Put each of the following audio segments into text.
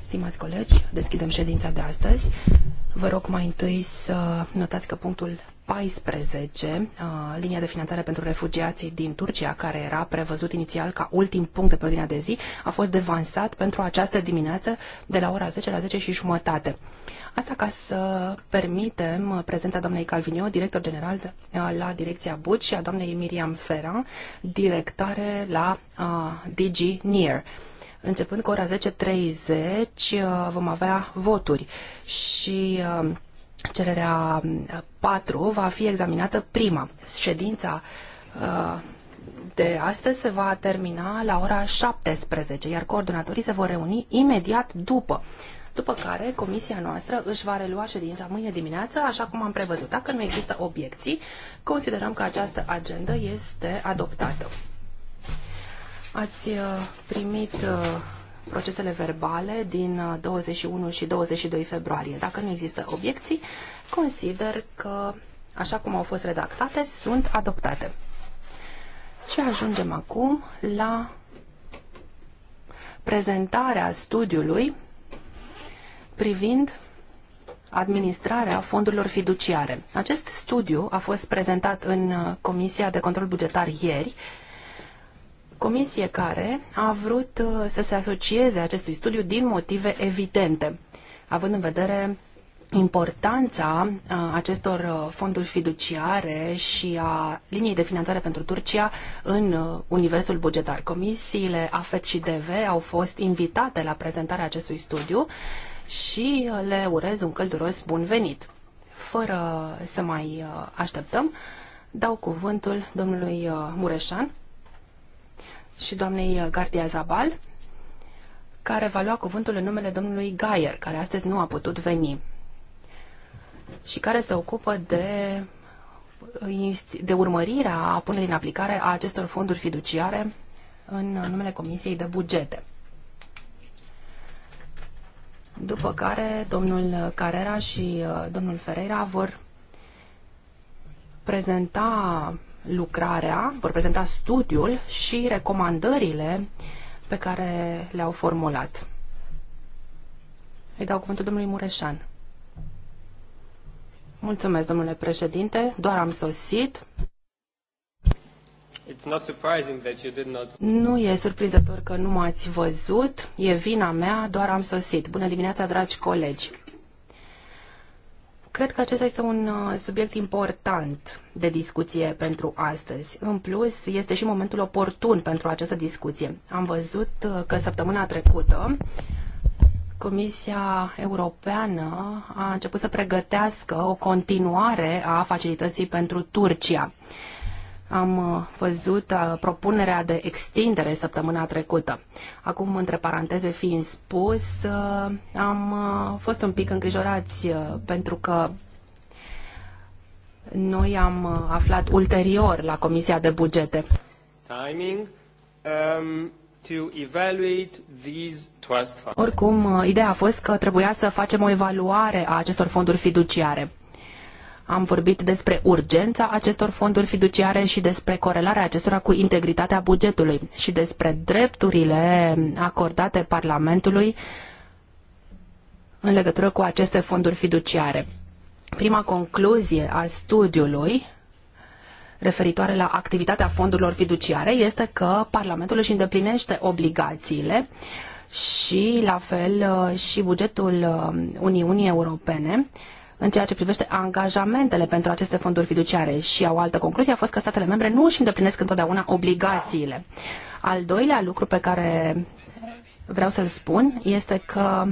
Stimați colegi, deschidem ședința de astăzi. Vă rog mai întâi să notați că punctul 2014, uh, linia de finanțare pentru refugiații din Turcia, care era prevăzut inițial ca ultim punct de pe ordinea de zi, a fost devansat pentru această dimineață de la ora 10 la 10 și jumătate. Asta ca să permitem prezența doamnei Calvinio, director general uh, la Direcția Buci și a doamnei Miriam Ferran, directoare la uh, DG Near. începând cu ora 10.30 vom avea voturi și Cererea 4 mm, va fi examinată prima. Ședința uh, de astăzi se va termina la ora 17, iar coordonatorii se vor reuni imediat după. După care, comisia noastră își va relua ședința mâine dimineață, așa cum am prevăzut. Dacă nu există obiecții, considerăm că această agendă este adoptată. Ați uh, primit uh, procesele verbale din 21 uh, și 22 februarie. Dacă nu există obiecții, consider că, așa cum au fost redactate, sunt adoptate. Și ajungem acum la prezentarea studiului privind administrarea fondurilor fiduciare. Acest studiu a fost prezentat în uh, Comisia de Control Bugetar ieri comisie care a vrut uh, să se asocieze acestui studiu din motive evidente, având în vedere importanța uh, acestor uh, fonduri fiduciare și a liniei de finanțare pentru Turcia în universul bugetar. Comisiile AFET și DV au fost invitate la prezentarea acestui studiu și le urez un călduros bun venit. Fără să mai așteptăm, dau cuvântul domnului Mureșan și doamnei Gardia Zabal, care va lua cuvântul în numele domnului Gaier, care astăzi nu a putut veni și care se ocupă de, de urmărirea a punerii în aplicare a acestor fonduri fiduciare în numele Comisiei de Bugete. După care domnul Carrera și uh, domnul Ferreira vor prezenta lucrarea, vor prezenta studiul și recomandările pe care le-au formulat. Îi dau cuvântul domnului Mureșan. Mulțumesc, domnule președinte, doar am sosit. It's not surprising that you did not... Nu e surprinzător că nu m-ați văzut, e vina mea, doar am sosit. Bună dimineața, dragi colegi! Cred că acesta este un uh, subiect important de discuție pentru astăzi. În plus, este și momentul oportun pentru această discuție. Am văzut uh, că săptămâna trecută Comisia Europeană a început să pregătească o continuare a facilității pentru Turcia. Am uh, văzut uh, propunerea de extindere săptămâna trecută. Acum, între paranteze fiind spus, uh, am fost un pic îngrijorați pentru că noi am aflat ulterior la Comisia de Bugete. Timing, um... To evaluate these trust funds. Oricum, ideea a fost că trebuia să facem o evaluare a acestor fonduri fiduciare. Am vorbit despre urgența acestor fonduri fiduciare și despre corelarea acestora cu integritatea bugetului și despre drepturile acordate Parlamentului în legătură cu aceste fonduri fiduciare. Prima concluzie a studiului referitoare la activitatea fondurilor fiduciare este că Parlamentul își îndeplinește obligațiile și la fel uh, și bugetul uh, Uniunii Europene în ceea ce privește angajamentele pentru aceste fonduri fiduciare și o altă concluzie a fost că statele membre nu își îndeplinesc întotdeauna obligațiile. Al doilea lucru pe care vreau să-l spun este că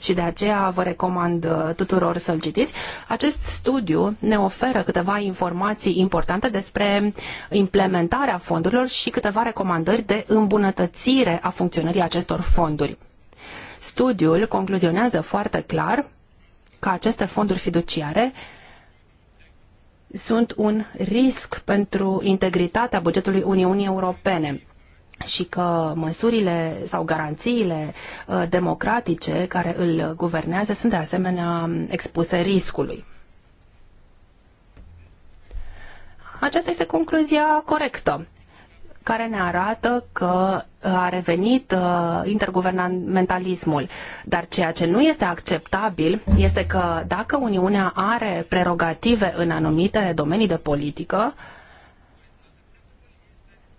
și de aceea vă recomand uh, tuturor să-l citiți. Acest studiu ne oferă câteva informații importante despre implementarea fondurilor și câteva recomandări de îmbunătățire a funcționării acestor fonduri. Studiul concluzionează foarte clar că aceste fonduri fiduciare sunt un risc pentru integritatea bugetului Uniunii Europene și că măsurile sau garanțiile uh, democratice care îl guvernează sunt de asemenea expuse riscului. Aceasta este concluzia corectă care ne arată că uh, a revenit uh, interguvernamentalismul. Dar ceea ce nu este acceptabil este că dacă Uniunea are prerogative în anumite domenii de politică,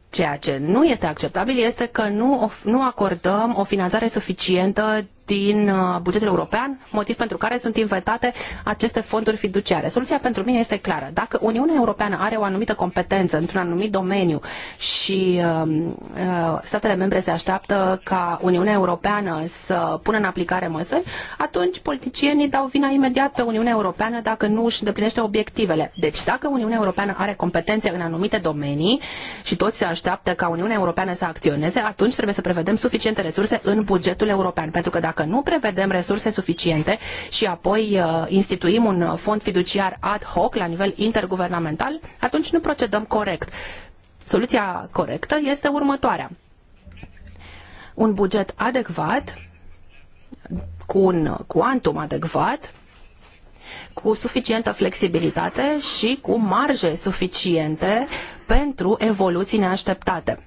Ceea ce nu este acceptabil este că nu, nu acordăm o finanțare suficientă din uh, bugetul european, motiv pentru care sunt inventate aceste fonduri fiduciare. Soluția pentru mine este clară. Dacă Uniunea Europeană are o anumită competență într-un anumit domeniu și um, uh, statele membre se așteaptă ca Uniunea Europeană să pună în aplicare măsuri, atunci politicienii dau vina imediat pe Uniunea Europeană dacă nu își îndeplinește obiectivele. Deci dacă Uniunea Europeană are competențe în anumite domenii și toți se așteaptă ca Uniunea Europeană să acționeze, atunci trebuie să prevedem suficiente resurse în bugetul european. Pentru că dacă dacă nu prevedem resurse suficiente și apoi uh, instituim un fond fiduciar ad hoc la nivel interguvernamental, atunci nu procedăm corect. Soluția corectă este următoarea. Un buget adecvat, cu un cuantum adecvat, cu suficientă flexibilitate și cu marje suficiente pentru evoluții neașteptate.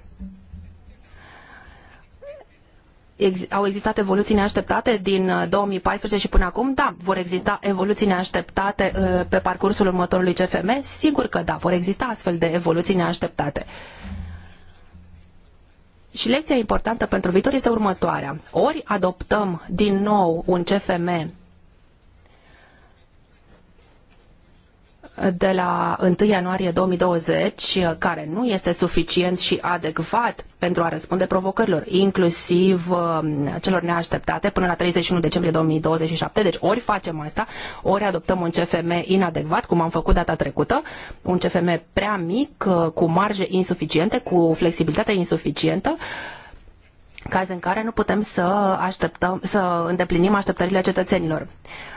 au existat evoluții neașteptate din 2014 uh, și până acum? Da. Vor exista evoluții neașteptate uh, pe parcursul următorului CFM? Sigur că da, vor exista astfel de evoluții neașteptate. Și lecția importantă pentru viitor este următoarea. Ori adoptăm din nou un CFM de la 1 ianuarie 2020, care nu este suficient și adecvat pentru a răspunde provocărilor, inclusiv um, celor neașteptate, până la 31 decembrie 2027. Deci ori facem asta, ori adoptăm un CFM inadecvat, cum am făcut data trecută, un CFM prea mic, uh, cu marje insuficiente, cu flexibilitate insuficientă caz în care nu putem să, așteptăm, să îndeplinim așteptările cetățenilor.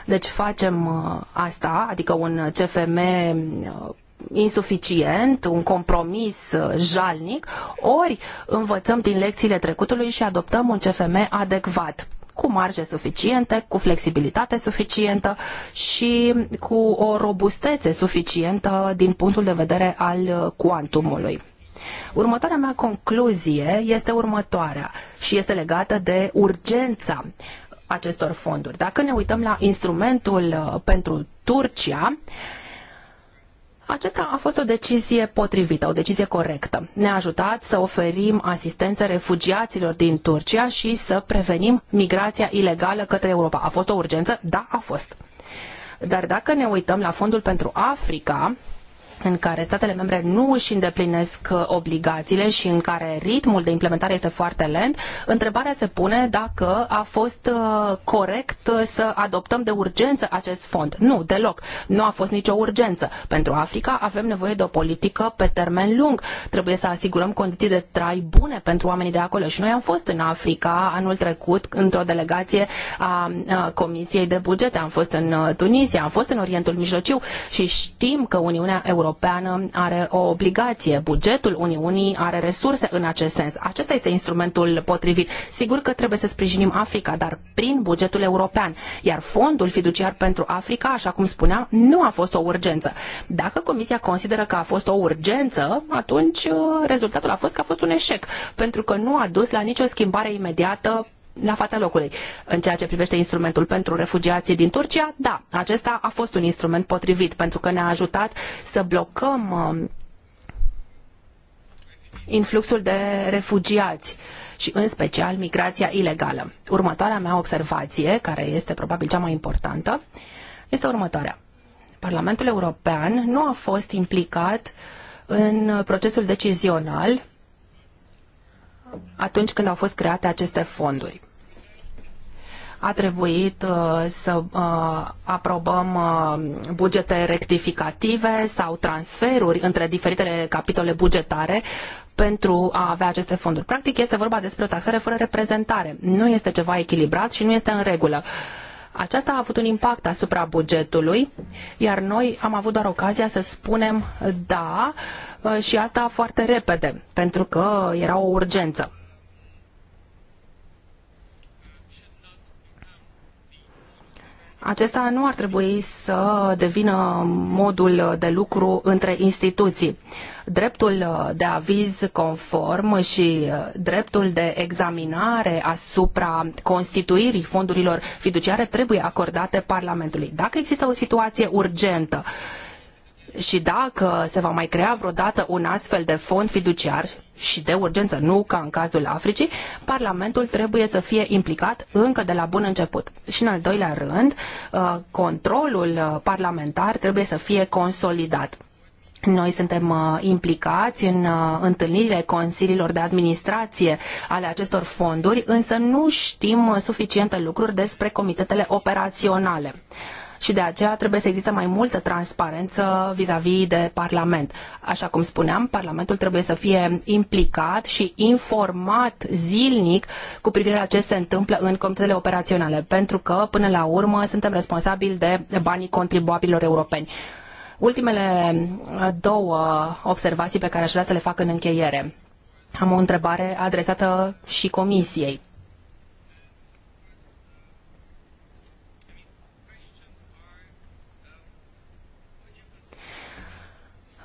Deci facem uh, asta, adică un CFM uh, insuficient, un compromis uh, jalnic, ori învățăm din lecțiile trecutului și adoptăm un CFM adecvat cu marje suficiente, cu flexibilitate suficientă și cu o robustețe suficientă din punctul de vedere al cuantumului. Următoarea mea concluzie este următoarea și este legată de urgența acestor fonduri. Dacă ne uităm la instrumentul uh, pentru Turcia, acesta a fost o decizie potrivită, o decizie corectă. Ne-a ajutat să oferim asistență refugiaților din Turcia și să prevenim migrația ilegală către Europa. A fost o urgență? Da, a fost. Dar dacă ne uităm la fondul pentru Africa, în care statele membre nu își îndeplinesc uh, obligațiile și în care ritmul de implementare este foarte lent, întrebarea se pune dacă a fost uh, corect uh, să adoptăm de urgență acest fond. Nu, deloc. Nu a fost nicio urgență. Pentru Africa avem nevoie de o politică pe termen lung. Trebuie să asigurăm condiții de trai bune pentru oamenii de acolo. Și noi am fost în Africa anul trecut într-o delegație a Comisiei de Bugete. Am fost în Tunisia, am fost în Orientul Mijlociu și știm că Uniunea Europeană Europeană are o obligație, bugetul Uniunii are resurse în acest sens. Acesta este instrumentul potrivit. Sigur că trebuie să sprijinim Africa, dar prin bugetul european. Iar fondul fiduciar pentru Africa, așa cum spuneam, nu a fost o urgență. Dacă Comisia consideră că a fost o urgență, atunci uh, rezultatul a fost că a fost un eșec, pentru că nu a dus la nicio schimbare imediată la fața locului. În ceea ce privește instrumentul pentru refugiații din Turcia, da, acesta a fost un instrument potrivit pentru că ne-a ajutat să blocăm um, influxul de refugiați și în special migrația ilegală. Următoarea mea observație, care este probabil cea mai importantă, este următoarea. Parlamentul European nu a fost implicat în procesul decizional atunci când au fost create aceste fonduri a trebuit uh, să uh, aprobăm uh, bugete rectificative sau transferuri între diferitele capitole bugetare pentru a avea aceste fonduri. Practic este vorba despre o taxare fără reprezentare. Nu este ceva echilibrat și nu este în regulă. Aceasta a avut un impact asupra bugetului, iar noi am avut doar ocazia să spunem da și asta foarte repede, pentru că era o urgență. acesta nu ar trebui să devină modul de lucru între instituții. Dreptul de aviz conform și dreptul de examinare asupra constituirii fondurilor fiduciare trebuie acordate Parlamentului. Dacă există o situație urgentă, și dacă se va mai crea vreodată un astfel de fond fiduciar și de urgență, nu ca în cazul Africii, Parlamentul trebuie să fie implicat încă de la bun început. Și în al doilea rând, uh, controlul uh, parlamentar trebuie să fie consolidat. Noi suntem uh, implicați în întâlnirile consiliilor de administrație ale acestor fonduri, însă nu știm suficiente lucruri despre comitetele operaționale și de aceea trebuie să existe mai multă transparență vis-a-vis de Parlament. Așa cum spuneam, Parlamentul trebuie să fie implicat și informat zilnic cu privire la ce se întâmplă în comitetele operaționale, pentru că, până la urmă, suntem responsabili de banii contribuabililor europeni. Ultimele uh, două observații pe care aș vrea să le fac în încheiere. Am o întrebare adresată și Comisiei.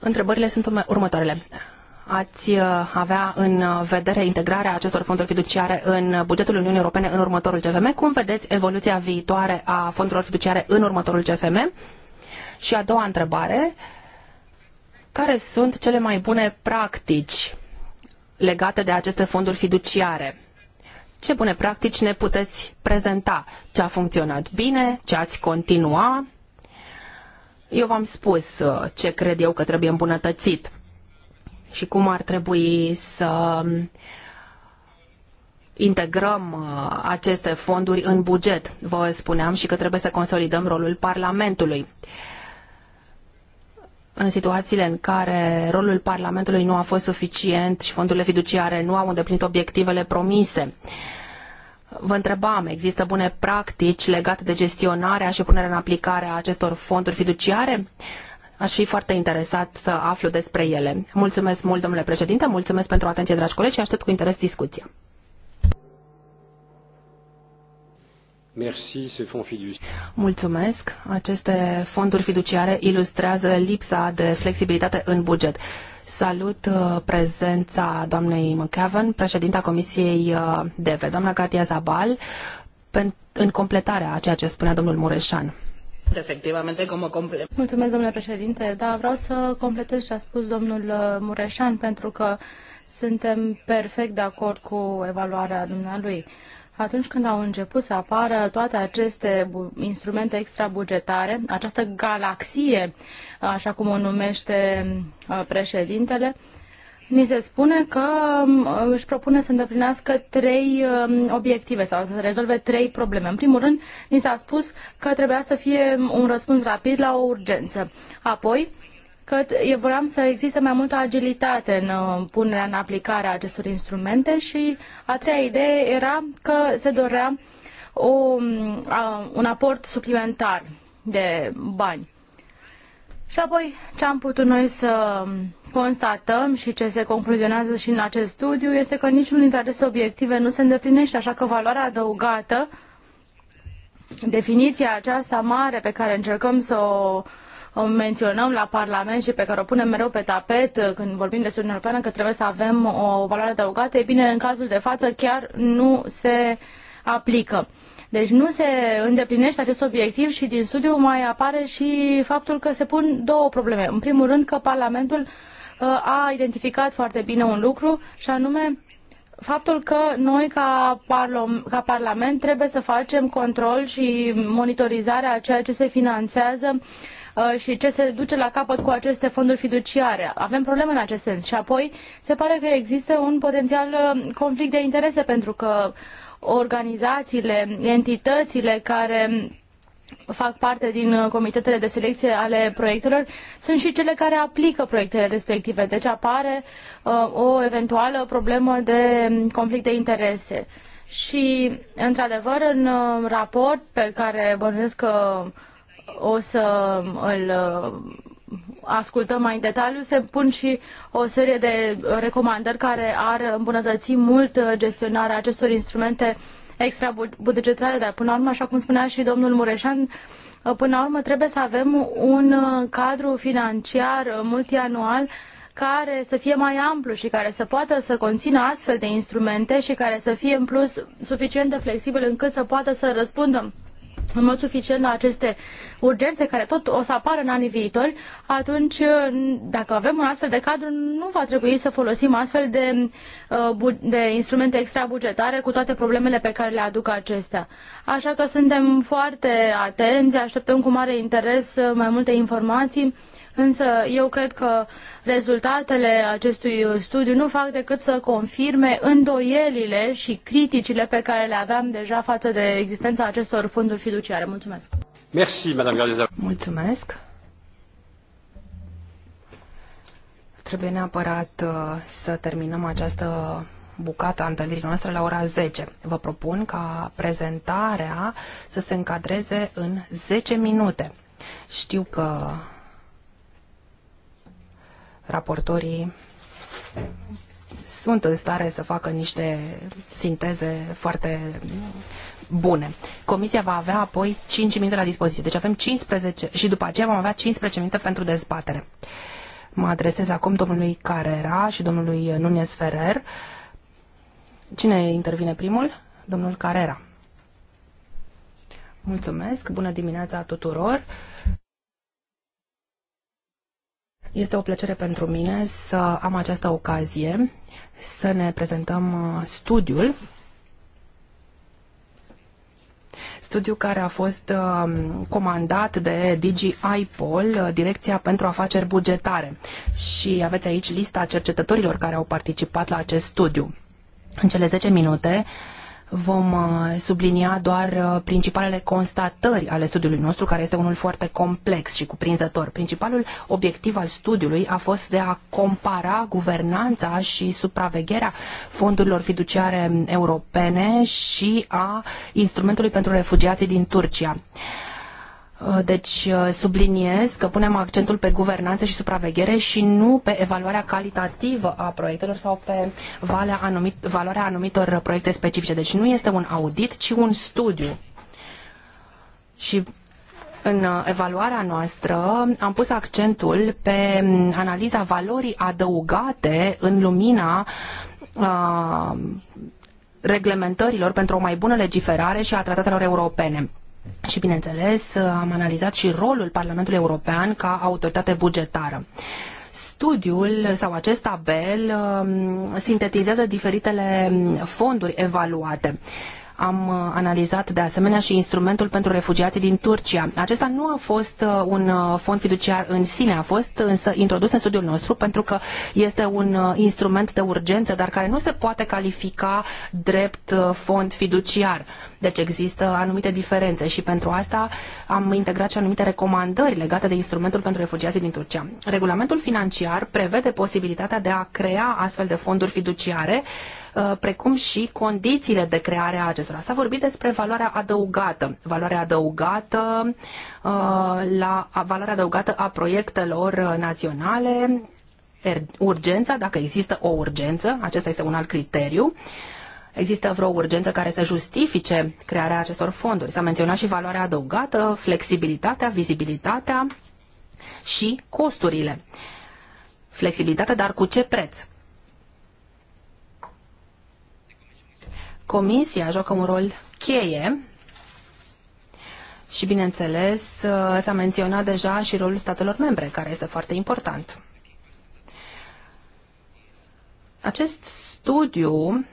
Întrebările sunt următoarele. Ați uh, avea în vedere integrarea acestor fonduri fiduciare în bugetul Uniunii Europene în următorul CFM? Cum vedeți evoluția viitoare a fondurilor fiduciare în următorul CFM? Și a doua întrebare, care sunt cele mai bune practici legate de aceste fonduri fiduciare? Ce bune practici ne puteți prezenta? Ce a funcționat bine? Ce ați continua? Eu v-am spus uh, ce cred eu că trebuie îmbunătățit și cum ar trebui să um, integrăm uh, aceste fonduri în buget. Vă spuneam și că trebuie să consolidăm rolul Parlamentului. În situațiile în care rolul Parlamentului nu a fost suficient și fondurile fiduciare nu au îndeplinit obiectivele promise, Vă întrebam, există bune practici legate de gestionarea și punerea în aplicare a acestor fonduri fiduciare? Aș fi foarte interesat să aflu despre ele. Mulțumesc mult, domnule președinte, mulțumesc pentru atenție, dragi colegi, și aștept cu interes discuția. Mulțumesc. Aceste fonduri fiduciare ilustrează lipsa de flexibilitate în buget. Salut uh, prezența doamnei McAvan, președinta Comisiei uh, DV, doamna Cartia Zabal, în completarea a ceea ce spunea domnul Mureșan. Efectivamente, como complement. Mulțumesc, domnule președinte. Da, vreau să completez ce a spus domnul uh, Mureșan, pentru că suntem perfect de acord cu evaluarea dumnealui atunci când au început să apară toate aceste instrumente extrabugetare, această galaxie, așa cum o numește uh, președintele, ni se spune că um, își propune să îndeplinească trei um, obiective sau să rezolve trei probleme. În primul rând, ni s-a spus că trebuia să fie un răspuns rapid la o urgență. Apoi, că vreau să existe mai multă agilitate în uh, punerea în aplicare a acestor instrumente și a treia idee era că se dorea o, mm, a, un aport suplimentar de bani. Și apoi ce am putut noi să constatăm și ce se concluzionează și în acest studiu este că niciunul dintre aceste obiective nu se îndeplinește, așa că valoarea adăugată, definiția aceasta mare pe care încercăm să o o menționăm la Parlament și pe care o punem mereu pe tapet uh, când vorbim despre Uniunea Europeană, că trebuie să avem o valoare adăugată, e bine, în cazul de față chiar nu se aplică. Deci nu se îndeplinește acest obiectiv și din studiu mai apare și faptul că se pun două probleme. În primul rând că Parlamentul uh, a identificat foarte bine un lucru și anume faptul că noi ca, ca Parlament trebuie să facem control și monitorizarea a ceea ce se finanțează uh, Uh, și ce se duce la capăt cu aceste fonduri fiduciare. Avem probleme în acest sens. Și apoi se pare că există un potențial uh, conflict de interese pentru că organizațiile, entitățile care fac parte din uh, comitetele de selecție ale proiectelor sunt și cele care aplică proiectele respective. Deci apare uh, o eventuală problemă de conflict de interese. Și, într-adevăr, în uh, raport pe care bănuiesc că uh, o să uh, îl uh, ascultăm mai în detaliu, se pun și o serie de recomandări care ar îmbunătăți mult uh, gestionarea acestor instrumente extra extra-bugetare, dar până la urmă, așa cum spunea și domnul Mureșan, până la urmă trebuie să avem un cadru financiar multianual care să fie mai amplu și care să poată să conțină astfel de instrumente și care să fie în plus suficient de flexibil încât să poată să răspundă în mod suficient la aceste urgențe care tot o să apară în anii viitori, atunci dacă avem un astfel de cadru, nu va trebui să folosim astfel de, uh, de instrumente extrabugetare cu toate problemele pe care le aduc acestea. Așa că suntem foarte atenți, așteptăm cu mare interes uh, mai multe informații Însă eu cred că rezultatele acestui studiu nu fac decât să confirme îndoielile și criticile pe care le aveam deja față de existența acestor fonduri fiduciare. Mulțumesc! Merci, Madame Gardeza. Mulțumesc! Trebuie neapărat uh, să terminăm această bucată a întâlnirii noastre la ora 10. Vă propun ca prezentarea să se încadreze în 10 minute. Știu că raportorii sunt în stare să facă niște sinteze foarte bune. Comisia va avea apoi 5 minute la dispoziție, deci avem 15 și după aceea vom avea 15 minute pentru dezbatere. Mă adresez acum domnului Carrera și domnului Nunes Ferrer. Cine intervine primul? Domnul Carrera. Mulțumesc, bună dimineața tuturor. Este o plăcere pentru mine să am această ocazie să ne prezentăm uh, studiul studiu care a fost um, comandat de DG IPOL, uh, Direcția pentru Afaceri Bugetare. Și aveți aici lista cercetătorilor care au participat la acest studiu. În cele 10 minute Vom uh, sublinia doar uh, principalele constatări ale studiului nostru, care este unul foarte complex și cuprinzător. Principalul obiectiv al studiului a fost de a compara guvernanța și supravegherea fondurilor fiduciare europene și a instrumentului pentru refugiații din Turcia. Uh, deci uh, subliniez că punem accentul pe guvernanță și supraveghere și nu pe evaluarea calitativă a proiectelor sau pe valea anumit, valoarea anumitor proiecte specifice. Deci nu este un audit, ci un studiu. Și în uh, evaluarea noastră am pus accentul pe mm, analiza valorii adăugate în lumina a, reglementărilor pentru o mai bună legiferare și a tratatelor europene și, bineînțeles, am analizat și rolul Parlamentului European ca autoritate bugetară studiul sau acest tabel um, sintetizează diferitele um, fonduri evaluate. Am uh, analizat de asemenea și instrumentul pentru refugiații din Turcia. Acesta nu a fost uh, un uh, fond fiduciar în sine, a fost însă introdus în studiul nostru pentru că este un instrument de urgență, dar care nu se poate califica drept fond fiduciar. Deci există anumite diferențe și pentru asta am integrat și anumite recomandări legate de instrumentul pentru refugiații din Turcia. Regulamentul financiar prevede posibilitatea de a crea astfel de fonduri fiduciare Uh, precum și condițiile de creare a acestora. S-a vorbit despre valoarea adăugată, valoarea adăugată uh, la valoarea adăugată a proiectelor naționale, er, urgența, dacă există o urgență, acesta este un alt criteriu, Există vreo urgență care să justifice crearea acestor fonduri? S-a menționat și valoarea adăugată, flexibilitatea, vizibilitatea și costurile. Flexibilitatea, dar cu ce preț? Comisia joacă un rol cheie și, bineînțeles, uh, s-a menționat deja și rolul statelor membre, care este foarte important. Acest studiu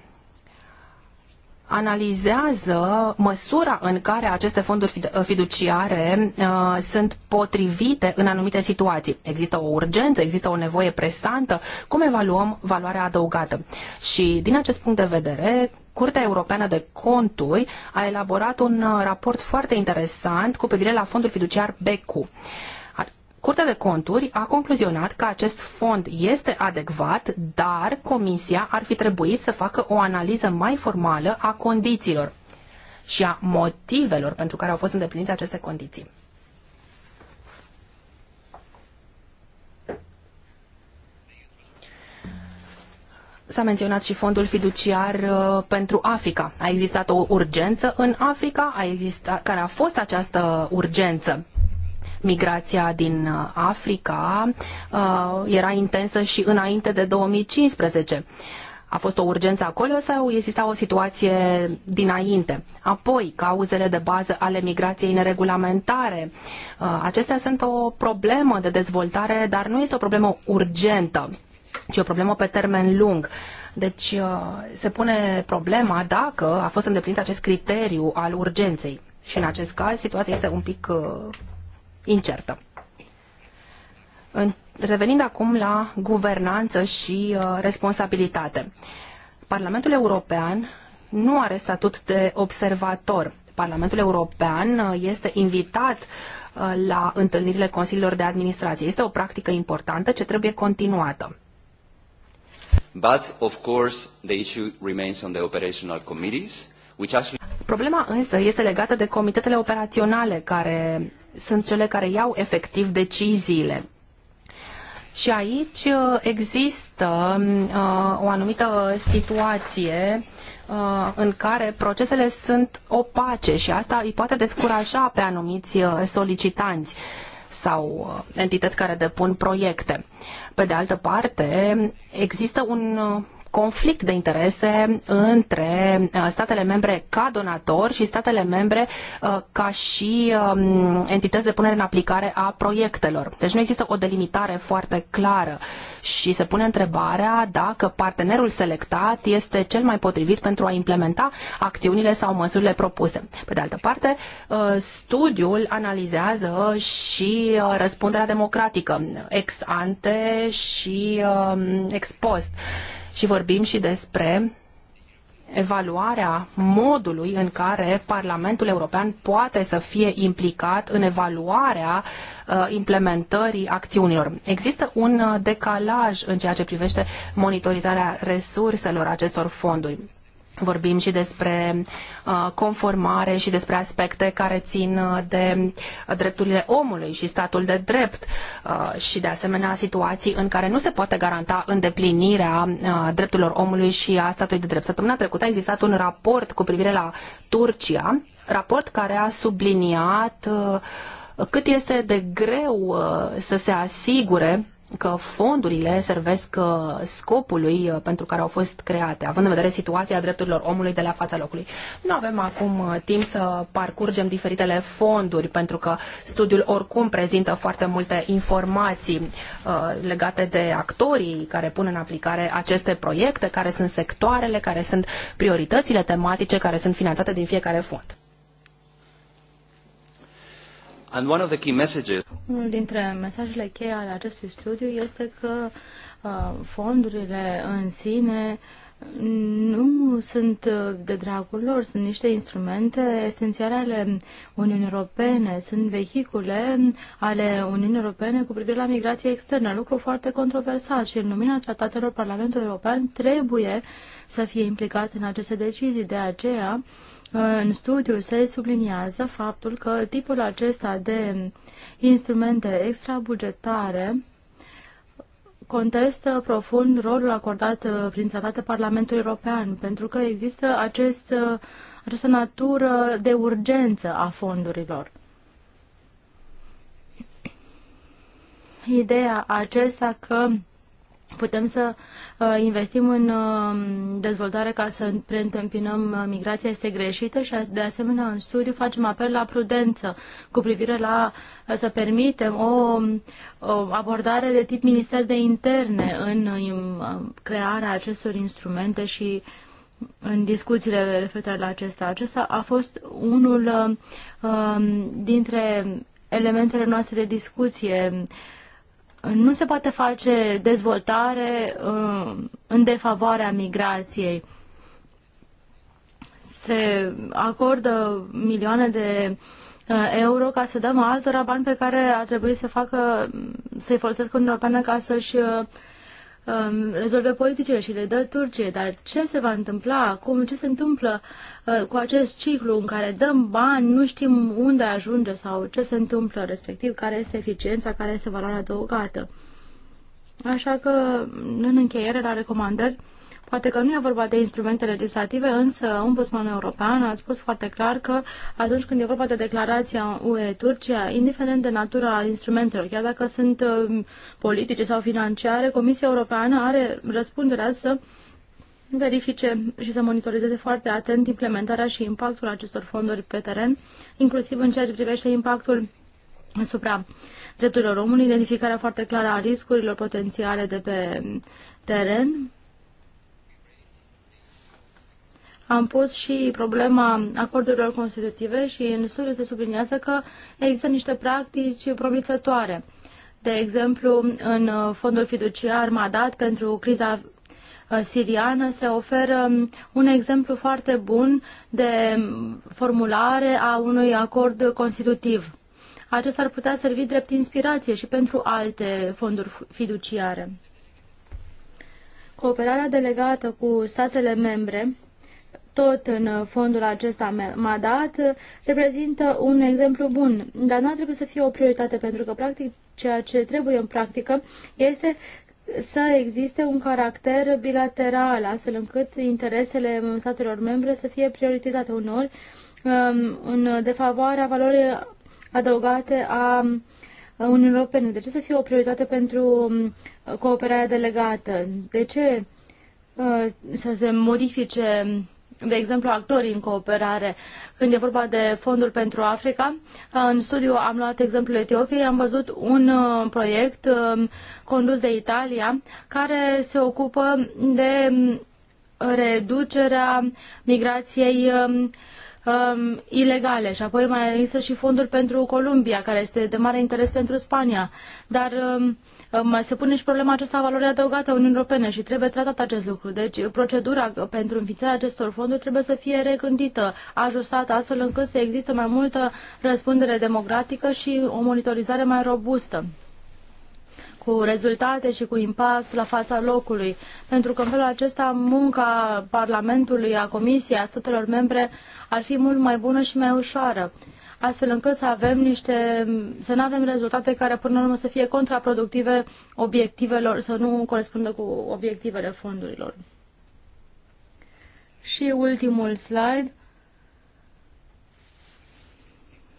analizează măsura în care aceste fonduri fiduciare uh, sunt potrivite în anumite situații. Există o urgență, există o nevoie presantă, cum evaluăm valoarea adăugată. Și din acest punct de vedere, Curtea Europeană de Conturi a elaborat un uh, raport foarte interesant cu privire la fondul fiduciar BECU. Curtea de conturi a concluzionat că acest fond este adecvat, dar Comisia ar fi trebuit să facă o analiză mai formală a condițiilor și a motivelor pentru care au fost îndeplinite aceste condiții. S-a menționat și fondul fiduciar uh, pentru Africa. A existat o urgență în Africa, a existat, care a fost această urgență Migrația din uh, Africa uh, era intensă și înainte de 2015 a fost o urgență acolo sau exista o situație dinainte? Apoi, cauzele de bază ale migrației neregulamentare. Uh, acestea sunt o problemă de dezvoltare, dar nu este o problemă urgentă, ci o problemă pe termen lung. Deci se pune problema dacă a fost îndeplinit acest criteriu al urgenței. Și în acest caz situația este un pic incertă. În, revenind acum la guvernanță și uh, responsabilitate. Parlamentul European nu are statut de observator. Parlamentul European uh, este invitat uh, la întâlnirile Consiliilor de Administrație. Este o practică importantă ce trebuie continuată. But, of course, the issue remains on the operational committees. Problema însă este legată de comitetele operaționale, care sunt cele care iau efectiv deciziile. Și aici uh, există uh, o anumită situație uh, în care procesele sunt opace și asta îi poate descuraja pe anumiți uh, solicitanți sau uh, entități care depun proiecte. Pe de altă parte, există un conflict de interese între uh, statele membre ca donator și statele membre uh, ca și um, entități de punere în aplicare a proiectelor. Deci nu există o delimitare foarte clară și se pune întrebarea dacă partenerul selectat este cel mai potrivit pentru a implementa acțiunile sau măsurile propuse. Pe de altă parte, uh, studiul analizează și răspunderea democratică ex ante și um, ex post și vorbim și despre evaluarea modului în care Parlamentul European poate să fie implicat în evaluarea uh, implementării acțiunilor. Există un uh, decalaj în ceea ce privește monitorizarea resurselor acestor fonduri. Vorbim și despre uh, conformare și despre aspecte care țin uh, de uh, drepturile omului și statul de drept și de asemenea situații în care nu se poate garanta îndeplinirea drepturilor omului și a statului de drept. Săptămâna trecută a existat un raport cu privire la Turcia, raport care a subliniat cât este de greu să se asigure că fondurile servesc uh, scopului uh, pentru care au fost create, având în vedere situația drepturilor omului de la fața locului. Nu avem acum uh, timp să parcurgem diferitele fonduri, pentru că studiul oricum prezintă foarte multe informații legate de actorii care pun în aplicare aceste proiecte, care sunt sectoarele, care sunt prioritățile tematice, care sunt finanțate din fiecare fond. And one of the key messages... Unul dintre mesajele cheie ale acestui studiu este că uh, fondurile în sine nu sunt de dragul lor, sunt niște instrumente esențiale ale Uniunii Europene, sunt vehicule ale Uniunii Europene cu privire la migrație externă, lucru foarte controversat și în lumina tratatelor Parlamentul European trebuie să fie implicat în aceste decizii. De aceea, uh, în studiu se subliniază faptul că tipul acesta de instrumente extrabugetare contestă profund rolul acordat uh, prin tratate Parlamentului European, pentru că există acest, uh, această natură de urgență a fondurilor. Ideea acesta că putem să uh, investim în uh, dezvoltare ca să preîntâmpinăm uh, migrația este greșită și de asemenea în studiu facem apel la prudență cu privire la să permitem o, abordare de tip minister de interne în, crearea acestor instrumente și în discuțiile referitoare la acesta. Acesta a fost unul um, dintre elementele noastre de discuție uh, nu se poate face dezvoltare uh, în defavoarea migrației. Se acordă milioane de uh, euro ca să dăm altora bani pe care ar trebui să facă, să-i folosesc Uniunea Europeană ca să-și uh, um, rezolve politicile și le dă Turcie, Dar ce se va întâmpla acum? Ce se întâmplă uh, cu acest ciclu în care dăm bani, nu știm unde ajunge sau ce se întâmplă respectiv, care este eficiența, care este valoarea adăugată. Așa că, în încheiere, la recomandări, Poate că nu e vorba de instrumente legislative, însă Ombudsmanul European a spus foarte clar că atunci când e vorba de declarația UE-Turcia, indiferent de natura instrumentelor, chiar dacă sunt um, politice sau financiare, Comisia Europeană are răspunderea să verifice și să monitorizeze foarte atent implementarea și impactul acestor fonduri pe teren, inclusiv în ceea ce privește impactul asupra drepturilor omului, identificarea foarte clară a riscurilor potențiale de pe teren, am pus și problema acordurilor constitutive și în studiu se subliniază că există niște practici promițătoare. De exemplu, în fondul fiduciar Madat pentru criza uh, siriană se oferă um, un exemplu foarte bun de um, formulare a unui acord constitutiv. Acesta ar putea servi drept inspirație și pentru alte fonduri fiduciare. Cooperarea delegată cu statele membre tot în uh, fondul acesta dat uh, reprezintă un exemplu bun, dar nu trebuie să fie o prioritate pentru că practic ceea ce trebuie în practică este să existe un caracter bilateral, astfel încât interesele statelor membre să fie prioritizate uneori um, în defavoarea valorii adăugate a Uniunii Europene. De ce să fie o prioritate pentru um, cooperarea delegată? De ce uh, să se modifice de exemplu, actorii în cooperare. Când e vorba de Fondul pentru Africa, în studiu am luat exemplul Etiopiei, am văzut un uh, proiect um, condus de Italia care se ocupă de um, reducerea migrației um, um, ilegale și apoi mai există și fondul pentru Columbia, care este de mare interes pentru Spania. Dar um, mai se pune și problema aceasta a valorii adăugate a Uniunii Europene și trebuie tratat acest lucru. Deci procedura pentru înființarea acestor fonduri trebuie să fie regândită, ajustată astfel încât să existe mai multă răspundere democratică și o monitorizare mai robustă cu rezultate și cu impact la fața locului. Pentru că în felul acesta munca Parlamentului, a Comisiei, a statelor membre ar fi mult mai bună și mai ușoară astfel încât să avem niște, să nu avem rezultate care până la urmă să fie contraproductive obiectivelor, să nu corespundă cu obiectivele fondurilor. Și ultimul slide.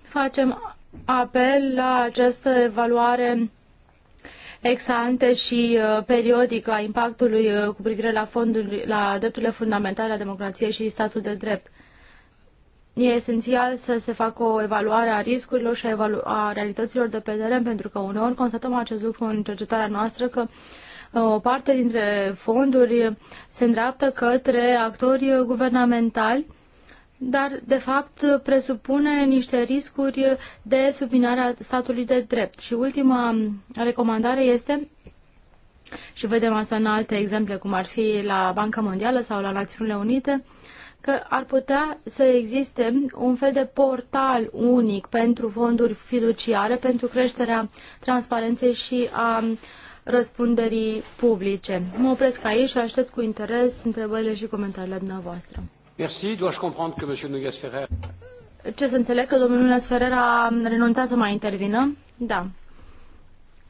Facem apel la această evaluare ex ante și uh, periodică a impactului uh, cu privire la, fonduri, la drepturile fundamentale, la democrație și statul de drept. E esențial să se facă o evaluare a riscurilor și a, a realităților de pe teren, pentru că uneori constatăm acest lucru în cercetarea noastră că uh, o parte dintre fonduri se îndreaptă către actori guvernamentali, dar de fapt presupune niște riscuri de subminarea statului de drept. Și ultima recomandare este și vedem asta în alte exemple, cum ar fi la Banca Mondială sau la Națiunile Unite, uh, că ar putea să existe un fel de portal unic pentru fonduri fiduciare, pentru creșterea transparenței și a răspunderii publice. Mă opresc aici și aștept cu interes întrebările și comentariile dumneavoastră. Merci. Dois-je comprendre que monsieur Nugas Ferrer... Ce să înțeleg că domnul Nugas Ferrer a renunțat să mai intervină? Da.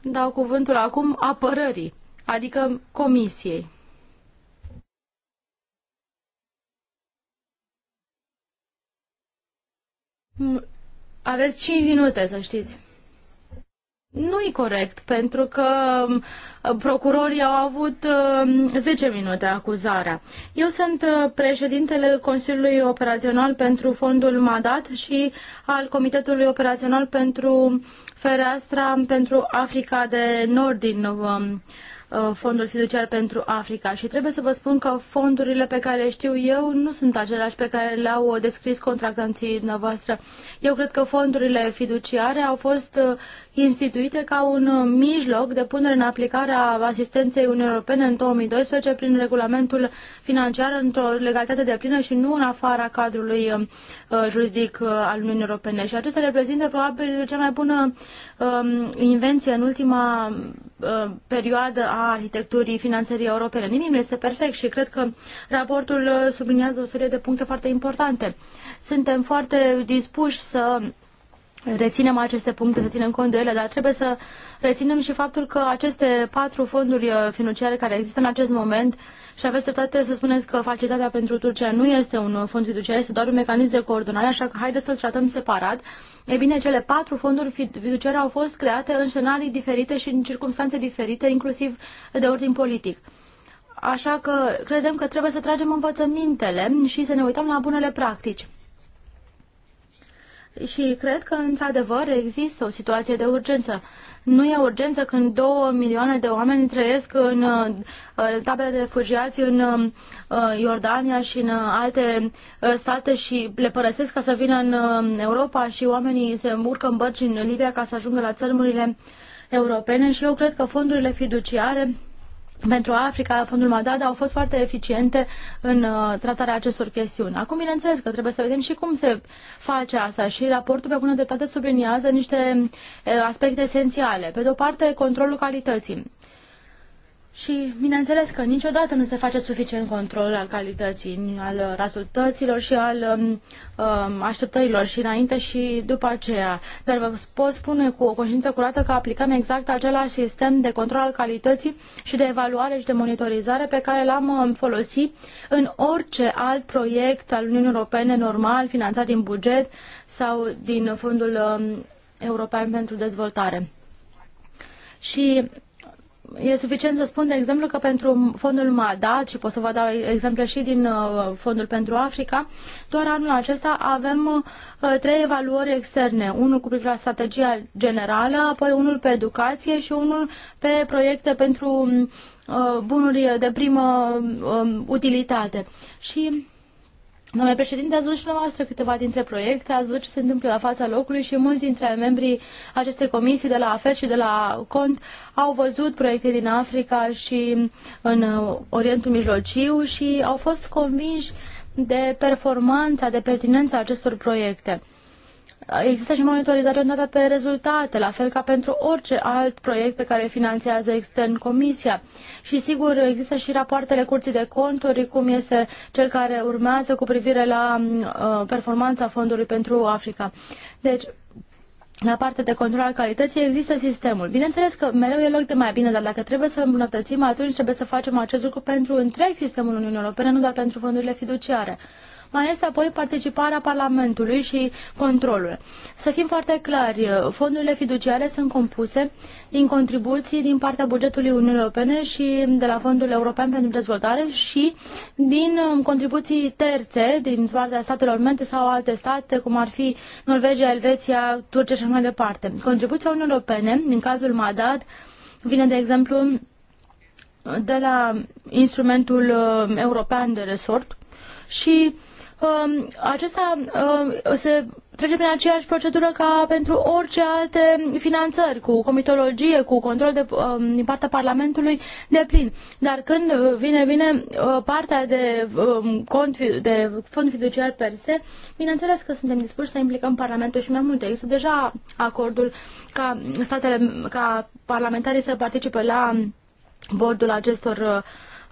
Dau cuvântul acum apărării, adică comisiei. Aveți 5 minute, să știți. Nu e corect, pentru că procurorii au avut 10 uh, minute acuzarea. Eu sunt uh, președintele Consiliului Operațional pentru Fondul Madat și al Comitetului Operațional pentru Fereastra pentru Africa de Nord din um, Uh, fondul Fiduciar pentru Africa și trebuie să vă spun că fondurile pe care le știu eu nu sunt aceleași pe care le-au descris contractanții noastre. Eu cred că fondurile fiduciare au fost uh, instituite ca un uh, mijloc de punere în aplicare a asistenței Uniunii Europene în 2012 prin regulamentul financiar într-o legalitate de plină și nu în afara cadrului juridic al Uniunii Europene. Și acesta reprezintă probabil cea mai bună um, invenție în ultima Uh, perioadă a arhitecturii finanțării europene. Nimic nu este perfect și cred că raportul uh, subliniază o serie de puncte foarte importante. Suntem foarte dispuși să reținem aceste puncte, să ținem cont de ele, dar trebuie să reținem și faptul că aceste patru fonduri uh, financiare care există în acest moment și aveți dreptate să spuneți că facilitatea pentru Turcia nu este un fond fiduciar, este doar un mecanism de coordonare, așa că haideți să-l tratăm separat. Ei bine, cele patru fonduri fiduciare au fost create în scenarii diferite și în circunstanțe diferite, inclusiv de ordin politic. Așa că credem că trebuie să tragem învățămintele și să ne uităm la bunele practici și cred că, într-adevăr, există o situație de urgență. Nu e urgență când două milioane de oameni trăiesc în uh, tabere de refugiați în uh, uh, Iordania și în alte state și le părăsesc ca să vină în Europa și oamenii se urcă în bărci în Libia ca să ajungă la țărmurile europene și eu cred că fondurile fiduciare pentru Africa, fondul Madad, au fost foarte eficiente în uh, tratarea acestor chestiuni. Acum, bineînțeles că trebuie să vedem și cum se face asta și raportul pe bună dreptate subliniază niște uh, aspecte esențiale. Pe de o parte, controlul calității. Și bineînțeles că niciodată nu se face suficient control al calității, al rezultăților și al um, um, așteptărilor și înainte și după aceea. Dar vă pot spune cu o conștiință curată că aplicăm exact același sistem de control al calității și de evaluare și de monitorizare pe care l-am um, folosit în orice alt proiect al Uniunii Europene normal, finanțat din buget sau din Fondul um, European pentru Dezvoltare. Și E suficient să spun, de exemplu, că pentru fondul MADA, și pot să vă dau exemple și din uh, fondul pentru Africa, doar anul acesta avem uh, trei evaluări externe. Unul cu privire la strategia generală, apoi unul pe educație și unul pe proiecte pentru uh, bunuri de primă utilitate. Și Domnule președinte, ați văzut și dumneavoastră câteva dintre proiecte, ați văzut ce se întâmplă la fața locului și mulți dintre membrii acestei comisii de la AFET și de la CONT au văzut proiecte din Africa și în Orientul Mijlociu și au fost convinși de performanța, de pertinența acestor proiecte. Există și monitorizare dată pe rezultate, la fel ca pentru orice alt proiect pe care finanțează extern Comisia. Și sigur, există și rapoartele Curții de Conturi, cum este cel care urmează cu privire la uh, performanța Fondului pentru Africa. Deci, la partea de control al calității există sistemul. Bineînțeles că mereu e loc de mai bine, dar dacă trebuie să îmbunătățim, atunci trebuie să facem acest lucru pentru întreg sistemul Uniunii Europene, nu doar pentru fondurile fiduciare mai este apoi participarea Parlamentului și controlul. Să fim foarte clari, fondurile fiduciare sunt compuse din contribuții din partea bugetului Uniunii Europene și de la Fondul European pentru Dezvoltare și din um, contribuții terțe din partea statelor membre sau alte state, cum ar fi Norvegia, Elveția, Turcia și mai departe. Contribuția Uniunii Europene, în cazul MADAD, vine, de exemplu, de la instrumentul um, european de resort și Um, acesta um, se trece prin aceeași procedură ca pentru orice alte finanțări, cu comitologie, cu control de, um, din partea Parlamentului de plin. Dar când vine, vine uh, partea de, cont, de fond fiduciar per se, bineînțeles că suntem dispuși să implicăm Parlamentul și mai multe. Există deja acordul ca statele, ca parlamentarii să participe la bordul acestor uh,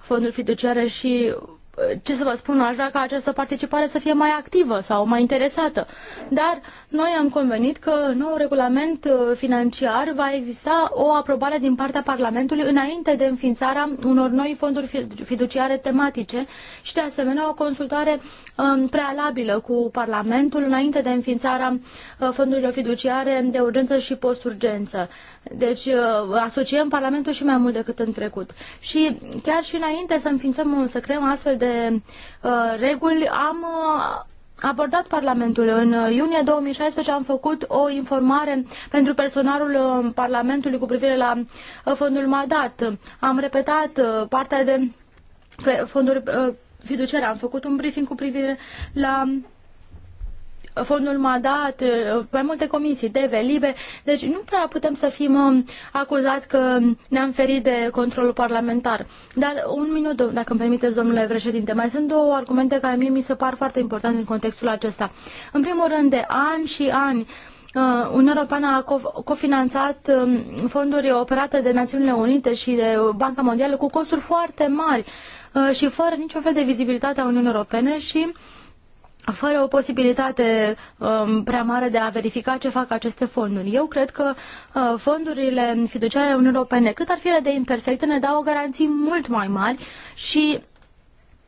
fonduri fiduciare și ce să vă spun, aș vrea ca această participare să fie mai activă sau mai interesată. Dar noi am convenit că în nou regulament uh, financiar va exista o aprobare din partea Parlamentului înainte de înființarea unor noi fonduri fiduciare tematice și de asemenea o consultare um, prealabilă cu Parlamentul înainte de înființarea uh, fondurilor fiduciare de urgență și post urgență, Deci uh, asociem Parlamentul și mai mult decât în trecut. Și chiar și înainte să înființăm, să creăm astfel de reguli, am abordat Parlamentul. În uh, iunie 2016 am făcut o informare pentru personalul uh, Parlamentului cu privire la uh, fondul Madat. Am repetat partea de fonduri fiduciare. Am făcut un briefing cu privire la fondul m-a dat eh, mai multe comisii, DEVE, LIBE, deci nu prea putem să fim um, acuzați că ne-am ferit de controlul parlamentar. Dar un minut, dacă îmi permiteți, domnule președinte, mai sunt două argumente care mie mi se par foarte importante în contextul acesta. În primul rând, de ani și ani, uh, Uniunea Europeană a cofinanțat um, fonduri operate de Națiunile Unite și de Banca Mondială cu costuri foarte mari uh, și fără niciun fel de vizibilitate a Uniunii Europene și uh, fără o posibilitate um, prea mare de a verifica ce fac aceste fonduri. Eu cred că uh, fondurile fiduciare ale Uniunii Europene, cât ar fi ele de imperfecte, ne dau o garanții mult mai mari și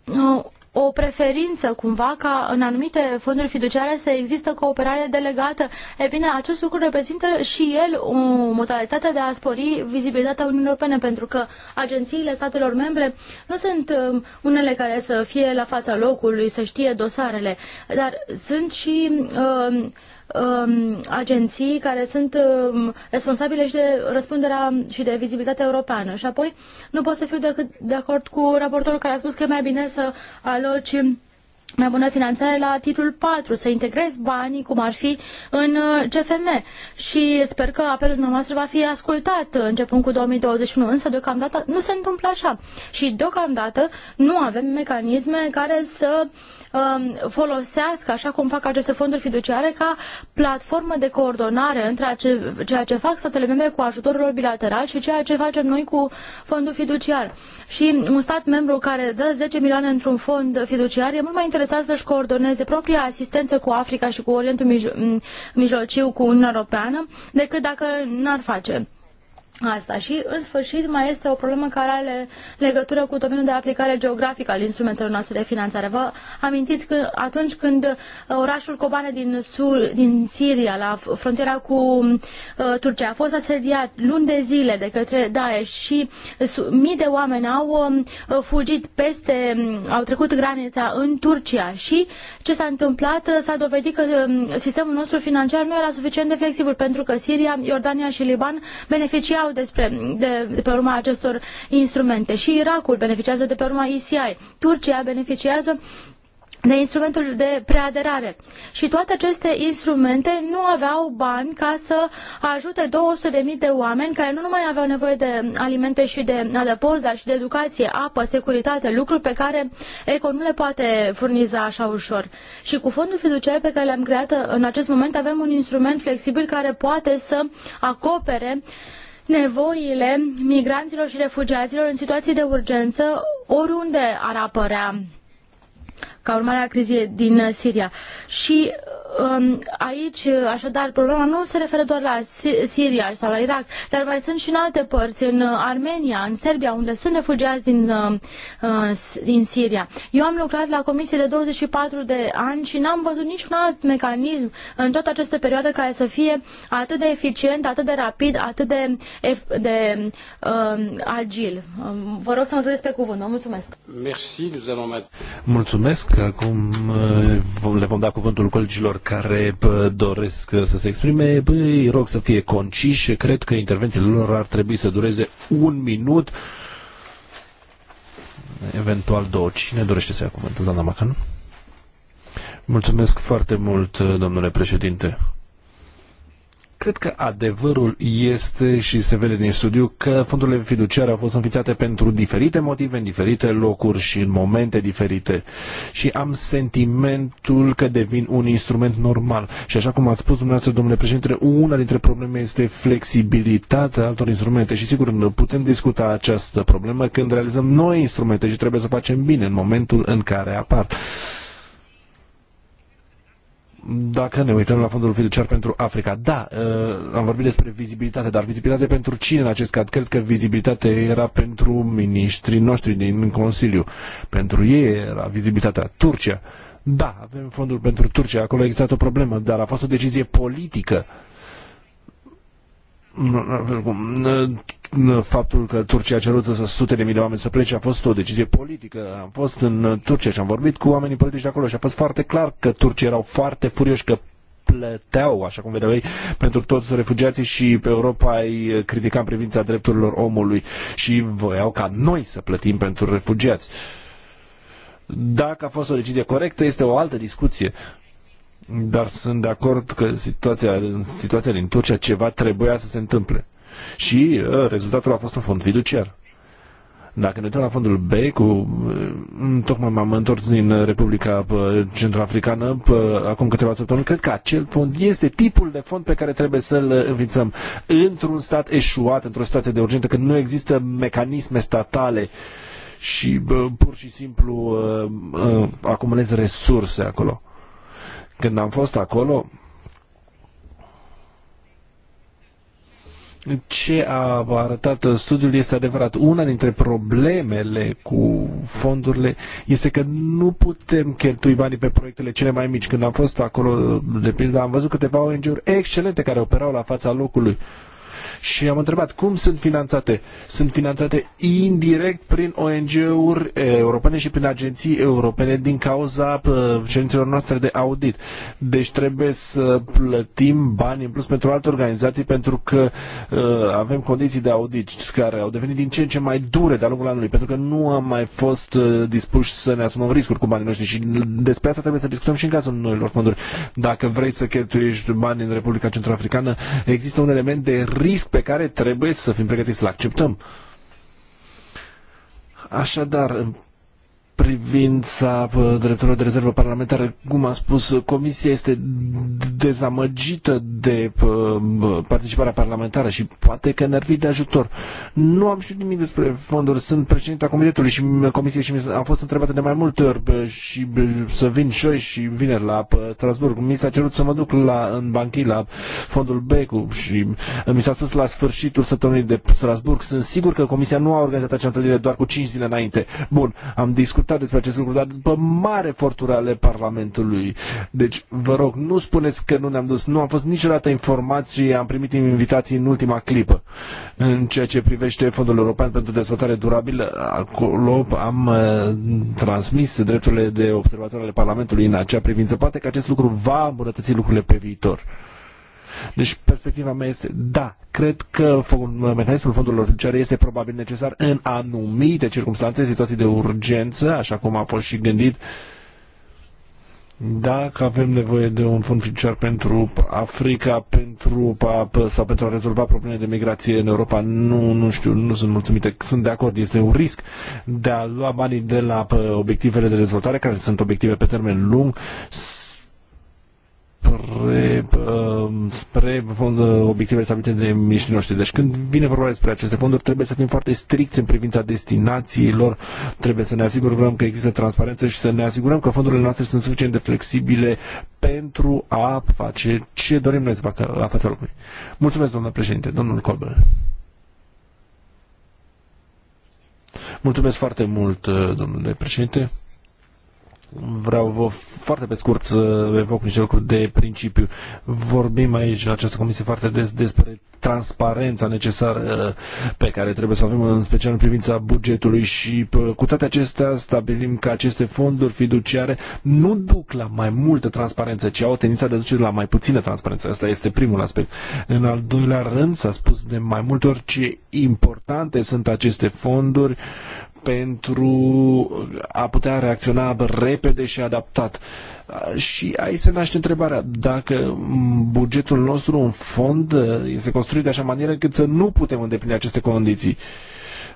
uh, o preferință cumva ca în anumite fonduri fiduciare să există cooperare delegată. E bine, acest lucru reprezintă și el o modalitate de a spori vizibilitatea Uniunii Europene, pentru că agențiile statelor membre nu sunt um, unele care să fie la fața locului, să știe dosarele, dar sunt și uh, um, agenții care sunt um, responsabile și de răspunderea și de vizibilitatea europeană. Și apoi nu pot să fiu decât de acord cu raportorul care a spus că e mai bine să aloci mai bună finanțare la titlul 4, să integrezi banii cum ar fi în uh, CFM. Și sper că apelul nostru va fi ascultat uh, începând cu 2021, însă deocamdată nu se întâmplă așa. Și deocamdată nu avem mecanisme care să uh, Um, folosească, așa cum fac aceste fonduri fiduciare, ca platformă de coordonare între ceea ce fac statele membre cu ajutorul lor bilateral și ceea ce facem noi cu fondul fiduciar. Și un stat membru care dă 10 milioane într-un fond fiduciar e mult mai interesat să-și coordoneze propria asistență cu Africa și cu Orientul Mijlociu, cu Uniunea Europeană, decât dacă n-ar face asta. Și, în sfârșit, mai este o problemă care are legătură cu domeniul de aplicare geografică al instrumentelor noastre de finanțare. Vă amintiți că atunci când uh, orașul Kobane din, Sul, din Siria, la frontiera cu uh, Turcia, a fost asediat luni de zile de către Daesh și uh, mii de oameni au um, uh, fugit peste, um, au trecut granița în Turcia și ce s-a întâmplat uh, s-a dovedit că um, sistemul nostru financiar nu era suficient de flexibil pentru că Siria, Iordania și Liban beneficia beneficiau despre, de, de pe urma acestor instrumente și Irakul beneficiază de pe urma ECI. Turcia beneficiază de instrumentul de preaderare. Și toate aceste instrumente nu aveau bani ca să ajute 200.000 de oameni care nu numai aveau nevoie de alimente și de adăpost, dar și de educație, apă, securitate, lucruri pe care ECO nu le poate furniza așa ușor. Și cu fondul fiduciar pe care l-am creat în acest moment avem un instrument flexibil care poate să acopere uh, nevoile migranților și refugiaților în situații de urgență oriunde ar apărea ca urmare a crizei din Siria. Și Aici, așadar, problema nu se referă doar la Siria sau la Irak, dar mai sunt și în alte părți, în uh, Armenia, în Serbia, unde sunt refugiați din, uh, uh, din Siria. Eu am lucrat la comisie de 24 de ani și n-am văzut niciun alt mecanism în toată această perioadă care să fie atât de eficient, atât de rapid, atât de, de uh, agil. Um, vă rog să mă duceți pe cuvânt. Vă mulțumesc. Merci, Mulțumesc. Acum le vom da cuvântul colegilor care doresc să se exprime, îi rog să fie conciși. Cred că intervențiile lor ar trebui să dureze un minut, eventual două. Cine dorește să ia cuvântul, doamna Macan? Mulțumesc foarte mult, domnule președinte. Cred că adevărul este și se vede din studiu că fondurile fiduciare au fost înființate pentru diferite motive, în diferite locuri și în momente diferite. Și am sentimentul că devin un instrument normal. Și așa cum ați spus dumneavoastră, domnule președinte, una dintre probleme este flexibilitatea altor instrumente. Și sigur, putem discuta această problemă când realizăm noi instrumente și trebuie să facem bine în momentul în care apar dacă ne uităm la fondul fiduciar pentru Africa, da, uh, am vorbit despre vizibilitate, dar vizibilitate pentru cine în acest caz? Cred că vizibilitate era pentru miniștrii noștri din Consiliu. Pentru ei era vizibilitatea Turcia. Da, avem fondul pentru Turcia, acolo a existat o problemă, dar a fost o decizie politică uh, faptul că Turcia a cerut să sute de mii de oameni să plece a fost o decizie politică. Am fost în Turcia și am vorbit cu oamenii politici de acolo și a fost foarte clar că turcii erau foarte furioși că plăteau, așa cum vedeau ei, pentru toți refugiații și pe Europa îi critica în privința drepturilor omului și voiau ca noi să plătim pentru refugiați. Dacă a fost o decizie corectă, este o altă discuție dar sunt de acord că situația, situația din Turcia ceva trebuia să se întâmple. Și uh, rezultatul a fost un fond fiduciar. Dacă ne uităm la fondul B, cu, uh, tocmai m-am întors din Republica uh, Centrafricană uh, acum câteva săptămâni, cred că acel fond este tipul de fond pe care trebuie să-l înființăm într-un stat eșuat, într-o situație de urgentă, când nu există mecanisme statale și bă, pur și simplu uh, uh, acumulezi resurse acolo. Când am fost acolo, ce a arătat studiul este adevărat. Una dintre problemele cu fondurile este că nu putem cheltui banii pe proiectele cele mai mici. Când am fost acolo, de pildă, am văzut câteva ONG-uri excelente care operau la fața locului. Uh, și am întrebat cum sunt finanțate. Sunt finanțate indirect prin ONG-uri eh, europene și prin agenții europene din cauza eh, cerințelor noastre de audit. Deci trebuie să plătim bani în plus pentru alte organizații pentru că uh, avem condiții de audit care au devenit din ce în ce mai dure de-a lungul anului pentru că nu am mai fost uh, dispuși să ne asumăm riscuri cu banii noștri și despre asta trebuie să discutăm și în cazul noilor fonduri. Dacă vrei să cheltuiești bani în Republica Centroafricană, există un element de risc pe care trebuie să fim pregătiți să-l acceptăm. Așadar, în privința uh, drepturilor de rezervă parlamentară, cum am spus, uh, Comisia este dezamăgită de uh, participarea parlamentară și poate că ne-ar fi de ajutor. Nu am știut nimic despre fonduri, sunt președinta comitetului și comisie și am fost întrebată de mai multe ori și să vin joi și vineri la Strasburg. Mi s-a cerut să mă duc la, în banchii la fondul Becu și mi s-a spus la sfârșitul săptămânii de Strasburg. Sunt sigur că Comisia nu a organizat acea întâlnire doar cu cinci zile înainte. Bun, am discutat discutat despre acest lucru, dar după mare eforturi ale Parlamentului. Deci, vă rog, nu spuneți că nu ne-am dus. Nu am fost niciodată informați și am primit invitații în ultima clipă. În ceea ce privește Fondul European pentru Dezvoltare Durabilă, acolo am uh, transmis drepturile de observator ale Parlamentului în acea privință. Poate că acest lucru va îmbunătăți lucrurile pe viitor. Deci perspectiva mea este, da, cred că mecanismul fondurilor fiduciare este probabil necesar în anumite circunstanțe, situații de urgență, așa cum a fost și gândit, dacă avem nevoie de un fond fiduciar pentru Africa, pentru sau pentru a rezolva probleme de migrație în Europa, nu, nu știu, nu sunt mulțumite. Sunt de acord, este un risc de a lua banii de la obiectivele de dezvoltare, care sunt obiective pe termen lung, spre, um, spre fond, uh, obiectivele stabilite de miniștrii noștri. Deci când vine vorba despre aceste fonduri, trebuie să fim foarte stricți în privința destinațiilor, trebuie să ne asigurăm că există transparență și să ne asigurăm că fondurile noastre sunt suficient de flexibile pentru a face ce dorim noi să facă la fața locului. Mulțumesc, domnule președinte. Domnul Colbel. Mulțumesc foarte mult, uh, domnule președinte vreau foarte pe scurt să evoc niște lucruri de principiu. Vorbim aici, în această comisie, foarte des despre transparența necesară pe care trebuie să o avem, în special în privința bugetului și cu toate acestea stabilim că aceste fonduri fiduciare nu duc la mai multă transparență, ci au tendința de a duce la mai puțină transparență. Asta este primul aspect. În al doilea rând, s-a spus de mai multe ori ce importante sunt aceste fonduri pentru a putea reacționa repede și adaptat. Și aici se naște întrebarea dacă bugetul nostru în fond este construit de așa manieră încât să nu putem îndeplini aceste condiții.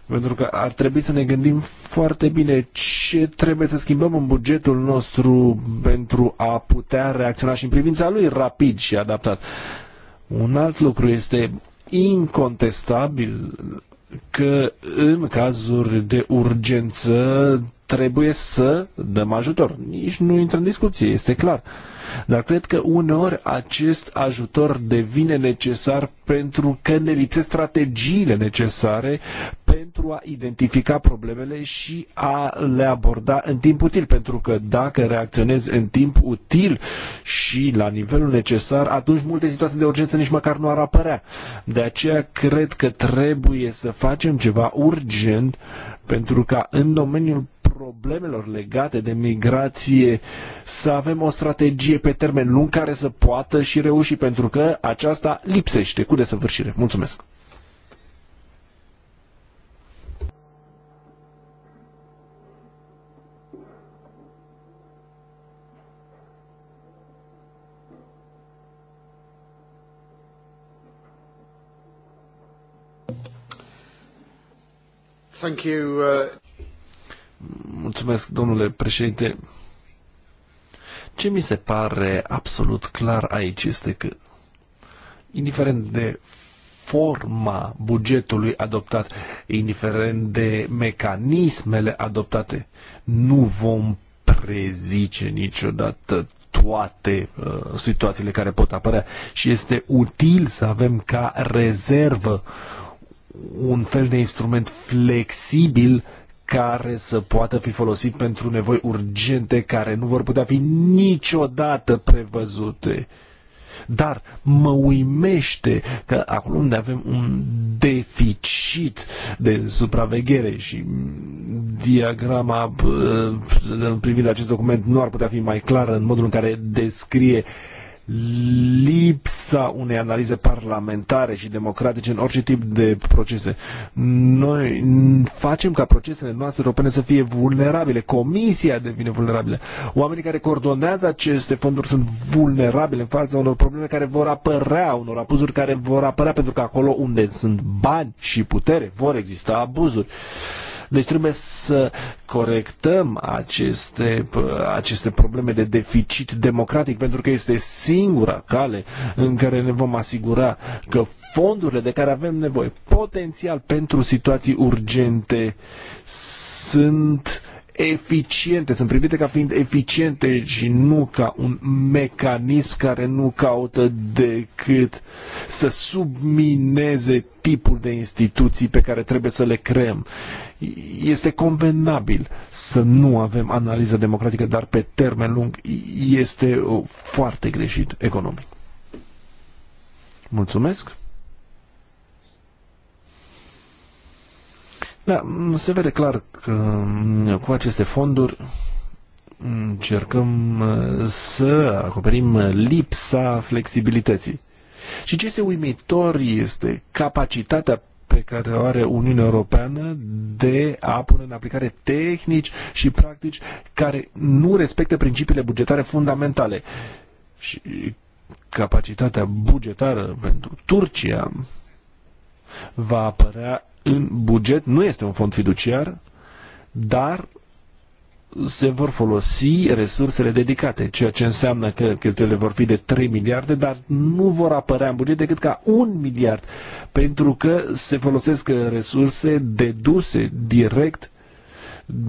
Pentru că ar trebui să ne gândim foarte bine ce trebuie să schimbăm în bugetul nostru pentru a putea reacționa și în privința lui rapid și adaptat. Un alt lucru este incontestabil că în cazuri de urgență trebuie să dăm ajutor. Nici nu intră în discuție, este clar. Dar cred că uneori acest ajutor devine necesar pentru că ne lipsesc strategiile necesare pentru a identifica problemele și a le aborda în timp util. Pentru că dacă reacționezi în timp util și la nivelul necesar, atunci multe situații de urgență nici măcar nu ar apărea. De aceea cred că trebuie să facem ceva urgent pentru ca în domeniul problemelor legate de migrație, să avem o strategie pe termen lung care să poată și reuși, pentru că aceasta lipsește cu desăvârșire. Mulțumesc! Thank you. Uh... Mulțumesc, domnule președinte. Ce mi se pare absolut clar aici este că, indiferent de forma bugetului adoptat, indiferent de mecanismele adoptate, nu vom prezice niciodată toate uh, situațiile care pot apărea și este util să avem ca rezervă un fel de instrument flexibil care să poată fi folosit pentru nevoi urgente care nu vor putea fi niciodată prevăzute. Dar mă uimește că acolo unde avem un deficit de supraveghere și diagrama în privind acest document nu ar putea fi mai clară în modul în care descrie uh, lipsa unei analize parlamentare și democratice în orice tip de procese. Noi facem ca procesele noastre europene să fie vulnerabile. Comisia devine vulnerabilă. Oamenii care coordonează aceste fonduri sunt vulnerabile în fața unor probleme care vor apărea, unor abuzuri care vor apărea, pentru că acolo unde sunt bani și putere vor exista abuzuri. Deci trebuie să corectăm aceste, aceste probleme de deficit democratic, pentru că este singura cale în care ne vom asigura că fondurile de care avem nevoie, potențial pentru situații urgente, sunt eficiente, sunt privite ca fiind eficiente și nu ca un mecanism care nu caută decât să submineze tipul de instituții pe care trebuie să le creăm. Este convenabil să nu avem analiză democratică, dar pe termen lung este uh, foarte greșit economic. Mulțumesc! Da, mm, se vede clar că mm, cu aceste fonduri încercăm uh, să acoperim lipsa flexibilității. Și ce este uimitor este capacitatea pe care o are Uniunea Europeană de a pune în aplicare tehnici și practici care nu respectă principiile bugetare fundamentale. Și capacitatea bugetară pentru Turcia va apărea în buget, nu este un fond fiduciar, dar se vor folosi resursele dedicate, ceea ce înseamnă că cheltuielile vor fi de 3 miliarde, dar nu vor apărea în buget decât ca 1 miliard, pentru că se folosesc resurse deduse direct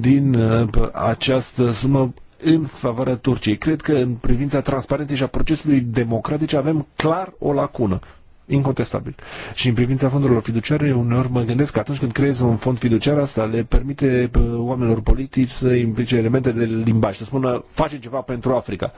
din uh, această sumă în favoarea Turciei. Cred că în privința transparenței și a procesului democratic avem clar o lacună incontestabil. Și în privința fondurilor fiduciare, uneori mă gândesc că atunci când creezi un fond fiduciar, asta le permite uh, oamenilor politici să implice elemente de limbaj, să spună face ceva pentru Africa.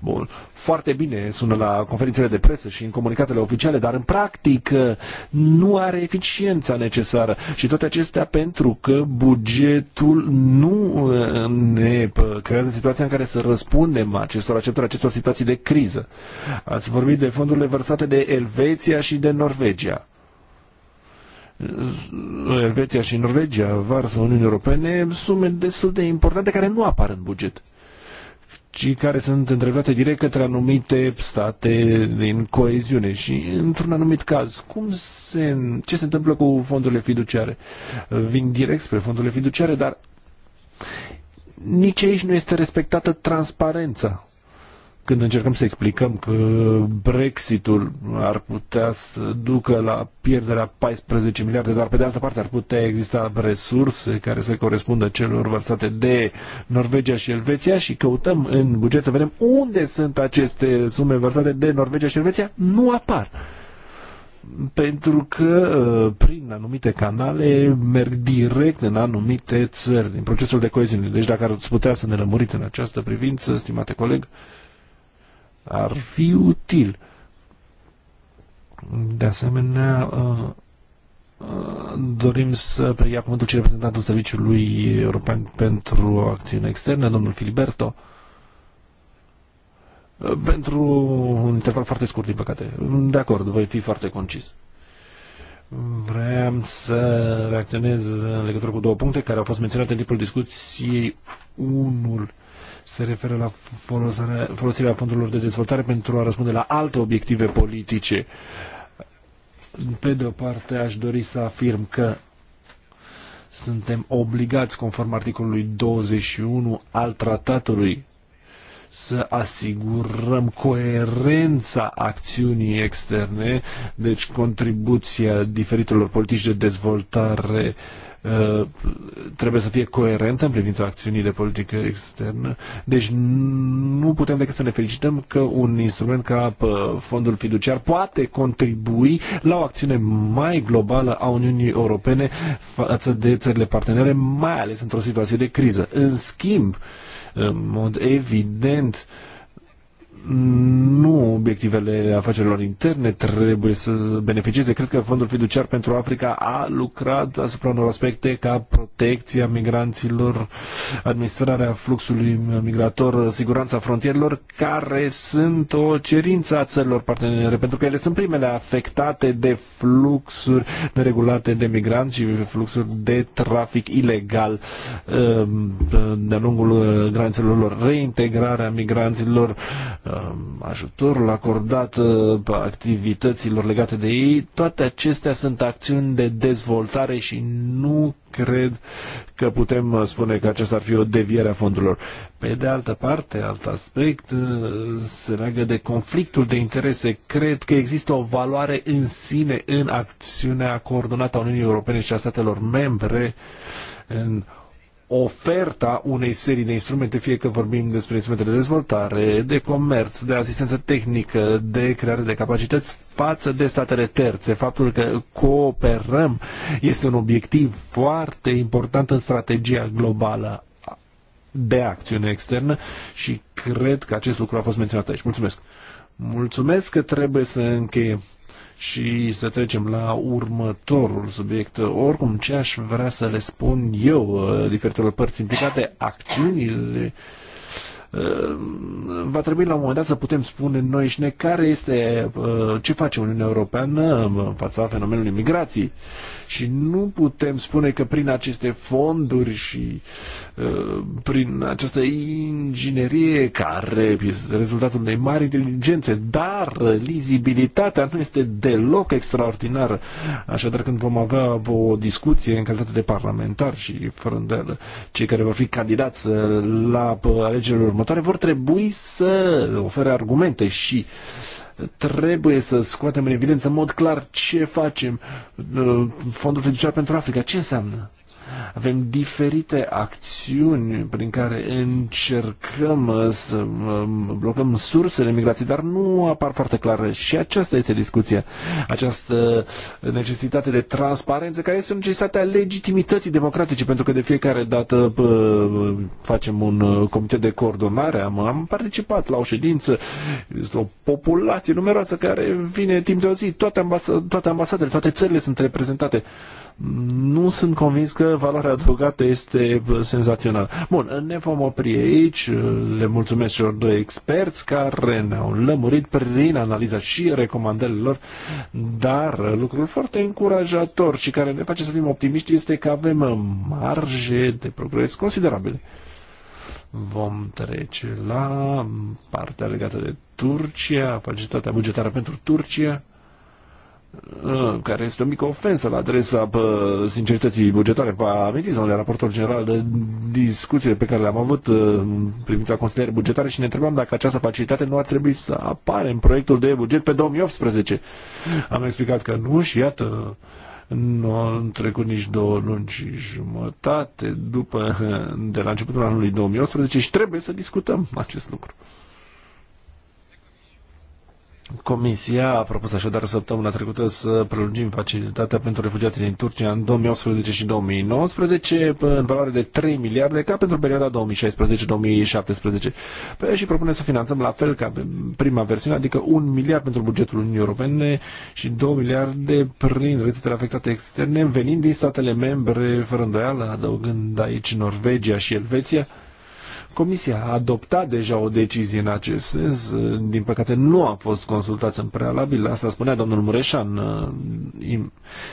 Bun, foarte bine sună la conferințele de presă și în comunicatele oficiale, dar în practică nu are eficiența necesară. Și toate acestea pentru că bugetul nu uh, ne uh, creează situația în care să răspundem acestor acceptări, acestor situații de criză. Ați vorbit de fondurile versate de Elveți Elveția și de Norvegia. Elveția și Norvegia varsă Uniunii Europene sume destul de importante care nu apar în buget ci care sunt întrebate direct către anumite state din coeziune și într-un anumit caz. Cum se, ce se întâmplă cu fondurile fiduciare? Vin direct spre fondurile fiduciare, dar nici aici nu este respectată transparența când încercăm să explicăm că Brexitul ar putea să ducă la pierderea 14 miliarde, dar pe de altă parte ar putea exista resurse care să corespundă celor vărsate de Norvegia și Elveția și căutăm în buget să vedem unde sunt aceste sume vărsate de Norvegia și Elveția, nu apar pentru că uh, prin anumite canale merg direct în anumite țări, din procesul de coeziune. Deci dacă ați putea să ne lămuriți în această privință, stimate coleg, ar fi util. De asemenea, uh, uh, dorim să preia cuvântul și reprezentantul Serviciului European pentru Acțiune Externă, domnul Filiberto, uh, pentru un interval foarte scurt, din păcate. De acord, voi fi foarte concis. Vreau să reacționez în legătură cu două puncte care au fost menționate în timpul discuției. Unul se referă la folosirea fondurilor de dezvoltare pentru a răspunde la alte obiective politice. Pe de o parte, aș dori să afirm că suntem obligați, conform articolului 21 al tratatului, să asigurăm coerența acțiunii externe, deci contribuția diferitelor politici de dezvoltare uh, Uh, trebuie să fie coerentă în privința acțiunii de politică externă. Deci nu putem decât să ne felicităm că un instrument ca uh, fondul fiduciar poate contribui la o acțiune mai globală a Uniunii Europene față de țările partenere, mai ales într-o situație de criză. În schimb, în mod evident, uh, nu obiectivele afacerilor interne trebuie să beneficieze. Cred că Fondul Fiduciar pentru Africa a lucrat asupra unor aspecte ca protecția migranților, administrarea fluxului migrator, siguranța frontierelor, care sunt o cerință a țărilor partenere, pentru că ele sunt primele afectate de fluxuri neregulate de migranți și fluxuri de trafic ilegal ehm, de-a lungul eh, granițelor lor. Reintegrarea migranților Um, ajutorul acordat uh, activităților legate de ei, toate acestea sunt acțiuni de dezvoltare și nu cred că putem uh, spune că aceasta ar fi o deviere a fondurilor. Pe de altă parte, alt aspect uh, se leagă de conflictul de interese. Cred că există o valoare în sine în acțiunea coordonată a Uniunii Europene și a statelor membre în oferta unei serii de instrumente, fie că vorbim despre instrumente de dezvoltare, de comerț, de asistență tehnică, de creare de capacități față de statele terțe. Faptul că cooperăm este un obiectiv foarte important în strategia globală de acțiune externă și cred că acest lucru a fost menționat aici. Mulțumesc! Mulțumesc că trebuie să încheiem și să trecem la următorul subiect. Oricum, ce aș vrea să le spun eu uh, diferitelor părți implicate, acțiunile uh, Ehm, va trebui la un moment dat să putem spune noi și ne care este uh, ce face Uniunea Europeană în fața fenomenului migrației. Și nu putem spune că prin aceste fonduri și uh, prin această inginerie care este rezultatul unei mari inteligențe, dar lizibilitatea nu este deloc extraordinară. Așadar, când vom avea o discuție în calitate de parlamentar și fără îndoială cei care vor fi candidați uh, la alegerile următoare, următoare vor trebui să ofere argumente și trebuie să scoatem în evidență în mod clar ce facem. Uh, Fondul fiduciar pentru Africa, ce înseamnă? Avem diferite acțiuni prin care încercăm uh, să um, blocăm sursele migrației, dar nu apar foarte clare. Și aceasta este discuția. Această necesitate de transparență, care este o a legitimității democratice, pentru că de fiecare dată uh, facem un uh, comitet de coordonare, am, am participat la o ședință, este o populație numeroasă care vine timp de o zi, toate, ambas- toate ambasadele, toate țările sunt reprezentate. Nu sunt convins că valoarea adăugată este senzațional. Bun, ne vom opri aici. Le mulțumesc celor doi experți care ne-au lămurit prin analiza și recomandările lor, dar lucrul foarte încurajator și care ne face să fim optimiști este că avem marge de progres considerabile vom trece la partea legată de Turcia, facilitatea bugetară pentru Turcia. Uh, care este o mică ofensă la adresa uh, sincerității bugetare. Vă amintiți, domnule raportor general, de discuțiile pe care le-am avut uh, în privința consilierii bugetare și ne întrebam dacă această facilitate nu ar trebui să apare în proiectul de buget pe 2018. Am explicat că nu și iată, nu am trecut nici două luni și jumătate după, de la începutul anului 2018 și trebuie să discutăm acest lucru. Comisia a propus așadar săptămâna trecută să prelungim facilitatea pentru refugiații din Turcia în 2018 și 2019 în valoare de 3 miliarde ca pentru perioada 2016-2017 și propune să finanțăm la fel ca prima versiune, adică 1 miliard pentru bugetul Uniunii Europene și 2 miliarde prin rețetele afectate externe venind din statele membre fără îndoială, adăugând aici Norvegia și Elveția Comisia a adoptat deja o decizie în acest sens, uh, din păcate nu a fost consultați în prealabil, asta spunea domnul Mureșan, uh,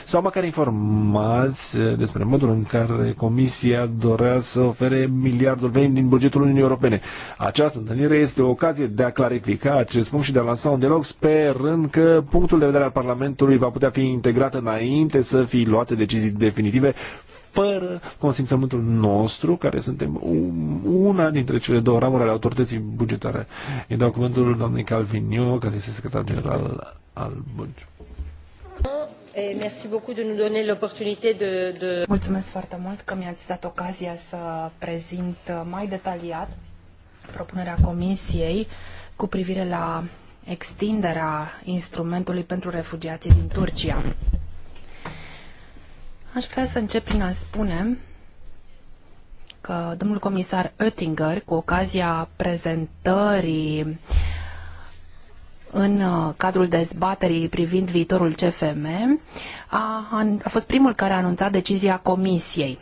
sau măcar informați uh, despre modul în care Comisia dorea să ofere miliardul venit din bugetul Uniunii Europene. Această întâlnire este o ocazie de a clarifica acest punct și de a lansa un dialog, sperând că punctul de vedere al Parlamentului va putea fi integrat înainte să fie luate decizii definitive, fără consimțământul nostru, care suntem una dintre cele două ramuri ale autorității bugetare. E dau cuvântul doamnei Calvinio, care este secretar general al bugetului. Mulțumesc foarte mult că mi-ați dat ocazia să prezint mai detaliat propunerea Comisiei cu privire la extinderea instrumentului pentru refugiații din Turcia. Aș vrea să încep prin a spune că domnul comisar Oettinger, cu ocazia prezentării în uh, cadrul dezbaterii privind viitorul CFM, a, a fost primul care a anunțat decizia Comisiei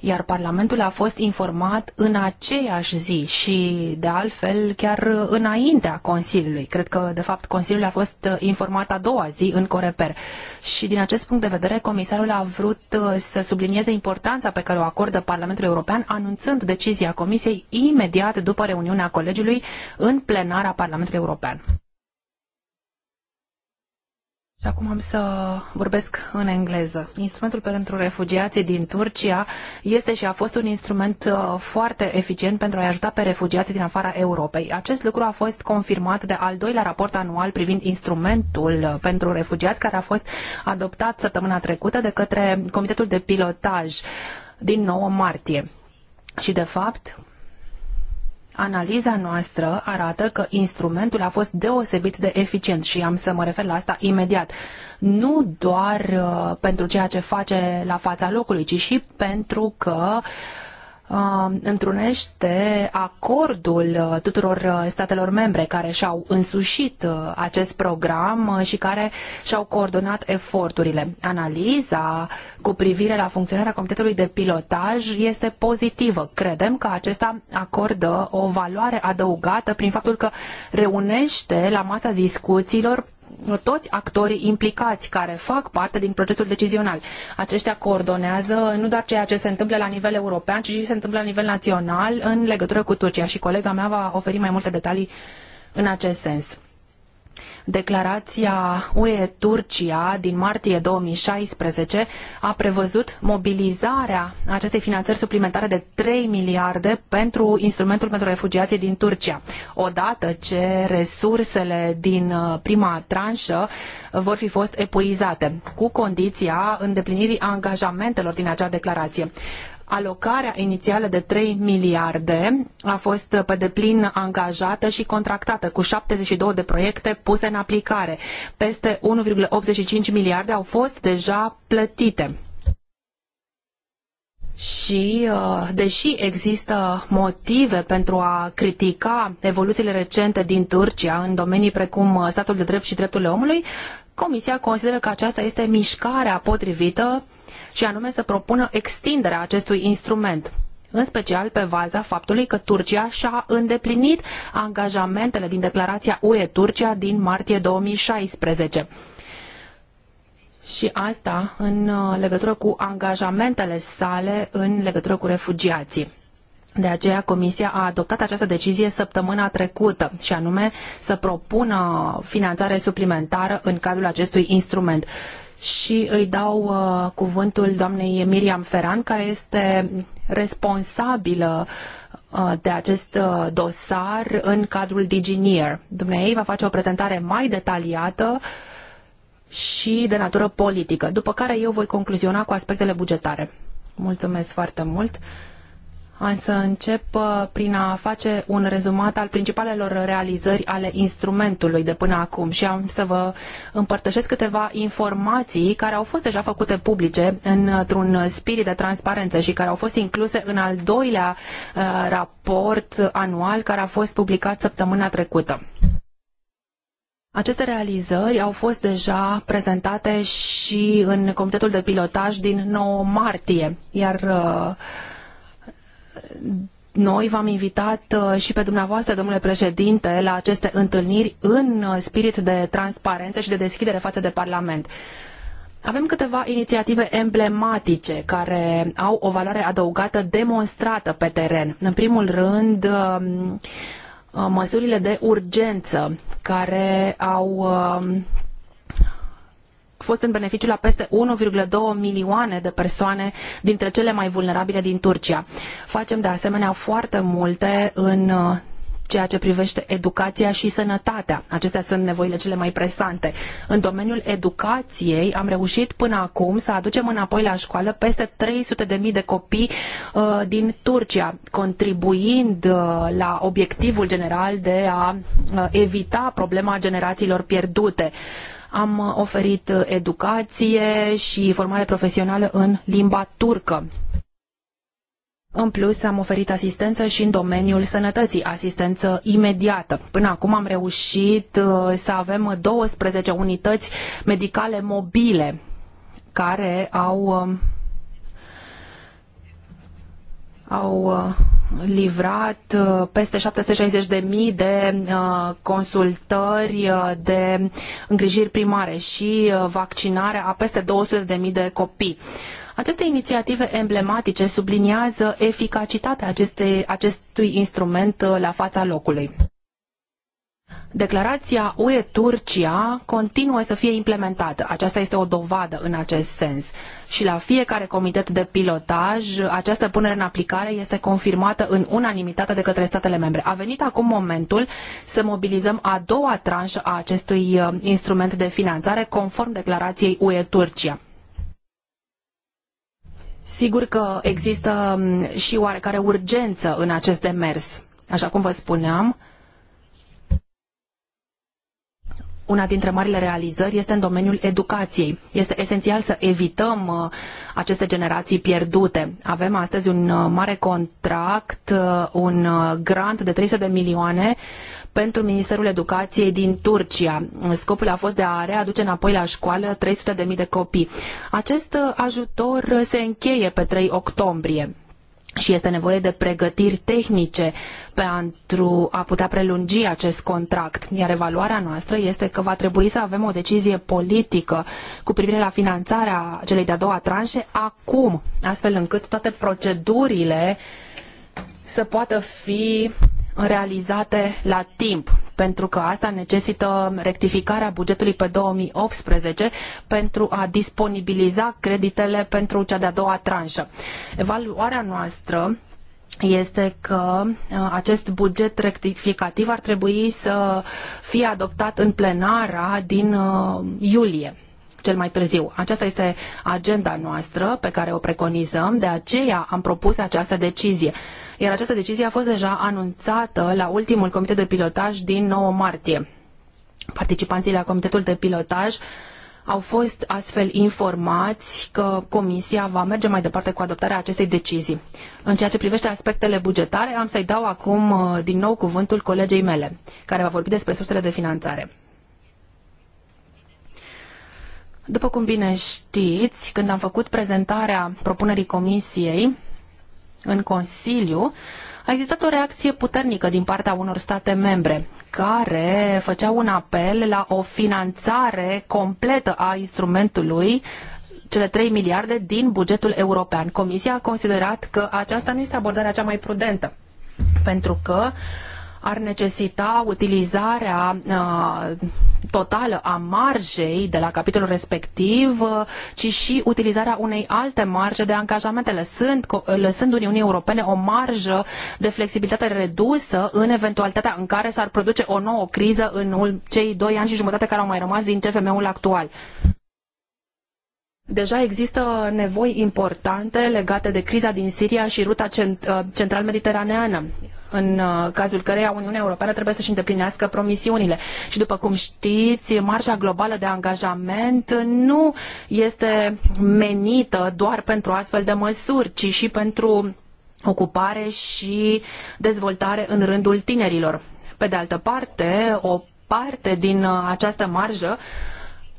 iar Parlamentul a fost informat în aceeași zi și, de altfel, chiar înaintea Consiliului. Cred că, de fapt, Consiliul a fost informat a doua zi în Coreper. Și, din acest punct de vedere, comisarul a vrut uh, să sublinieze importanța pe care o acordă Parlamentul European, anunțând decizia Comisiei imediat după reuniunea colegiului în plenara Parlamentului European. Și acum am să vorbesc în engleză. Instrumentul pentru refugiații din Turcia este și a fost un instrument uh, foarte eficient pentru a-i ajuta pe refugiații din afara Europei. Acest lucru a fost confirmat de al doilea raport anual privind instrumentul uh, pentru refugiați, care a fost adoptat săptămâna trecută de către Comitetul de Pilotaj din 9 martie. Și, de fapt, Analiza noastră arată că instrumentul a fost deosebit de eficient și am să mă refer la asta imediat. Nu doar uh, pentru ceea ce face la fața locului, ci și pentru că uh, Uh, întrunește acordul uh, tuturor uh, statelor membre care și-au însușit acest program și care și-au coordonat eforturile. Analiza cu privire la funcționarea Comitetului de Pilotaj este pozitivă. Credem că acesta acordă o valoare adăugată prin faptul că reunește la masa discuțiilor toți actorii implicați care fac parte din procesul decizional. Aceștia coordonează nu doar ceea ce se întâmplă la nivel european, ci și se întâmplă la nivel național în legătură cu Turcia și colega mea va oferi mai multe detalii în acest sens. Declarația UE-Turcia din martie 2016 a prevăzut mobilizarea acestei finanțări suplimentare de 3 miliarde pentru instrumentul pentru refugiații din Turcia, odată ce resursele din uh, prima tranșă uh, vor fi fost epuizate, cu condiția îndeplinirii angajamentelor din acea declarație. Alocarea inițială de 3 miliarde a fost pe deplin angajată și contractată cu 72 de proiecte puse în aplicare. Peste 1,85 miliarde au fost deja plătite. Și uh, deși există motive pentru a critica evoluțiile recente din Turcia în domenii precum uh, statul de drept și drepturile omului, Comisia consideră că aceasta este mișcarea potrivită și anume să propună extinderea acestui instrument în special pe baza faptului că Turcia și-a îndeplinit angajamentele din declarația UE-Turcia din martie 2016. Și asta în uh, legătură cu angajamentele sale în legătură cu refugiații. De aceea Comisia a adoptat această decizie săptămâna trecută și anume să propună finanțare suplimentară în cadrul acestui instrument. Și îi dau uh, cuvântul doamnei Miriam Ferran, care este responsabilă uh, de acest uh, dosar în cadrul DigiNear. Dumnezeu va face o prezentare mai detaliată și de natură politică, după care eu voi concluziona cu aspectele bugetare. Mulțumesc foarte mult! Uh, am să încep uh, prin a face un rezumat al principalelor realizări ale instrumentului de până acum și am să vă împărtășesc câteva informații care au fost deja făcute publice într-un spirit de transparență și care au fost incluse în al doilea uh, raport anual care a fost publicat săptămâna trecută. Aceste realizări au fost deja prezentate și în Comitetul de Pilotaj din 9 martie, iar uh, noi v-am invitat uh, și pe dumneavoastră, domnule președinte, la aceste întâlniri în uh, spirit de transparență și de deschidere față de Parlament. Avem câteva inițiative emblematice care au o valoare adăugată demonstrată pe teren. În primul rând, um, uh, măsurile de urgență care au um, fost în beneficiul a peste 1,2 milioane de persoane dintre cele mai vulnerabile din Turcia. Facem de asemenea foarte multe în uh, ceea ce privește educația și sănătatea. Acestea sunt nevoile cele mai presante. În domeniul educației am reușit până acum să aducem înapoi la școală peste 300.000 de copii uh, din Turcia, contribuind uh, la obiectivul general de a uh, evita problema generațiilor pierdute. Uh, am uh, oferit uh, educație și formare profesională în limba turcă. În plus, am oferit asistență și în domeniul sănătății, asistență imediată. Până acum am reușit uh, să avem 12 unități medicale mobile care au um, au livrat uh, peste 760.000 de uh, consultări uh, de îngrijiri primare și vaccinare a peste 200.000 de copii. Aceste inițiative emblematice subliniază eficacitatea acestui instrument la fața locului. Declarația UE-Turcia continuă să fie implementată. Aceasta este o dovadă în acest sens. Și la fiecare comitet de pilotaj, această punere în aplicare este confirmată în unanimitate de către statele membre. A venit acum momentul să mobilizăm a doua tranșă a acestui uh, instrument de finanțare conform declarației UE-Turcia. Sigur că există um, și oarecare urgență în acest demers. Așa cum vă spuneam, una dintre marile realizări este în domeniul educației. Este esențial să evităm uh, aceste generații pierdute. Avem astăzi un uh, mare contract, uh, un grant de 300 de milioane pentru Ministerul Educației din Turcia. Scopul a fost de a readuce înapoi la școală 300.000 de copii. Acest ajutor se încheie pe 3 octombrie și este nevoie de pregătiri tehnice pentru a putea prelungi acest contract. Iar evaluarea noastră este că va trebui să avem o decizie politică cu privire la finanțarea celei de-a doua tranșe acum, astfel încât toate procedurile să poată fi realizate la timp, pentru că asta necesită rectificarea bugetului pe 2018 pentru a disponibiliza creditele pentru cea de-a doua tranșă. Evaluarea noastră este că uh, acest buget rectificativ ar trebui să fie adoptat în plenara din uh, iulie cel mai târziu. Aceasta este agenda noastră pe care o preconizăm, de aceea am propus această decizie. Iar această decizie a fost deja anunțată la ultimul comitet de pilotaj din 9 martie. Participanții la comitetul de pilotaj au fost astfel informați că Comisia va merge mai departe cu adoptarea acestei decizii. În ceea ce privește aspectele bugetare, am să-i dau acum uh, din nou cuvântul colegei mele, care va vorbi despre sursele de finanțare. După cum bine știți, când am făcut prezentarea propunerii Comisiei în Consiliu, a existat o reacție puternică din partea unor state membre care făceau un apel la o finanțare completă a instrumentului cele 3 miliarde din bugetul european. Comisia a considerat că aceasta nu este abordarea cea mai prudentă pentru că uh, ar necesita utilizarea uh, totală a marjei de la capitolul respectiv, uh, ci și utilizarea unei alte marje de angajamente, lăsând, lăsând Uniunii Europene o marjă de flexibilitate redusă în eventualitatea în care s-ar produce o nouă criză în cei doi ani și jumătate care au mai rămas din CFM-ul actual. Deja există nevoi importante legate de criza din Siria și ruta uh, central-mediteraneană în uh, cazul căreia Uniunea Europeană trebuie să-și îndeplinească promisiunile. Și după cum știți, marja globală de angajament nu este menită doar pentru astfel de măsuri, ci și pentru ocupare și dezvoltare în rândul tinerilor. Pe de altă parte, o parte din această marjă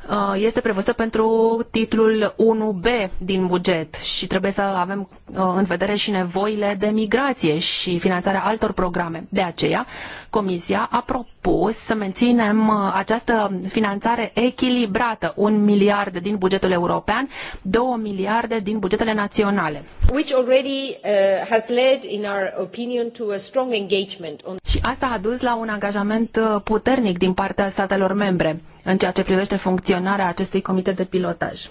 Uh, este prevăzută pentru titlul 1B din buget și trebuie să avem uh, în vedere și nevoile de migrație și finanțarea altor programe. De aceea, Comisia a propus să menținem uh, această finanțare echilibrată, un miliard din bugetul european, două miliarde din bugetele naționale. Which already has led, in our opinion, to a strong engagement on... Și asta a dus la un angajament puternic din partea statelor membre în ceea ce privește funcționarea funcționarea acestui comitet de pilotaj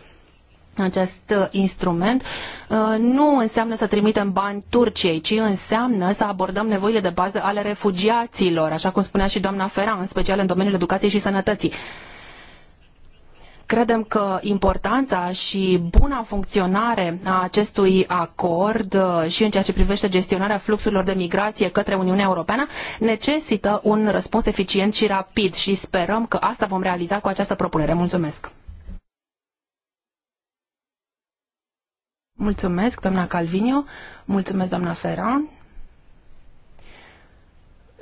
acest uh, instrument uh, nu înseamnă să trimitem bani Turciei, ci înseamnă să abordăm nevoile de bază ale refugiaților, așa cum spunea și doamna Fera, în special în domeniul educației și sănătății. Credem că importanța și buna funcționare a acestui acord uh, și în ceea ce privește gestionarea fluxurilor de migrație către Uniunea Europeană necesită un răspuns eficient și rapid și sperăm că asta vom realiza cu această propunere. Mulțumesc! Mulțumesc, doamna Calvinio. Mulțumesc, doamna Ferran.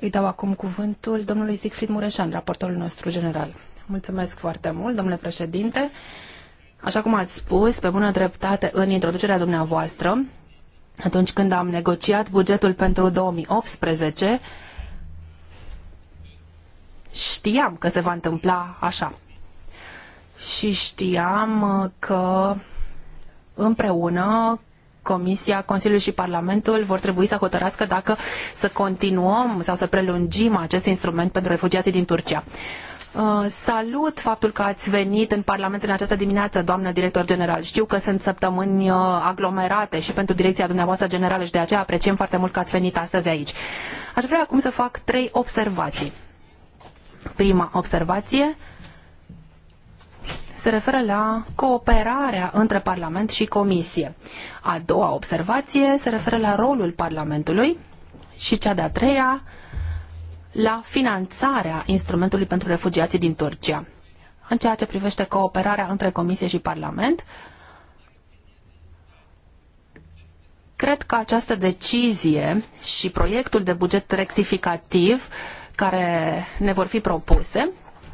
Îi dau acum cuvântul domnului Siegfried Mureșan, raportorul nostru general. Mulțumesc foarte mult, domnule președinte. Așa cum ați spus, pe bună dreptate, în introducerea dumneavoastră, atunci când am negociat bugetul pentru 2018, știam că se va întâmpla așa. Și știam că împreună Comisia, Consiliul și Parlamentul vor trebui să hotărască dacă să continuăm sau să prelungim acest instrument pentru refugiații din Turcia. Uh, salut faptul că ați venit în Parlament în această dimineață, doamnă director general. Știu că sunt săptămâni uh, aglomerate și pentru direcția dumneavoastră generală și de aceea apreciem foarte mult că ați venit astăzi aici. Aș vrea acum să fac trei observații. Prima observație se referă la cooperarea între Parlament și Comisie. A doua observație se referă la rolul Parlamentului și cea de-a treia la finanțarea instrumentului pentru refugiații din Turcia. În ceea ce privește cooperarea între Comisie și Parlament, cred că această decizie și proiectul de buget rectificativ care ne vor fi propuse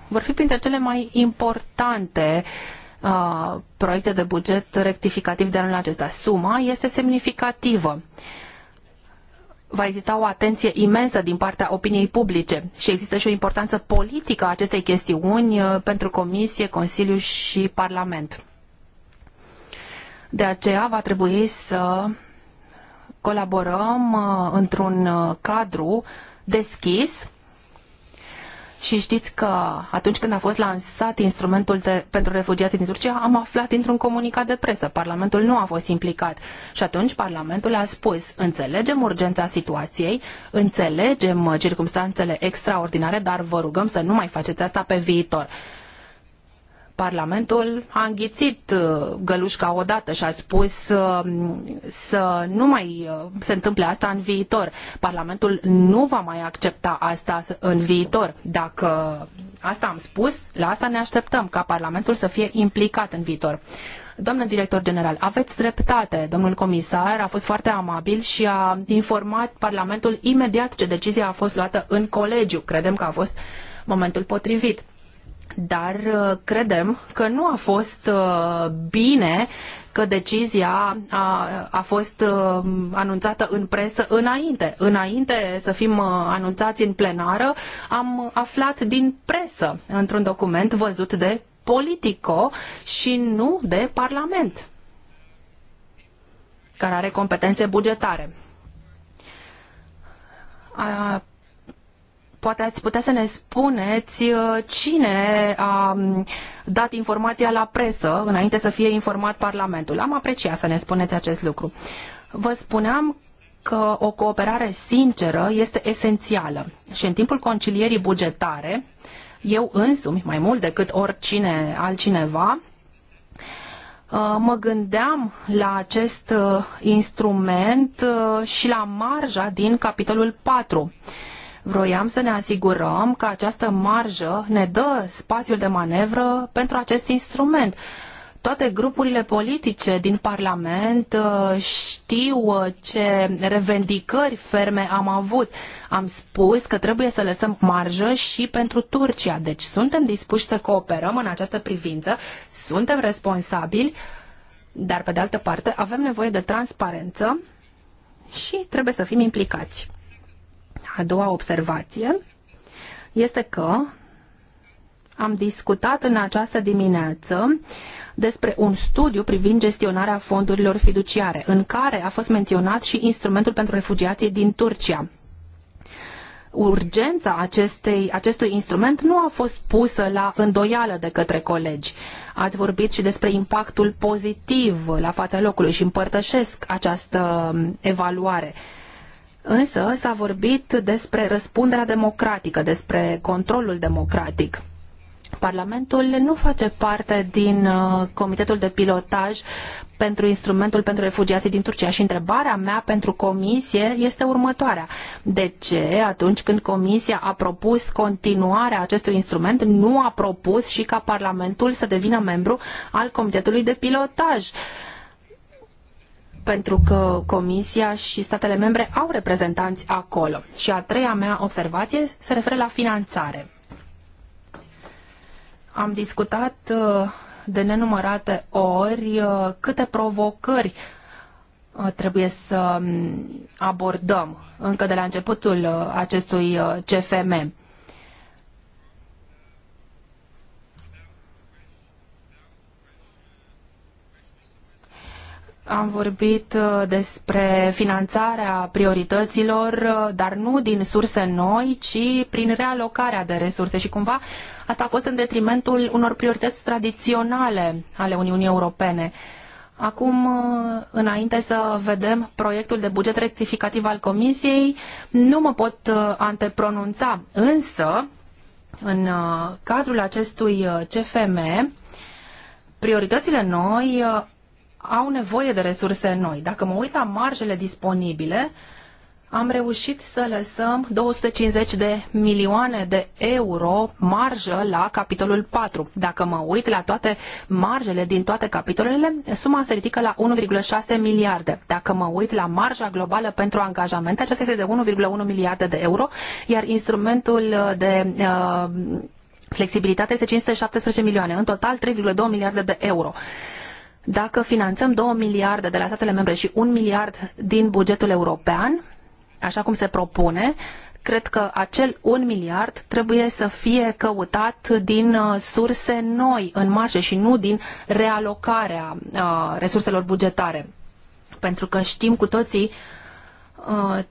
vor fi printre cele mai importante uh, proiecte de buget rectificativ de anul acesta. Suma este semnificativă. Uh, va exista o atenție imensă din partea opiniei publice și există și o importanță politică a acestei chestiuni uh, pentru Comisie, Consiliu și Parlament. De aceea va trebui să colaborăm uh, într-un uh, cadru deschis și știți că atunci când a fost lansat instrumentul de, pentru refugiații din Turcia, am aflat dintr-un comunicat de presă. Parlamentul nu a fost implicat. Și atunci Parlamentul a spus, înțelegem urgența situației, înțelegem uh, circumstanțele extraordinare, dar vă rugăm să nu mai faceți asta pe viitor. Parlamentul a înghițit uh, gălușca odată și a spus uh, să nu mai uh, se întâmple asta în viitor. Parlamentul nu va mai accepta asta în viitor. Dacă asta am spus, la asta ne așteptăm, ca Parlamentul să fie implicat în viitor. Doamnă director general, aveți dreptate. Domnul comisar a fost foarte amabil și a informat Parlamentul imediat ce decizia a fost luată în colegiu. Credem că a fost momentul potrivit dar uh, credem că nu a fost uh, bine că decizia a, a fost uh, anunțată în presă înainte. Înainte să fim anunțați în plenară, am aflat din presă într-un document văzut de Politico și nu de Parlament, care are competențe bugetare. A, Poate ați putea să ne spuneți uh, cine a um, dat informația la presă înainte să fie informat Parlamentul. Am apreciat să ne spuneți acest lucru. Vă spuneam că o cooperare sinceră este esențială și în timpul concilierii bugetare, eu însumi, mai mult decât oricine altcineva, uh, mă gândeam la acest uh, instrument și la marja din capitolul 4 Vroiam să ne asigurăm că această marjă ne dă spațiul de manevră pentru acest instrument toate grupurile politice din Parlament uh, știu uh, ce revendicări ferme am avut. Am spus că trebuie să lăsăm marjă și pentru Turcia. Deci suntem dispuși să cooperăm în această privință, suntem responsabili, dar pe de altă parte avem nevoie de transparență și trebuie să fim implicați. A doua observație este că am discutat în această dimineață despre un studiu privind gestionarea fondurilor fiduciare, în care a fost menționat și instrumentul pentru refugiații din Turcia. Urgența acestei, acestui instrument nu a fost pusă la îndoială de către colegi. Ați vorbit și despre impactul pozitiv la fața locului și împărtășesc această um, evaluare. Însă s-a vorbit despre răspunderea democratică, despre controlul democratic. Parlamentul nu face parte din uh, comitetul de pilotaj pentru instrumentul pentru refugiații din Turcia și întrebarea mea pentru comisie este următoarea. De ce atunci când comisia a propus continuarea acestui instrument, nu a propus și ca Parlamentul să devină membru al comitetului de pilotaj? pentru că Comisia și statele membre au reprezentanți acolo. Și a treia mea observație se referă la finanțare. Am discutat uh, de nenumărate ori uh, câte provocări uh, trebuie să um, abordăm încă de la începutul acestui CFM. Am vorbit uh, despre finanțarea priorităților, uh, dar nu din surse noi, ci prin realocarea de resurse și cumva asta a fost în detrimentul unor priorități tradiționale ale Uniunii Europene. Acum, uh, înainte să vedem proiectul de buget rectificativ al Comisiei, nu mă pot antepronunța, însă, în cadrul acestui CFM, prioritățile noi au nevoie de resurse noi. Dacă mă uit la marjele disponibile, am reușit să lăsăm 250 de milioane de euro marjă la capitolul 4. Dacă mă uit la toate marjele din toate capitolele, suma se ridică la 1,6 miliarde. Dacă mă uit la marja globală pentru angajamente, aceasta este de 1,1 miliarde de euro, iar instrumentul de uh, flexibilitate este 517 milioane, în total 3,2 miliarde de euro. Dacă finanțăm 2 miliarde de la statele membre și 1 miliard din bugetul european, așa cum se propune, cred că acel 1 miliard trebuie să fie căutat din uh, surse noi în marșe și nu din realocarea uh, resurselor bugetare. Pentru că știm cu toții uh,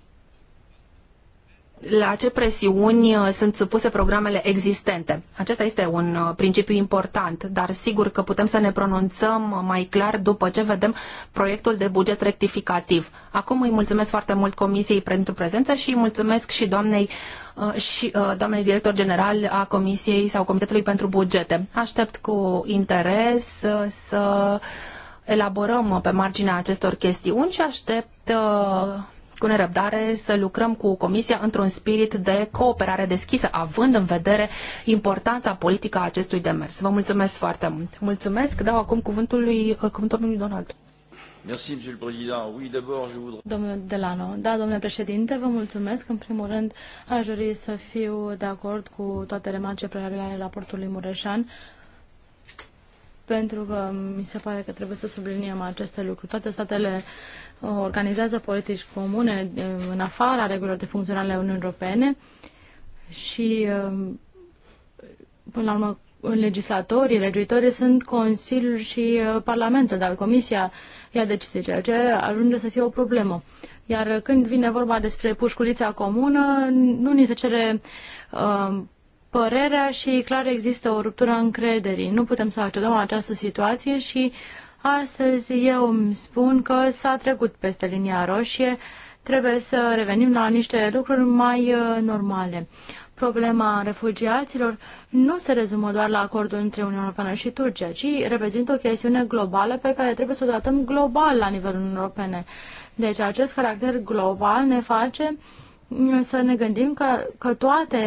la ce presiuni uh, sunt supuse programele existente. Acesta este un uh, principiu important, dar sigur că putem să ne pronunțăm mai clar după ce vedem proiectul de buget rectificativ. Acum îi mulțumesc foarte mult Comisiei pentru prezență și îi mulțumesc și doamnei uh, și doamnei director general a Comisiei sau Comitetului pentru Bugete. Aștept cu interes să elaborăm pe marginea acestor chestiuni și aștept cu nerăbdare să lucrăm cu Comisia într-un spirit de cooperare deschisă, având în vedere importanța politică a acestui demers. Vă mulțumesc foarte mult. Mulțumesc. Dau acum cuvântul lui, cuvântul lui Donald. Merci, Monsieur le Président. Oui, d'abord, je voudrais... Domnul Delano, da, domnule președinte, vă mulțumesc. În primul rând, aș dori să fiu de acord cu toate remarcile prealabile ale raportului Mureșan pentru că mi se pare că trebuie să subliniem aceste lucruri. Toate statele organizează politici comune în afara regulilor de funcționare ale Uniunii Europene și um, până la urmă legislatorii, legiuitorii sunt Consiliul și uh, Parlamentul, dar Comisia ia decizii, ceea ce ajunge să fie o problemă. Iar când vine vorba despre pușculița comună, nu ni se cere um, părerea și clar există o ruptură a încrederii. Nu putem să acționăm această situație și uh, Astăzi eu îmi spun că s-a trecut peste linia roșie, trebuie să revenim la niște lucruri mai uh, normale. Problema refugiaților nu se rezumă doar la acordul între Uniunea Europeană și Turcia, ci reprezintă o chestiune globală pe care trebuie să o tratăm global la nivelul Uniunii Europene. Deci acest caracter global ne face uh, să ne gândim că, că toate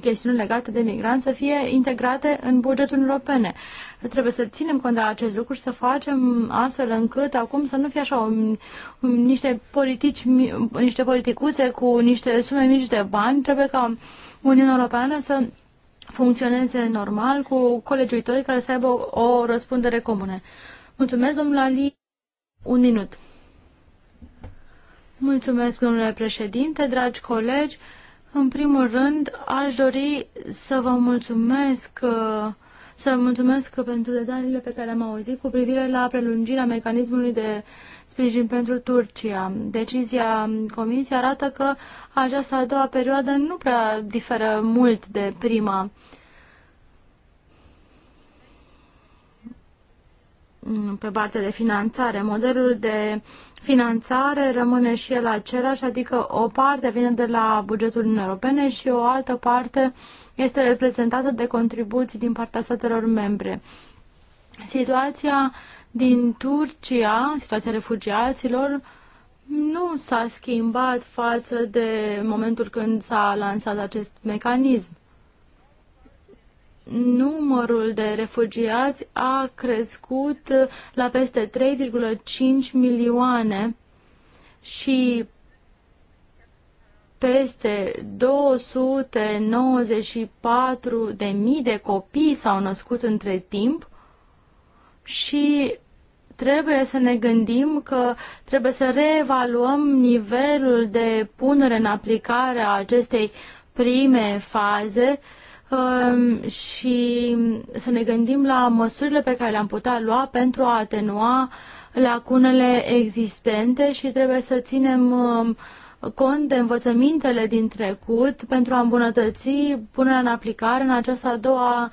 chestiunile legate de migranți să fie integrate în bugetul european. Trebuie să ținem cont de acest lucru și să facem astfel încât acum să nu fie așa o, um, um, niște politici, niște politicuțe cu niște sume mici de bani. Trebuie ca Uniunea Europeană să funcționeze normal cu colegiuitorii care să aibă o, o răspundere comună. Mulțumesc, domnul Ali. Un minut. Mulțumesc, domnule președinte, dragi colegi. În primul rând, aș dori să vă mulțumesc să vă mulțumesc pentru detaliile pe care le-am auzit cu privire la prelungirea mecanismului de sprijin pentru Turcia. Decizia Comisiei arată că această a doua perioadă nu prea diferă mult de prima. Mm, pe partea de finanțare. Modelul de finanțare rămâne și el același, adică o parte vine de la bugetul Uniunii Europene și o altă parte este reprezentată de contribuții din partea statelor membre. Situația din Turcia, situația refugiaților, nu s-a schimbat față de momentul când s-a lansat acest mecanism numărul de refugiați a crescut la peste 3,5 milioane și peste 294 de mii de copii s-au născut între timp și trebuie să ne gândim că trebuie să reevaluăm nivelul de punere în aplicare a acestei prime faze uh, și să ne gândim la măsurile pe care le-am putea lua pentru a atenua lacunele existente și trebuie să ținem um, cont de învățămintele din trecut pentru a îmbunătăți punerea în aplicare în această a doua uh,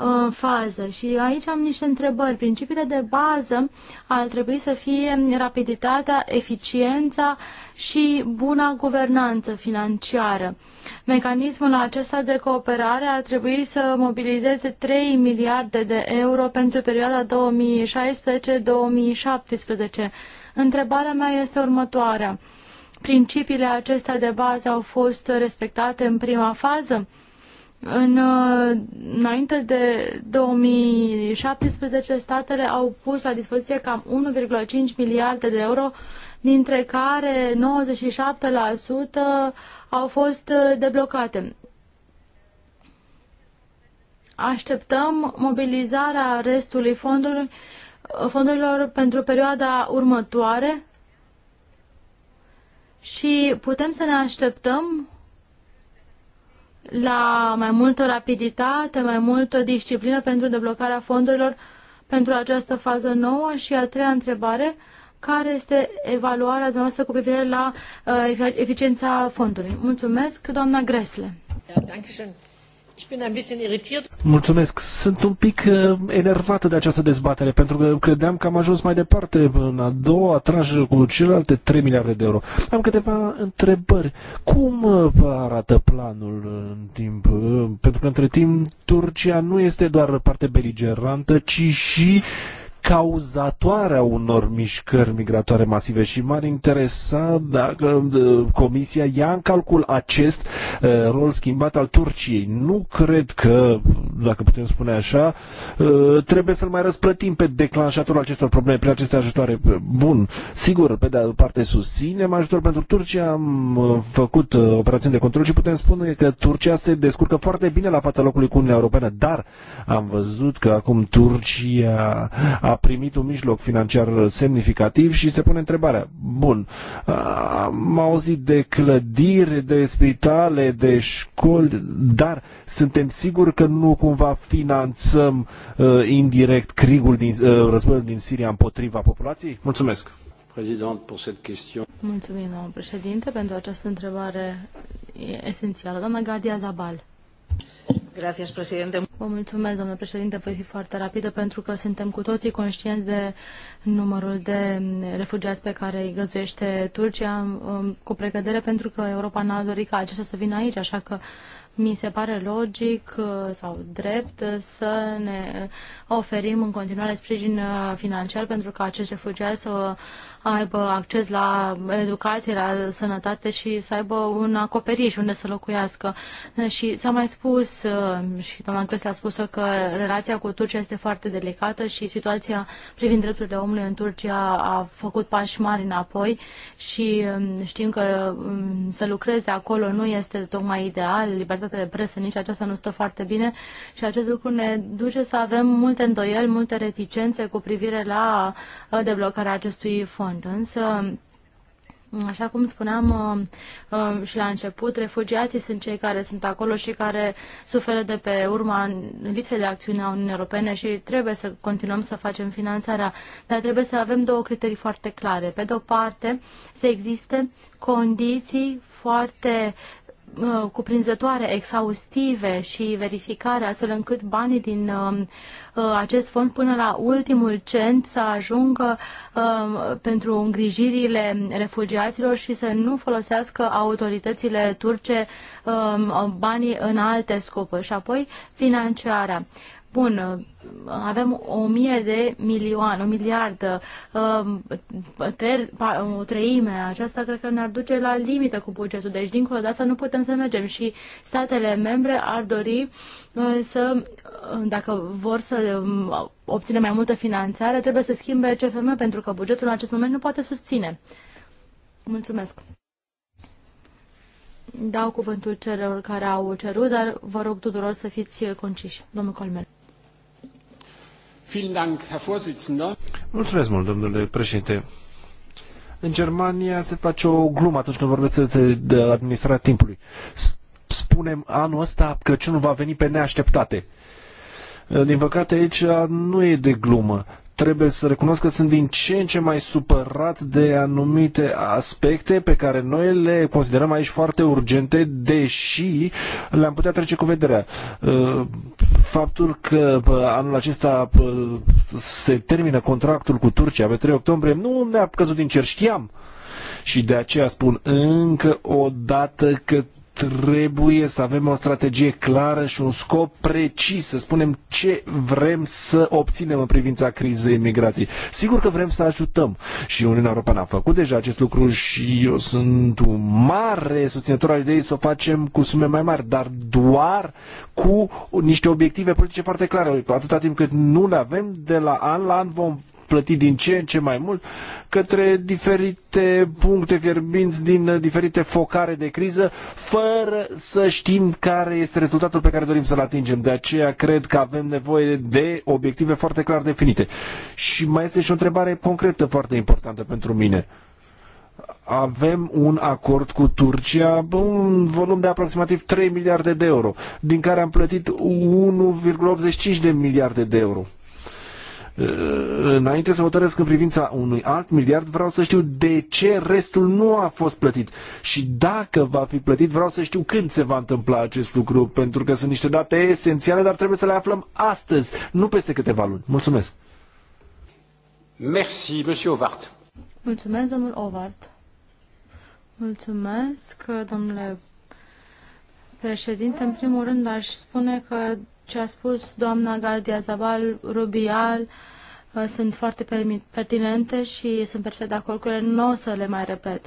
Uh, fază. Și aici am niște întrebări. Principiile de bază ar trebui să fie rapiditatea, eficiența și buna guvernanță financiară. Mecanismul acesta de cooperare ar trebui să mobilizeze 3 miliarde de euro pentru perioada 2016-2017. Întrebarea mea este următoarea. Principiile acestea de bază au fost respectate în prima fază? În, uh, înainte de 2017, statele au pus la dispoziție cam 1,5 miliarde de euro, dintre care 97% au fost uh, deblocate. Așteptăm mobilizarea restului fondului, uh, fondurilor pentru perioada următoare și putem să ne așteptăm la mai multă rapiditate, mai multă disciplină pentru deblocarea fondurilor pentru această fază nouă? Și a treia întrebare, care este evaluarea dumneavoastră cu privire la uh, eficiența fondului? Mulțumesc, doamna Gresle. Da, Mulțumesc. Sunt un pic uh, enervată de această dezbatere, pentru că credeam că am ajuns mai departe în a doua tranșă cu celelalte 3 miliarde de euro. Am câteva întrebări. Cum uh, arată planul în timp? Uh, pentru că între timp Turcia nu este doar parte beligerantă, ci și uh, cauzatoarea unor mișcări migratoare masive și m-ar interesa dacă uh, Comisia ia în calcul acest uh, rol schimbat al Turciei. Nu cred că, dacă putem spune așa, uh, trebuie să-l mai răsplătim pe declanșatorul acestor probleme prin aceste ajutoare. Bun, sigur, pe de altă parte susținem ajutor pentru Turcia, am făcut operațiuni de control și putem spune că Turcia se descurcă foarte bine la fața locului cu Uniunea Europeană, dar am văzut că acum Turcia a a primit un mijloc financiar semnificativ și se pune întrebarea, bun, am auzit de clădiri, de spitale, de școli, dar suntem siguri că nu cumva finanțăm uh, indirect crigul din, uh, războiul din Siria împotriva populației? Mulțumesc! Mulțumim, domnul președinte, pentru această întrebare esențială. Doamna Gardia Zabal. Vă mulțumesc, domnule președinte. Voi fi foarte rapidă pentru că suntem cu toții conștienți de numărul de refugiați pe care îi găzuiește Turcia um, cu precădere pentru că Europa n-a dorit ca acestea să vină aici, așa că mi se pare logic uh, sau drept să ne oferim în continuare sprijin uh, financiar pentru ca acești refugiați să aibă acces la educație, la sănătate și să aibă un acoperiș unde să locuiască. Și s-a mai spus, uh, și doamna Cresle a spus că relația cu Turcia este foarte delicată și situația privind drepturile omului în Turcia a făcut pași mari înapoi și um, știm că um, să lucreze acolo nu este tocmai ideal, libertatea de presă nici aceasta nu stă foarte bine și acest lucru ne duce să avem multe îndoieli, multe reticențe cu privire la uh, deblocarea acestui fond cont. Însă, Așa cum spuneam uh, uh, și la început, refugiații sunt cei care sunt acolo și care suferă de pe urma lipsei de acțiune a Uniunii Europene și trebuie să continuăm să facem finanțarea. Dar trebuie să avem două criterii foarte clare. Pe de o parte, să existe condiții foarte Uh, cuprinzătoare, exhaustive și verificare, astfel încât banii din um, uh, acest fond până la ultimul cent să ajungă um, pentru îngrijirile refugiaților și să nu folosească autoritățile turce um, banii în alte scopuri și apoi financiarea. Bun, avem o mie de milioane, o miliardă, uh, ter, o treime, aceasta cred că ne-ar duce la limită cu bugetul. Deci, dincolo de asta, nu putem să mergem și statele membre ar dori uh, să, uh, dacă vor să um, obține mai multă finanțare, trebuie să schimbe CFM pentru că bugetul în acest moment nu poate susține. Mulțumesc. Dau cuvântul celor care au cerut, dar vă rog tuturor să fiți conciși. Domnul Colmel. Mulțumesc mult, domnule președinte. În Germania se face o glumă atunci când vorbesc de administrarea timpului. Spunem anul ăsta Crăciunul va veni pe neașteptate. Din păcate aici nu e de glumă trebuie să recunosc că sunt din ce în ce mai supărat de anumite aspecte pe care noi le considerăm aici foarte urgente, deși le-am putea trece cu vederea. Uh, faptul că anul acesta se termină contractul cu Turcia pe 3 octombrie nu ne-a căzut din cer, știam. Și de aceea spun încă o dată că trebuie să avem o strategie clară și un scop precis, să spunem ce vrem să obținem în privința crizei migrației. Sigur că vrem să ajutăm și Uniunea Europeană a făcut deja acest lucru și eu sunt un mare susținător al ideii să o facem cu sume mai mari, dar doar cu niște obiective politice foarte clare. Atâta timp cât nu le avem, de la an la an vom plăti din ce în ce mai mult către diferite puncte fierbinți din uh, diferite focare de criză, fără să știm care este rezultatul pe care dorim să-l atingem. De aceea cred că avem nevoie de obiective foarte clar definite. Și mai este și o întrebare concretă foarte importantă pentru mine avem un acord cu Turcia, un volum de aproximativ 3 miliarde de euro, din care am plătit 1,85 de miliarde de euro. Eh, înainte să hotărăsc în privința unui alt miliard, vreau să știu de ce restul nu a fost plătit. Și dacă va fi plătit, vreau să știu când se va întâmpla acest lucru, pentru că sunt niște date esențiale, dar trebuie să le aflăm astăzi, nu peste câteva luni. Mulțumesc! Merci, monsieur Ovart. Mulțumesc, domnul Ovart. Mulțumesc, domnule președinte. În primul rând aș spune că ce a spus doamna Gardia Zabal, Rubial, uh, sunt foarte pertinente și sunt perfect de acord cu ele, nu o să le mai repet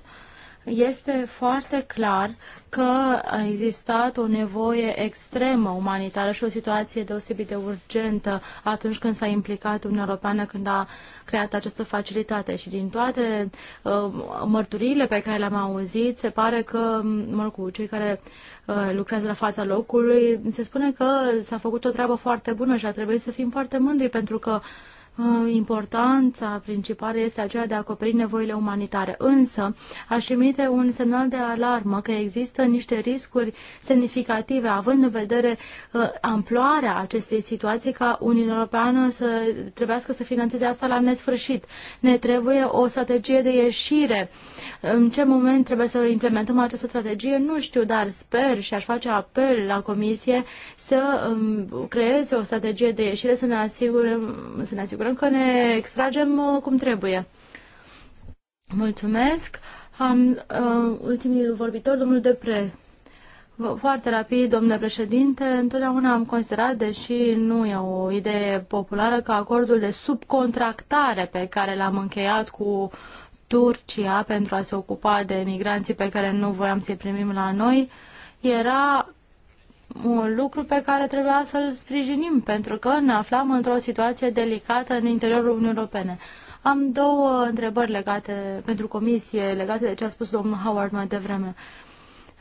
este foarte clar că a existat o nevoie extremă umanitară și o situație deosebit de urgentă atunci când s-a implicat Uniunea Europeană când a creat această facilitate și din toate uh, mărturiile pe care le-am auzit, se pare că, mă rog, cei care uh, lucrează la fața locului, se spune că s-a făcut o treabă foarte bună și ar trebui să fim foarte mândri pentru că uh, Uh, importanța principală este aceea de a acoperi nevoile umanitare. Însă, aș trimite un semnal de alarmă că există niște riscuri semnificative, având în vedere uh, amploarea acestei situații, ca Uniunea Europeană să trebuiască să financeze asta la nesfârșit. Ne trebuie o strategie de ieșire. În ce moment trebuie să implementăm această strategie, nu știu, dar sper și aș face apel la Comisie să um, creeze o strategie de ieșire, să ne asigurăm, să ne asigurăm asigurăm că ne extragem uh, cum trebuie. Mulțumesc. Am, uh, ultimii vorbitor, domnul Depre. Foarte rapid, domnule președinte, întotdeauna am considerat, deși nu e o idee populară, că acordul de subcontractare pe care l-am încheiat cu Turcia pentru a se ocupa de migranții pe care nu voiam să-i primim la noi era un lucru pe care trebuia să-l sprijinim, pentru că ne aflam într-o situație delicată în interiorul Uniunii Europene. Am două întrebări legate pentru comisie, legate de ce a spus domnul Howard mai devreme.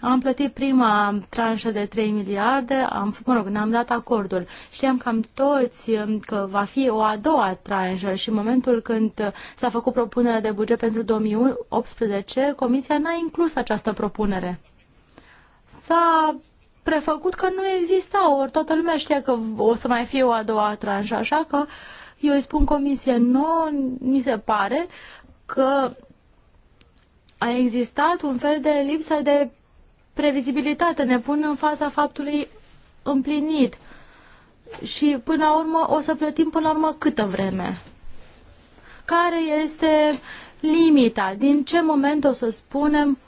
Am plătit prima tranșă de 3 miliarde, am, mă rog, ne-am dat acordul. Știam cam toți um, că va fi o a doua tranșă și în momentul când s-a făcut propunerea de buget pentru 2018, Comisia n-a inclus această propunere. S-a prefăcut că nu exista, ori toată lumea știa că o să mai fie o a doua tranșă, așa că eu îi spun comisie, nu, mi se pare că a existat un fel de lipsă de previzibilitate, ne pun în fața faptului împlinit. Și până la urmă o să plătim până la urmă câtă vreme. Care este limita? Din ce moment o să spunem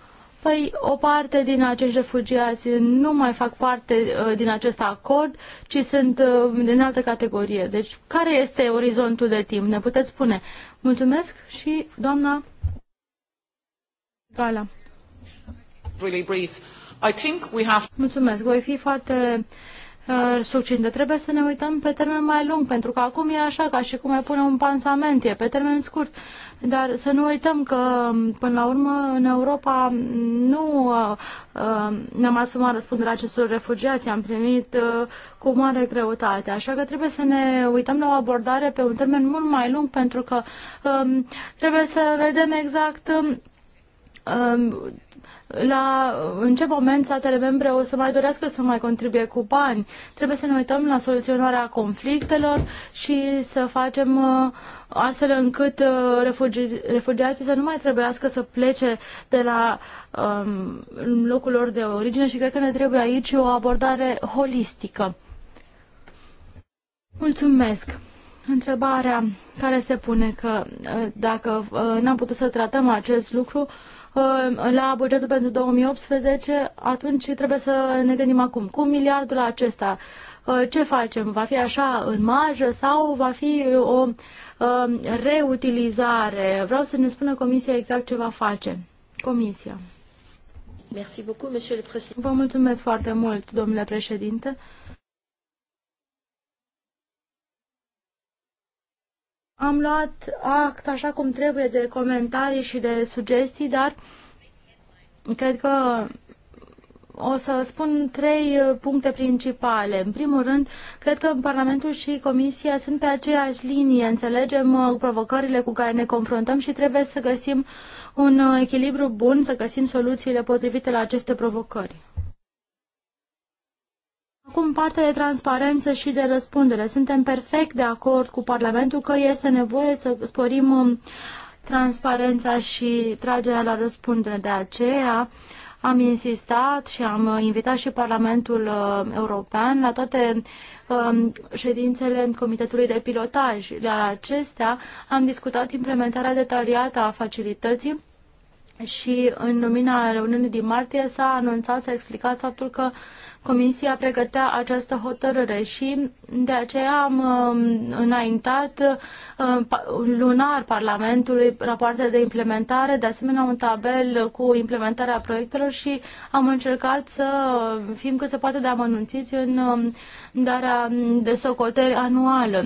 Păi o parte din acești refugiați nu mai fac parte uh, din acest acord, ci sunt uh, din altă categorie. Deci care este orizontul de timp? Ne puteți spune. Mulțumesc și doamna Gala. Really brief. I think we have... Mulțumesc. Voi fi foarte Sucinde, Trebuie să ne uităm pe termen mai lung, pentru că acum e așa, ca și cum mai pune un pansament, e pe termen scurt. Dar să nu uităm că, până la urmă, în Europa nu uh, ne-am asumat răspunderea acestor refugiați, am primit uh, cu mare greutate. Așa că trebuie să ne uităm la o abordare pe un termen mult mai lung, pentru că uh, trebuie să vedem exact um, la în ce moment statele membre o să mai dorească să mai contribuie cu bani. Trebuie să ne uităm la soluționarea conflictelor și să facem uh, astfel încât uh, refugi, refugiații să nu mai trebuiască să plece de la um, locul lor de origine și cred că ne trebuie aici o abordare holistică. Mulțumesc! Întrebarea care se pune că uh, dacă n-am putut să tratăm acest lucru, la bugetul pentru 2018, atunci trebuie să ne gândim acum. Cu miliardul acesta, uh, ce facem? Va fi așa în marjă sau va fi o um, reutilizare? Vreau să ne spună Comisia exact ce va face. Comisia. Merci beaucoup, Vă mulțumesc foarte mult, domnule președinte. Am luat act așa cum trebuie de comentarii și de sugestii, dar cred că o să spun trei puncte principale. În primul rând, cred că Parlamentul și Comisia sunt pe aceeași linie. Înțelegem uh, provocările cu care ne confruntăm și trebuie să găsim un uh, echilibru bun, să găsim soluțiile potrivite la aceste provocări. Acum partea de transparență și de răspundere. Suntem perfect de acord cu Parlamentul că este nevoie să sporim um, transparența și tragerea la răspundere. De aceea am insistat și am uh, invitat și Parlamentul uh, European la toate um, ședințele Comitetului de Pilotaj. La acestea am discutat implementarea detaliată a facilității și în lumina reuniunii din martie s-a anunțat, s-a explicat faptul că Comisia pregătea această hotărâre și de aceea am um, înaintat uh, lunar Parlamentului rapoarte de implementare, de asemenea un tabel cu implementarea proiectelor și am încercat să fim cât se poate de amănunțiți în um, darea de socoteri anuală.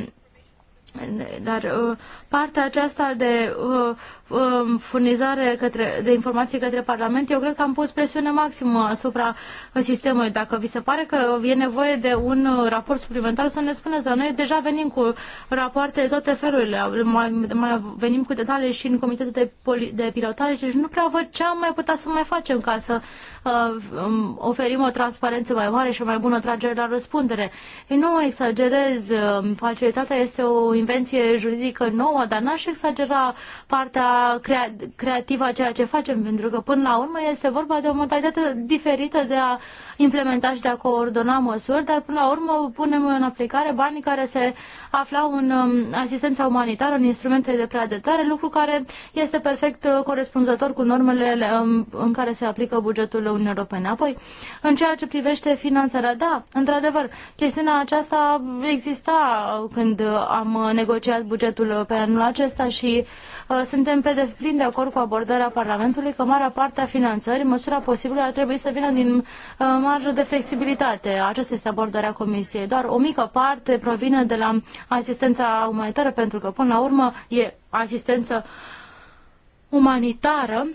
Dar uh, partea aceasta de uh, uh, furnizare către, de informații către Parlament, eu cred că am pus presiune maximă asupra sistemului. Dacă vi se pare că e nevoie de un raport suplimentar, să ne spuneți, dar noi deja venim cu rapoarte de toate felurile, mai, mai venim cu detalii și în comitetul de, de pilotaj, deci nu prea văd ce am mai putea să mai facem ca să uh, Uh, um, oferim o transparență mai mare și o mai bună tragere la răspundere. Ei, nu exagerez, um, facilitatea este o invenție juridică nouă, dar n-aș exagera partea crea- creativă a ceea ce facem, pentru că până la urmă este vorba de o modalitate diferită de a implementa și de a coordona măsuri, dar până la urmă punem în aplicare banii care se afla un um, asistența umanitară în instrumente de preadetare, lucru care este perfect uh, corespunzător cu normele um, în care se aplică bugetul Uniunii Europene. Apoi, în ceea ce privește finanțarea, da, într-adevăr, chestiunea aceasta exista când am negociat bugetul pe anul acesta și uh, suntem pe deplin de acord cu abordarea Parlamentului că marea parte a finanțării, măsura posibilă, ar trebui să vină din uh, marjă de flexibilitate. Aceasta este abordarea Comisiei. Doar o mică parte provine de la asistența umanitară, pentru că până la urmă e asistență umanitară,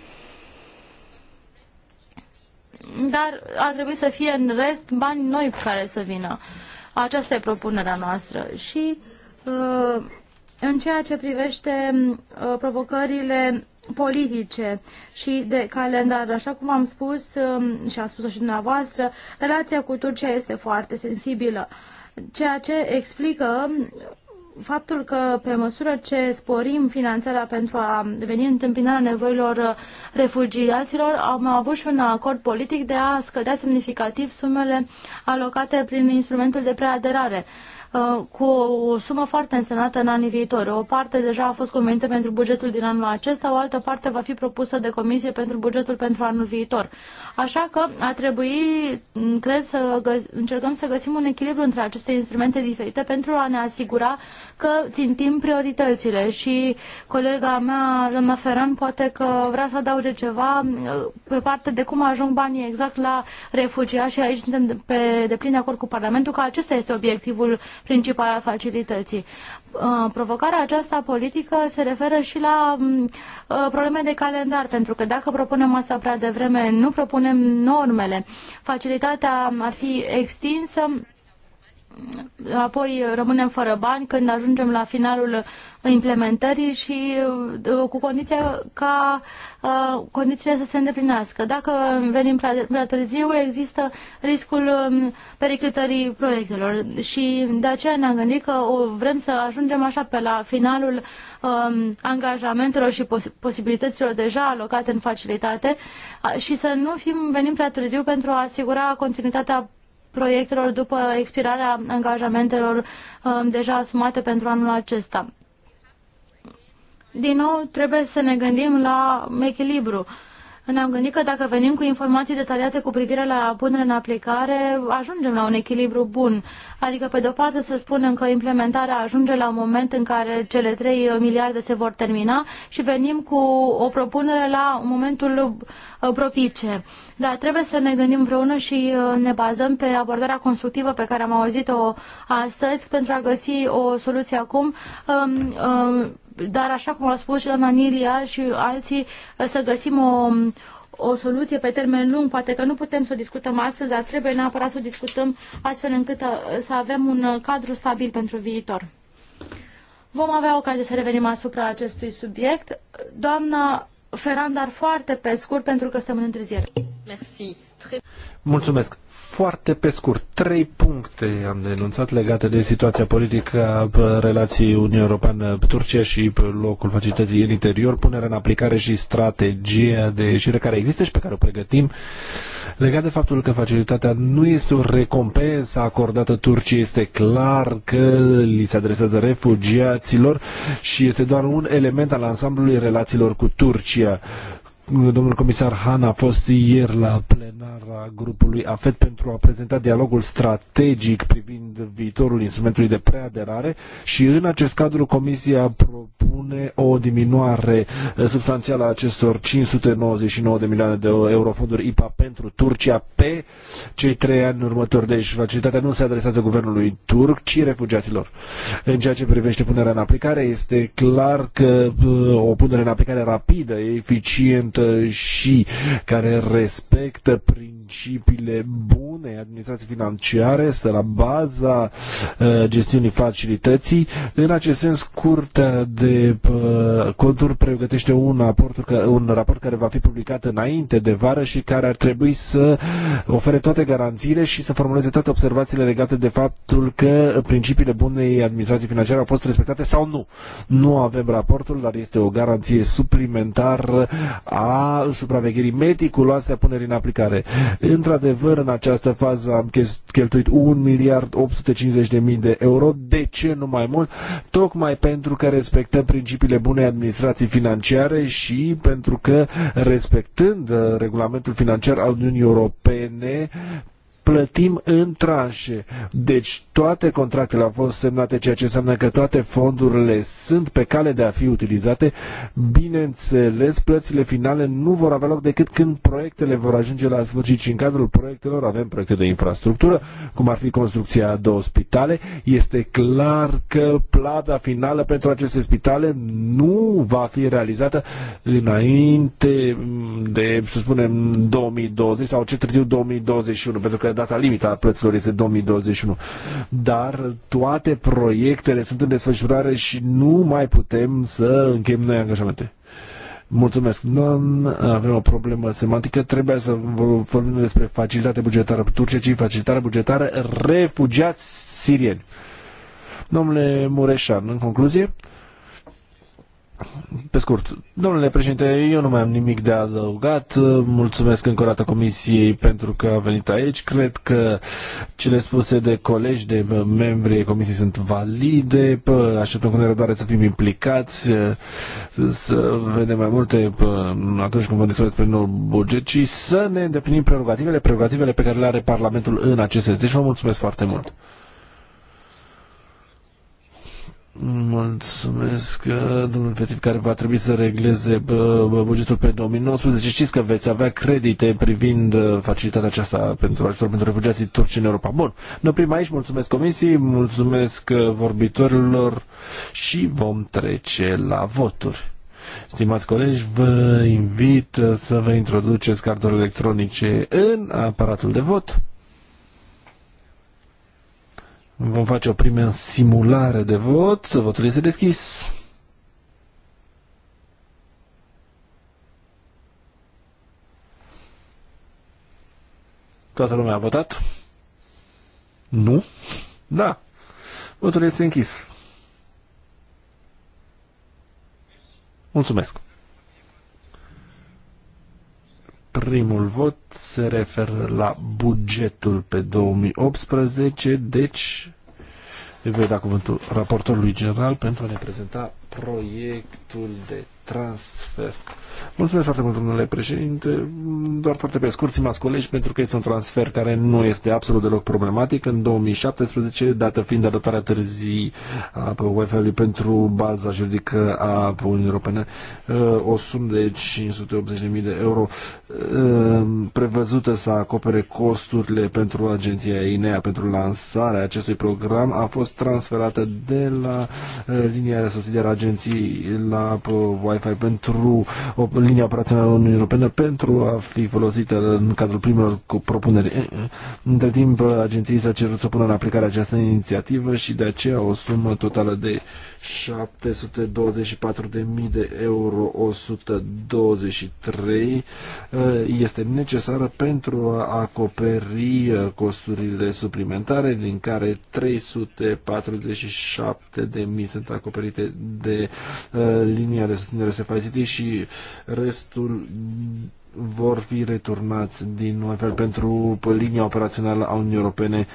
dar ar trebui să fie în rest bani noi care să vină. Aceasta e propunerea noastră. Și uh, în ceea ce privește uh, provocările politice și de calendar. Așa cum am spus um, și a spus-o și dumneavoastră, relația cu Turcia este foarte sensibilă ceea ce explică faptul că pe măsură ce sporim finanțarea pentru a veni în întâmpinarea nevoilor refugiaților, am avut și un acord politic de a scădea semnificativ sumele alocate prin instrumentul de preaderare. Uh, cu o sumă foarte însemnată în anii viitori. O parte deja a fost convenită pentru bugetul din anul acesta, o altă parte va fi propusă de comisie pentru bugetul pentru anul viitor. Așa că a trebui, mm, cred, să încercăm să găsim un echilibru între aceste instrumente diferite pentru a ne asigura că țintim prioritățile și colega mea, doamna Ferran, poate că vrea să adauge ceva mm, pe parte de cum ajung banii exact la refugia și aici suntem pe deplin de acord cu Parlamentul că acesta este obiectivul principal al facilității. Uh, provocarea aceasta politică se referă și la um, uh, probleme de calendar, pentru că dacă propunem asta prea devreme, nu propunem normele. Facilitatea ar fi extinsă apoi rămânem fără bani când ajungem la finalul implementării și uh, cu condiția ca uh, condițiile să se îndeplinească. Dacă venim prea târziu, există riscul um, periclitării proiectelor și de aceea ne-am gândit că vrem să ajungem așa pe la finalul um, angajamentelor și posibilităților deja alocate în facilitate și să nu fim venim prea târziu pentru a asigura continuitatea proiectelor după expirarea angajamentelor um, deja asumate pentru anul acesta. Din nou, trebuie să ne gândim la echilibru ne-am gândit că dacă venim cu informații detaliate cu privire la punerea în aplicare, ajungem la un echilibru bun. Adică, pe de-o parte, să spunem că implementarea ajunge la un moment în care cele 3 miliarde se vor termina și venim cu o propunere la momentul uh, propice. Dar trebuie să ne gândim împreună și uh, ne bazăm pe abordarea constructivă pe care am auzit-o astăzi pentru a găsi o soluție acum um, um, dar așa cum a spus și doamna Nilia și alții, să găsim o, o soluție pe termen lung, poate că nu putem să o discutăm astăzi, dar trebuie neapărat să o discutăm astfel încât uh, să avem un uh, cadru stabil pentru viitor. Vom avea ocazie să revenim asupra acestui subiect. Doamna Ferran, dar foarte pe scurt, pentru că suntem în întârziere. Merci. Mulțumesc. Foarte pe scurt, trei puncte am denunțat legate de situația politică a relației Uniunii Europeană-Turcia și locul facilității în interior, punerea în aplicare și strategia de ieșire care există și pe care o pregătim, legat de faptul că facilitatea nu este o recompensă acordată Turciei, este clar că li se adresează refugiaților și este doar un element al ansamblului relațiilor cu Turcia Domnul comisar Han a fost ieri la plenara grupului AFET pentru a prezenta dialogul strategic privind viitorul instrumentului de preaderare și în acest cadru Comisia propune o diminuare eh, substanțială a acestor 599 de milioane de euro fonduri IPA pentru Turcia pe cei trei ani următori. Deci facilitatea nu se adresează guvernului turc, ci refugiaților. În ceea ce privește punerea în aplicare, este clar că eh, o punere în aplicare rapidă, eficientă, transparentă și care respectă principiile bune administrații financiare, este la baza uh, gestiunii facilității. În acest sens, Curtea de uh, Conturi pregătește un raport, un raport care va fi publicat înainte de vară și care ar trebui să ofere toate garanțiile și să formuleze toate observațiile legate de faptul că principiile bunei administrații financiare au fost respectate sau nu. Nu avem raportul, dar este o garanție suplimentară a a supravegherii meticuloase a punerii în aplicare. Într-adevăr, în această fază am cheltuit 1 miliard 850 de mii de euro. De ce nu mai mult? Tocmai pentru că respectăm principiile bunei administrații financiare și pentru că respectând uh, regulamentul financiar al Uniunii Europene, plătim în tranșe. Deci toate contractele au fost semnate, ceea ce înseamnă că toate fondurile sunt pe cale de a fi utilizate. Bineînțeles, plățile finale nu vor avea loc decât când proiectele vor ajunge la sfârșit și în cadrul proiectelor avem proiecte de infrastructură, cum ar fi construcția a două spitale. Este clar că plata finală pentru aceste spitale nu va fi realizată înainte de, să spunem, 2020 sau ce târziu 2021, pentru că data limită a plăților este 2021. Dar toate proiectele sunt în desfășurare și nu mai putem să încheiem noi angajamente. Mulțumesc. Nu avem o problemă semantică. Trebuie să vorbim despre facilitate bugetară turce, ci facilitare bugetară refugiați sirieni. Domnule Mureșan, în concluzie, pe scurt, domnule președinte, eu nu mai am nimic de adăugat. Mulțumesc încă o dată Comisiei pentru că a venit aici. Cred că cele spuse de colegi, de membri Comisiei sunt valide. Așteptăm cu nerăbdare să fim implicați, să vedem mai multe atunci când vom discuta despre noul buget și să ne îndeplinim prerogativele, prerogativele pe care le are Parlamentul în acest sens. Deci vă mulțumesc foarte mult. Mulțumesc, uh, domnul Petit, care va trebui să regleze uh, bugetul pe 2019. Știți că veți avea credite privind uh, facilitatea aceasta pentru ajutor pentru refugiații turci în Europa. Bun, ne oprim aici, mulțumesc comisii, mulțumesc vorbitorilor și vom trece la voturi. Stimați colegi, vă invit să vă introduceți cardurile electronice în aparatul de vot. Vom face o primă simulare de vot. Votul este deschis. Toată lumea a votat? Nu? Da. Votul este închis. Mulțumesc. Primul vot se referă la bugetul pe 2018, deci îi voi da cuvântul raportorului general pentru a ne prezenta proiectul de transfer. Mulțumesc foarte mult, domnule președinte. Doar foarte pe scurt, stimați colegi, pentru că este un transfer care nu este absolut deloc problematic. În 2017, dată fiind adoptarea târzii a UEFA-ului pentru baza juridică a Uniunii Europene, uh, o sumă de 580.000 de euro uh, prevăzută să acopere costurile pentru agenția INEA pentru lansarea acestui program a fost transferată de la uh, linia de subsidiară agenții la uh, Wi-Fi pentru o linie operațională Uniunii Europene pentru a fi folosită în cadrul primelor propuneri. Între timp, agenții s-a cerut să pună în aplicare această inițiativă și de aceea o sumă totală de 724.000 de euro 123 eh, este necesară pentru a acoperi eh, costurile suplimentare din care 347.000 sunt acoperite de eh, linia de susținere SFICT și restul vor fi returnați din Novel pentru linia operațională a Uniunii Europene.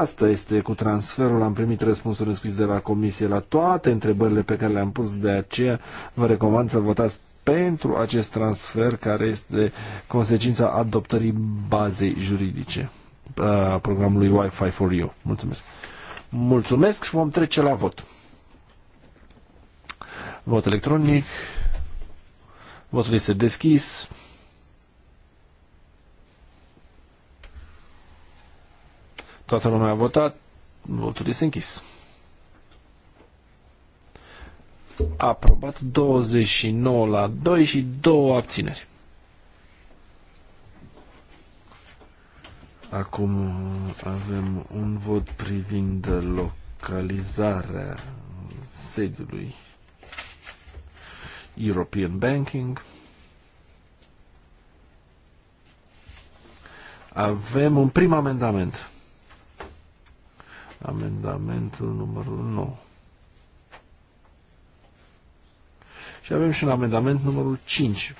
Asta este cu transferul. Am primit răspunsul înscris de la Comisie la toate întrebările pe care le-am pus, de aceea vă recomand să votați pentru acest transfer care este consecința adoptării bazei juridice a programului Wi-Fi for You. Mulțumesc. Mulțumesc și vom trece la vot. Vot electronic. Votul este deschis. Toată lumea a votat. Votul este închis. Aprobat 29 la 2 și 2 abțineri. Acum avem un vot privind localizarea sediului European Banking. Avem un prim amendament. Amendamentul numărul 9. Și avem și un amendament numărul 5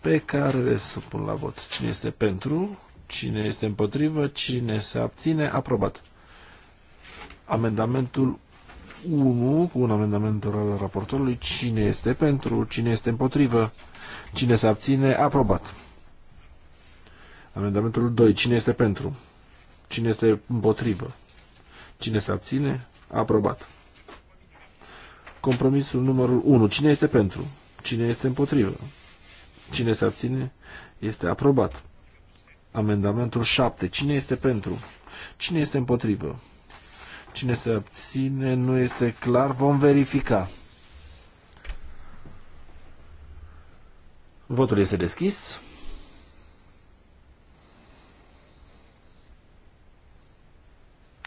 pe care le supun la vot. Cine este pentru, cine este împotrivă, cine se abține, aprobat. Amendamentul 1 cu un amendament al raportorului. Cine este pentru, cine este împotrivă, cine se abține, aprobat. Amendamentul 2. Cine este pentru? Cine este împotrivă? Cine se abține? Aprobat. Compromisul numărul 1. Cine este pentru? Cine este împotrivă? Cine se abține? Este aprobat. Amendamentul 7. Cine este pentru? Cine este împotrivă? Cine se abține? Nu este clar. Vom verifica. Votul este deschis.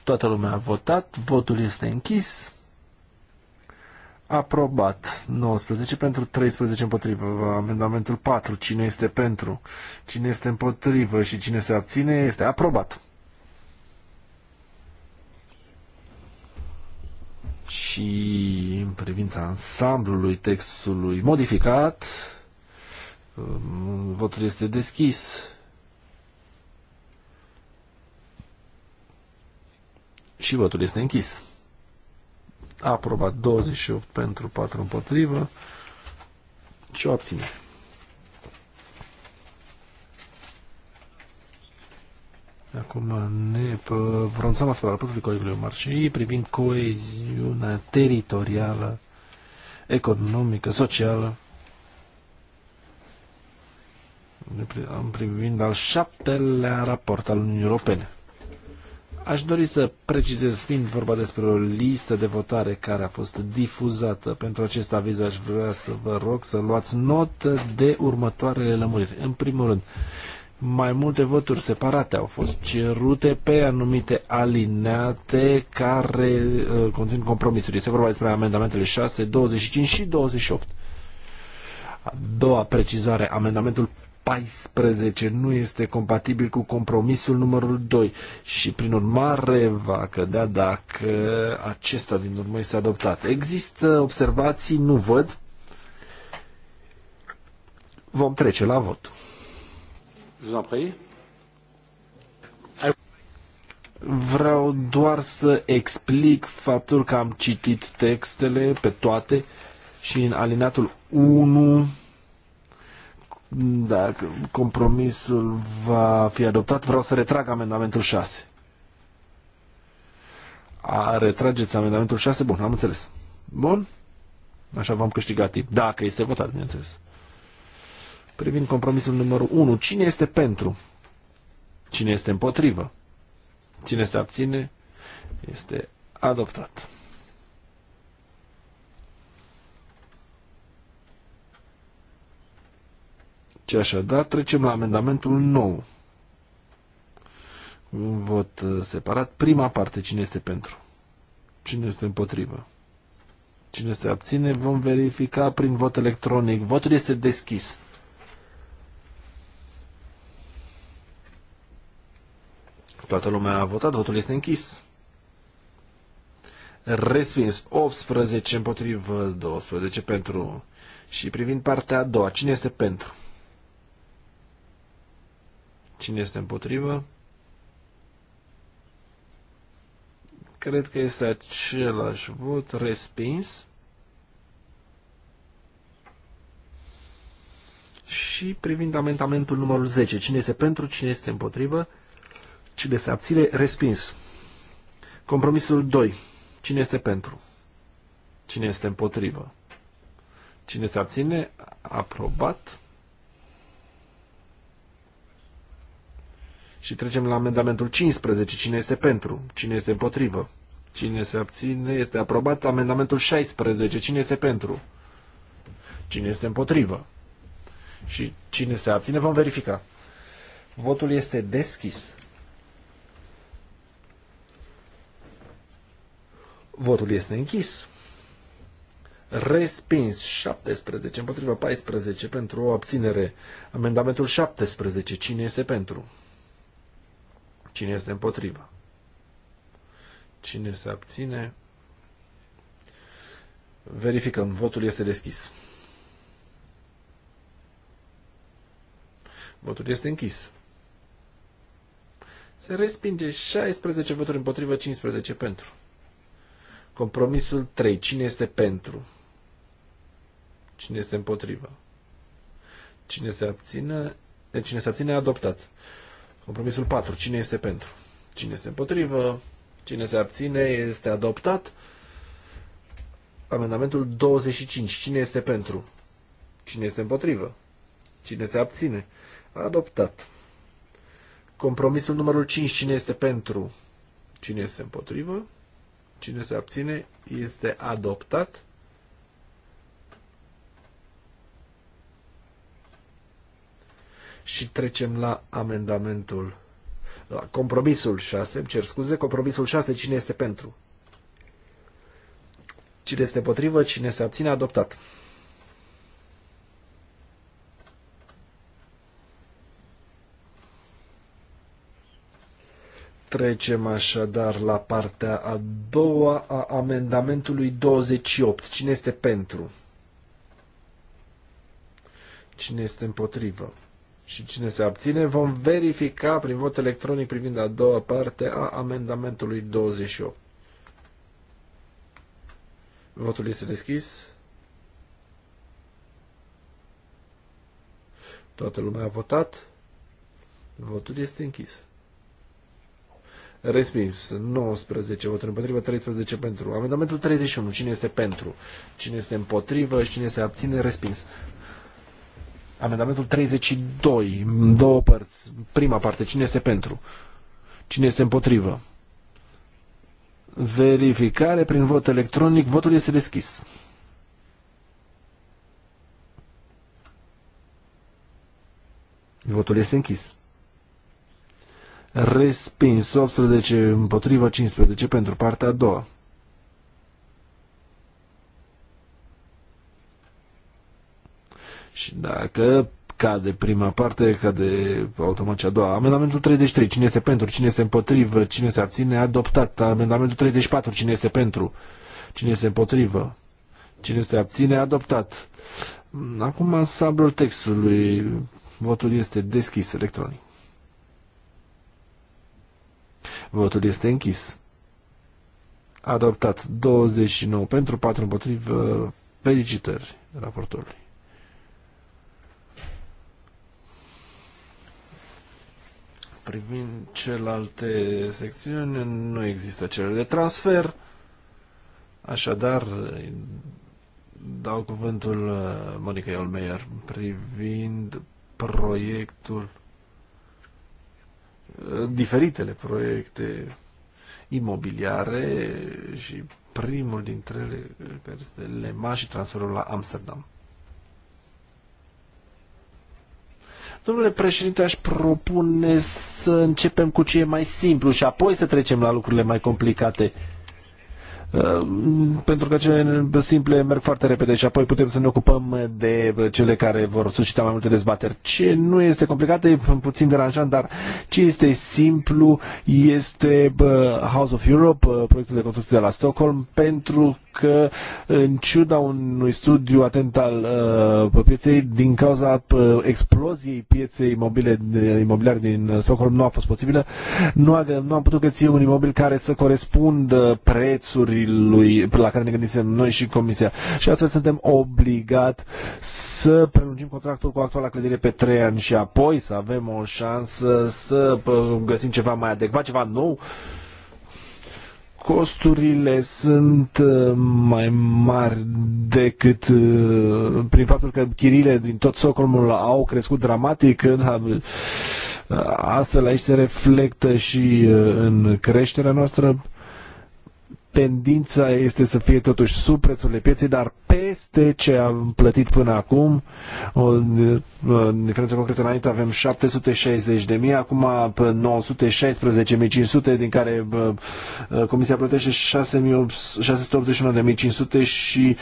Toată lumea a votat, votul este închis. Aprobat. 19 pentru, 13 împotrivă. Amendamentul 4. Cine este pentru? Cine este împotrivă și cine se abține este aprobat. Și în privința ansamblului textului modificat, um, votul este deschis. Și votul este închis. Aprobat 28 pentru 4 împotrivă și o abținere. Acum ne pronunțăm asupra raportului colegului și privind coeziunea teritorială, economică, socială. Am privind al șaptelea raport al Uniunii Europene. Aș dori să precizez, fiind vorba despre o listă de votare care a fost difuzată pentru acest aviz, aș vrea să vă rog să luați notă de următoarele lămuriri. În primul rând, mai multe voturi separate au fost cerute pe anumite alineate care uh, conțin compromisuri. Este vorba despre amendamentele 6, 25 și 28. A doua precizare, amendamentul 14 nu este compatibil cu compromisul numărul 2 și prin urmare va cădea dacă acesta din urmă este adoptat. Există observații? Nu văd. Vom trece la vot. Vreau doar să explic faptul că am citit textele pe toate și în alineatul 1 dacă compromisul va fi adoptat, vreau să retrag amendamentul 6. A, retrageți amendamentul 6? Bun, am înțeles. Bun? Așa vom câștiga timp. Dacă este votat, bineînțeles. Privind compromisul numărul 1, cine este pentru? Cine este împotrivă? Cine se abține? Este adoptat. Și deci, așadar trecem la amendamentul nou. Un vot uh, separat. Prima parte, cine este pentru? Cine este împotrivă? Cine se abține? Vom verifica prin vot electronic. Votul este deschis. Toată lumea a votat, votul este închis. Respins 18 împotrivă 12 pentru. Și privind partea a doua, cine este pentru? Cine este împotrivă? Cred că este același vot respins. Și privind amendamentul numărul 10, cine este pentru, cine este împotrivă, cine se abține, respins. Compromisul 2, cine este pentru, cine este împotrivă, cine se abține, aprobat. Și trecem la amendamentul 15. Cine este pentru? Cine este împotrivă? Cine se abține? Este aprobat. Amendamentul 16. Cine este pentru? Cine este împotrivă? Și cine se abține? Vom verifica. Votul este deschis. Votul este închis. Respins 17 împotriva 14 pentru o abținere. Amendamentul 17. Cine este pentru? Cine este împotrivă? Cine se abține? Verificăm. Votul este deschis. Votul este închis. Se respinge 16 voturi împotrivă, 15 pentru. Compromisul 3. Cine este pentru? Cine este împotrivă? Cine se abține? Deci cine se abține, adoptat. Compromisul 4. Cine este pentru? Cine este împotrivă? Cine se abține? Este adoptat. Amendamentul 25. Cine este pentru? Cine este împotrivă? Cine se abține? Adoptat. Compromisul numărul 5. Cine este pentru? Cine este împotrivă? Cine se abține? Este adoptat. Și trecem la amendamentul, la compromisul 6, îmi cer scuze, compromisul 6, cine este pentru? Cine este potrivă, cine se abține, adoptat. Trecem așadar la partea a doua a amendamentului 28. Cine este pentru? Cine este împotrivă? și cine se abține, vom verifica prin vot electronic privind a doua parte a amendamentului 28. Votul este deschis. Toată lumea a votat. Votul este închis. Respins. 19 voturi împotrivă, 13 pentru. Amendamentul 31. Cine este pentru? Cine este împotrivă? Cine se abține? Respins. Amendamentul 32, două părți. Prima parte, cine este pentru? Cine este împotrivă? Verificare prin vot electronic. Votul este deschis. Votul este închis. Respins 18 împotrivă, 15 pentru partea a doua. Și dacă cade prima parte, cade automat cea a doua. Amendamentul 33, cine este pentru, cine este împotrivă, cine se abține, adoptat. Amendamentul 34, cine este pentru, cine este împotrivă, cine se abține, adoptat. Acum ansamblul textului. Votul este deschis electronic. Votul este închis. Adoptat 29 pentru 4 împotrivă. Felicitări raportorului. Privind celelalte secțiuni, nu există cele de transfer. Așadar, dau cuvântul uh, Monica Olmeier privind proiectul uh, diferitele proiecte imobiliare și primul dintre ele uh, care este Lema și transferul la Amsterdam. Domnule președinte, aș propune să începem cu ce e mai simplu și apoi să trecem la lucrurile mai complicate. Uh, pentru că cele simple merg foarte repede și apoi putem să ne ocupăm de cele care vor suscita mai multe dezbateri. Ce nu este complicat, e puțin deranjant, dar ce este simplu este House of Europe, uh, proiectul de construcție de la Stockholm, pentru că, în ciuda unui studiu atent al uh, pieței, din cauza uh, exploziei pieței imobile, imobiliare din Stockholm nu a fost posibilă, nu, a, nu am putut găsi un imobil care să corespundă prețurilor la care ne gândisem noi și Comisia. Și astfel suntem obligat să prelungim contractul cu actuala clădire pe 3 ani și apoi să avem o șansă să uh, găsim ceva mai adecvat, ceva nou costurile sunt uh, mai mari decât uh, prin faptul că chirile din tot Stockholmul au crescut dramatic. Uh, astfel aici se reflectă și în creșterea noastră tendința este să fie totuși sub prețurile pieței, dar peste ce am plătit până acum. O diferență concretă înainte avem 760.000, acum 916.500, din care Comisia plătește 681.500 și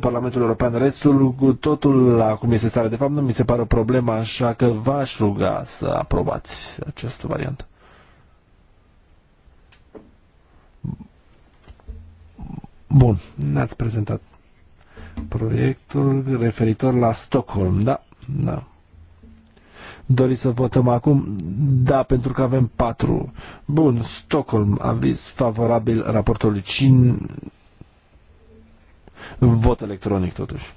Parlamentul European restul. Cu totul acum este stare. De fapt, nu mi se pare o problemă, așa că v-aș ruga să aprobați această variantă. Bun, ne-ați prezentat proiectul referitor la Stockholm, da? Da. Doriți să votăm acum? Da, pentru că avem patru. Bun, Stockholm, aviz favorabil raportului. Cine... Vot electronic, totuși.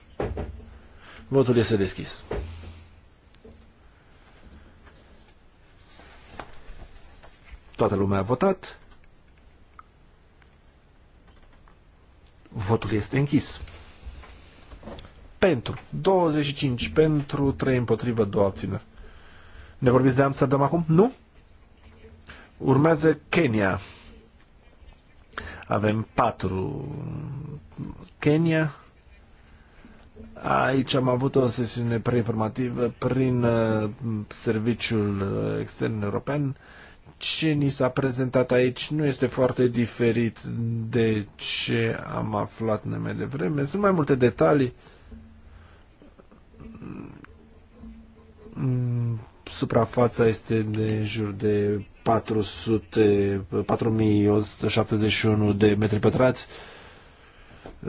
Votul este deschis. Toată lumea a votat. Votul este închis. Pentru. 25 pentru, 3 împotrivă, 2 abțineri. Ne vorbiți de Amsterdam acum? Nu? Urmează Kenya. Avem 4. Kenya. Aici am avut o sesiune preinformativă prin uh, Serviciul uh, Extern European ce ni s-a prezentat aici nu este foarte diferit de ce am aflat mai devreme. Sunt mai multe detalii mm, suprafața este de în jur de 400, 4171 de metri pătrați.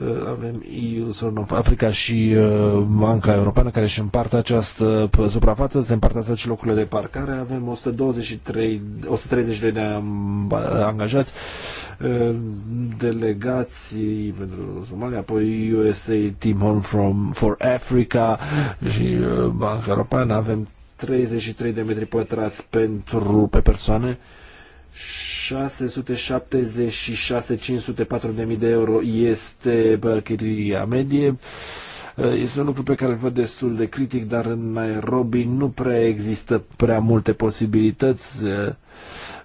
Uh, avem EU, Africa și uh, Banca Europeană care își împartă această uh, suprafață, se împartă astfel și locurile de parcare. Avem 123, 132 de angajați, delegații pentru Somalia, apoi USA Team Home from, for Africa și Banca Europeană. Avem 33 de metri pătrați pentru pe persoane 676-504.000 de euro este chiria medie. Ă, este un lucru pe care îl văd destul de critic, dar în Nairobi nu prea există prea multe posibilități ă,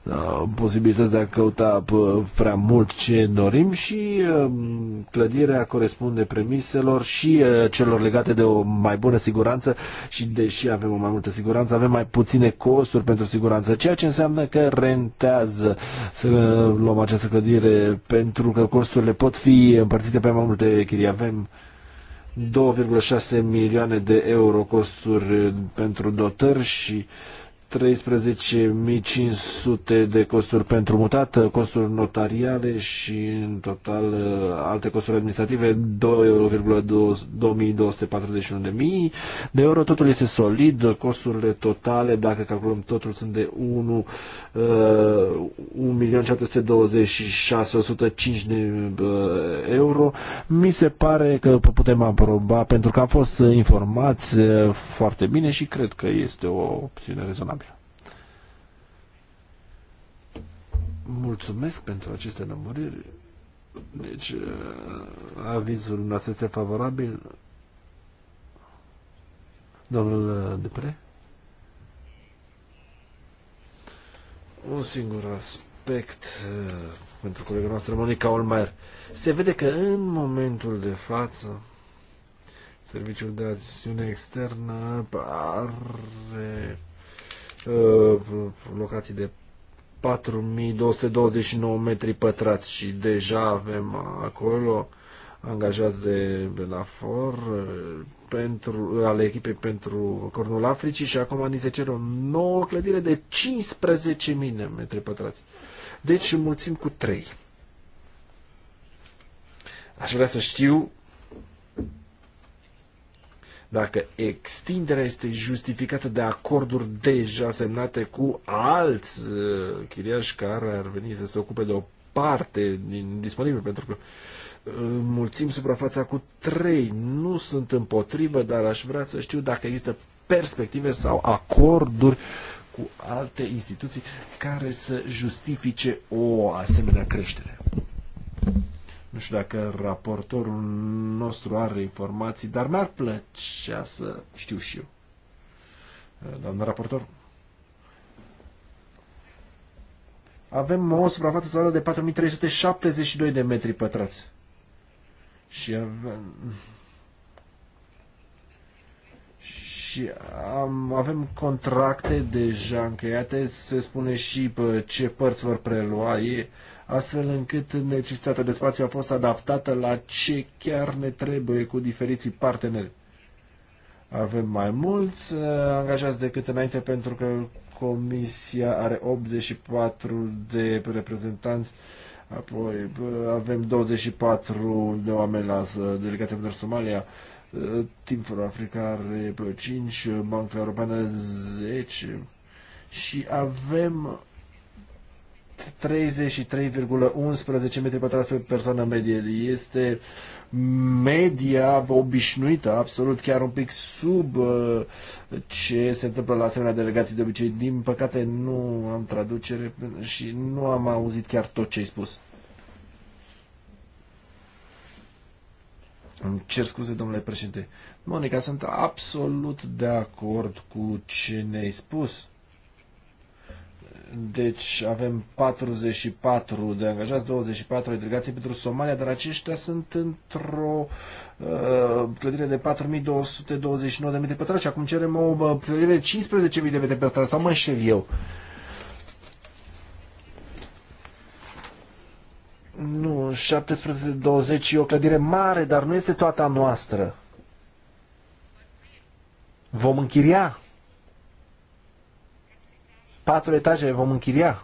Uh, posibilități de a căuta uh, prea mult ce dorim și uh, clădirea corespunde premiselor și celor legate de o mai bună siguranță și deși avem o mai multă siguranță, avem mai puține costuri pentru siguranță, ceea ce înseamnă că rentează să luăm această clădire pentru că costurile pot fi împărțite pe mai multe chirii. Avem 2,6 milioane de euro costuri pentru dotări și uh, 13.500 de costuri pentru mutat, costuri notariale și în total alte costuri administrative 2.241.000 de euro. Totul este solid, costurile totale, dacă calculăm totul, sunt de 1.726.105 uh, de uh, euro. Mi se pare că putem aproba pentru că am fost informați uh, foarte bine și cred că este o opțiune rezonabilă. mulțumesc pentru aceste lămuriri. Deci, uh, avizul nu este favorabil. Domnul uh, Depre? Un singur aspect uh, pentru colega noastră, Monica Olmaier. Se vede că în momentul de față Serviciul de acțiune externă are uh, locații de 4229 metri pătrați și deja avem acolo angajați de Belafor eh, pentru, ale echipei pentru Cornul Africii și acum ni se cer o nouă clădire de 15.000 metri pătrați. Deci mulțim cu 3. Aș vrea să știu dacă extinderea este justificată de acorduri deja semnate cu alți uh, chiriași care ar veni să se ocupe de o parte din disponibil, pentru că uh, mulțim suprafața cu trei Nu sunt împotrivă, dar aș vrea să știu dacă există perspective sau acorduri cu alte instituții care să justifice o asemenea creștere. Nu știu dacă raportorul nostru are informații, dar mi-ar plăcea să știu și eu. Eh, Doamna raportor? Avem o suprafață totală de 4372 de metri pătrați. Și avem... Și am, avem contracte deja încheiate, se spune și pe ce părți vor prelua. E, uh, astfel încât necesitatea de spațiu a fost adaptată la ce chiar ne trebuie cu diferiții parteneri. Avem mai mulți uh, angajați decât înainte pentru că Comisia are 84 de reprezentanți Apoi uh, avem 24 de oameni la uh, delegația pentru Somalia, Team for Africa are 5, Banca Europeană 10 și avem 33,11 metri pătrați pe persoană medie. Este media obișnuită, absolut chiar un pic sub uh, ce se întâmplă la asemenea delegații de obicei. Din păcate nu am traducere și nu am auzit chiar tot ce ai spus. Îmi cer scuze, domnule președinte. Monica, sunt absolut de acord cu ce ne-ai spus deci avem 44 de angajați, 24 de delegații pentru Somalia, dar aceștia sunt într-o uh, clădire de 4229 de metri pătrați și acum cerem o uh, clădire de 15.000 de metri pătrați, sau mă înșel eu. Nu, 1720 e o clădire mare, dar nu este toată a noastră. Vom închiria patru etaje, vom închiria.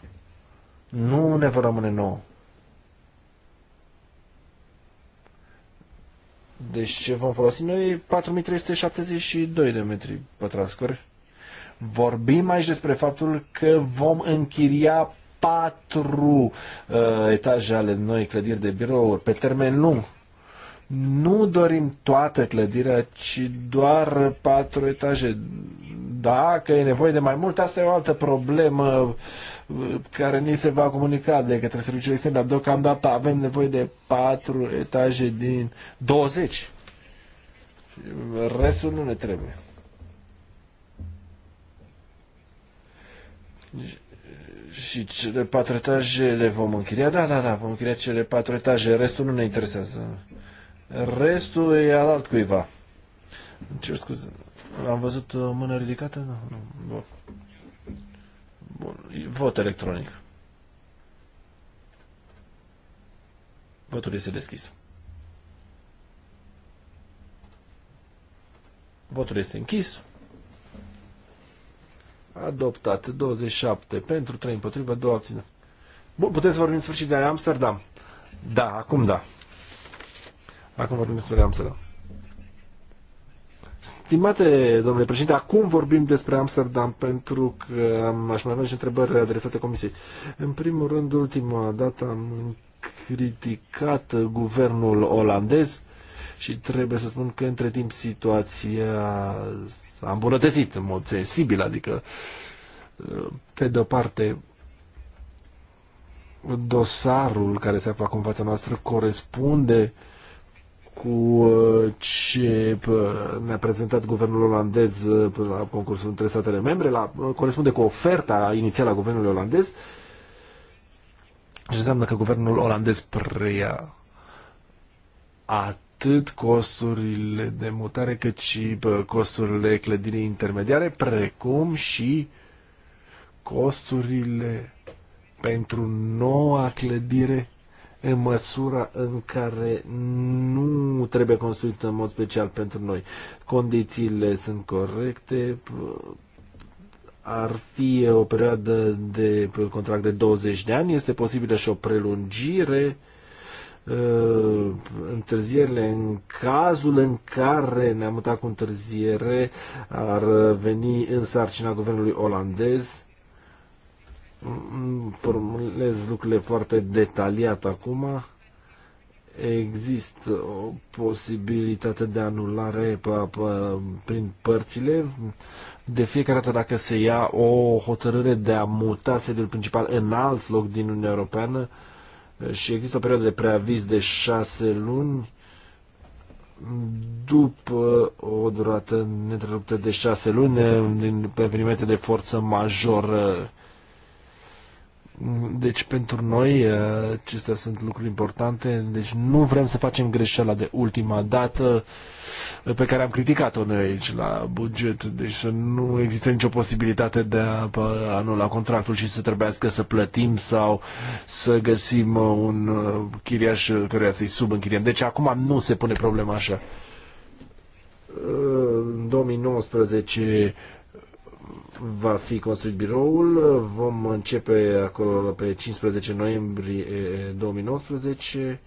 Nu ne vor rămâne nouă. Deci ce vom folosi noi 4372 de metri pătrați Vorbim aici despre faptul că vom închiria patru uh, etaje ale noi clădiri de birouri pe termen lung. Nu dorim toată clădirea, ci doar patru etaje. Dacă e nevoie de mai mult, asta e o altă problemă uh, care ni se va comunica de către serviciul extern, dar deocamdată avem nevoie de patru etaje din 20. Restul nu ne trebuie. Și cele patru etaje le vom închiria? Da, da, da, vom închiria cele patru etaje, restul nu ne interesează. Restul e al altcuiva. Ce scuze, am văzut o uh, mână ridicată? Nu, nu. Bun. Bun. Vot electronic. Votul este deschis. Votul este închis. Adoptat. 27 pentru, 3 împotriva, 2 abține. Bun, puteți vorbi în sfârșit de Amsterdam. Da, acum da. Acum vorbim despre Amsterdam. Stimate domnule președinte, acum vorbim despre Amsterdam pentru că aș mai avea și întrebări adresate comisiei. În primul rând, ultima dată am criticat guvernul olandez și trebuie să spun că între timp situația s-a îmbunătățit în mod sensibil, adică pe de-o parte dosarul care se află acum în fața noastră corespunde uh, cu uh, ce uh, ne-a prezentat guvernul olandez uh, la concursul între statele membre, la, corespunde cu oferta inițială a guvernului olandez și înseamnă că guvernul olandez preia atât costurile de mutare cât și costurile clădirii intermediare, precum și costurile pentru noua clădire în măsura în care nu trebuie construit în mod special pentru noi. Condițiile sunt corecte, ar fi o perioadă de contract de 20 de ani, este posibilă și o prelungire, uh, întârzierile în cazul în care ne-am mutat cu întârziere ar veni în sarcina guvernului olandez formulez lucrurile foarte detaliat acum. Există o posibilitate de anulare prin părțile. De fiecare dată dacă se ia o hotărâre de a muta sediul principal în alt loc din Uniunea Europeană și există o perioadă de preaviz de șase luni, după o durată neîntreruptă de șase luni, din evenimente de forță majoră deci pentru noi uh, acestea sunt lucruri importante, deci nu vrem să facem greșeala de ultima dată uh, pe care am criticat-o noi aici la buget, deci să nu există nicio posibilitate de a anula contractul și să trebuiască să plătim sau să găsim uh, un chiriaș care să-i subînchiriem. Deci acum nu se pune problema așa. În 2019 va fi construit biroul, vom începe acolo pe 15 noiembrie 2019 eh,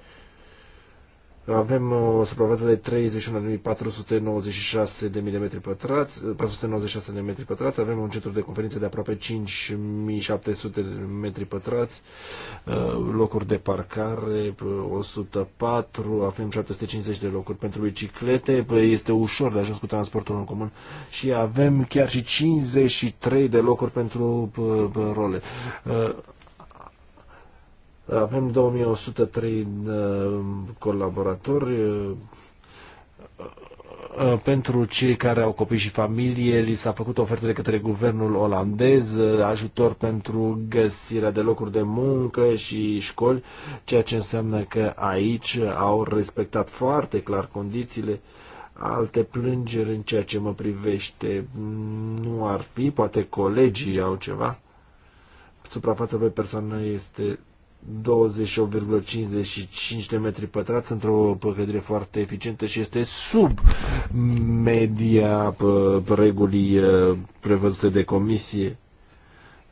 avem uh, o suprafață de 31.496 de mm pătrați, 496 uh, de metri pătrați, avem un centru de conferințe de aproape 5.700 de metri pătrați, uh, locuri de parcare 104, avem 750 de locuri pentru biciclete, păi, este ușor de ajuns cu transportul în comun și avem chiar și 53 de locuri pentru role. Avem 2103 uh, colaboratori uh, uh, pentru cei care au copii și familie, li s-a făcut ofertă de către guvernul olandez, ajutor pentru găsirea de locuri de muncă și școli, ceea ce înseamnă că aici au respectat foarte clar condițiile. Alte plângeri în ceea ce mă privește nu ar fi, poate colegii au ceva. Suprafața pe persoană este 28,55 de metri pătrați într-o păcădire foarte eficientă și este sub media regulii ă, prevăzute de comisie.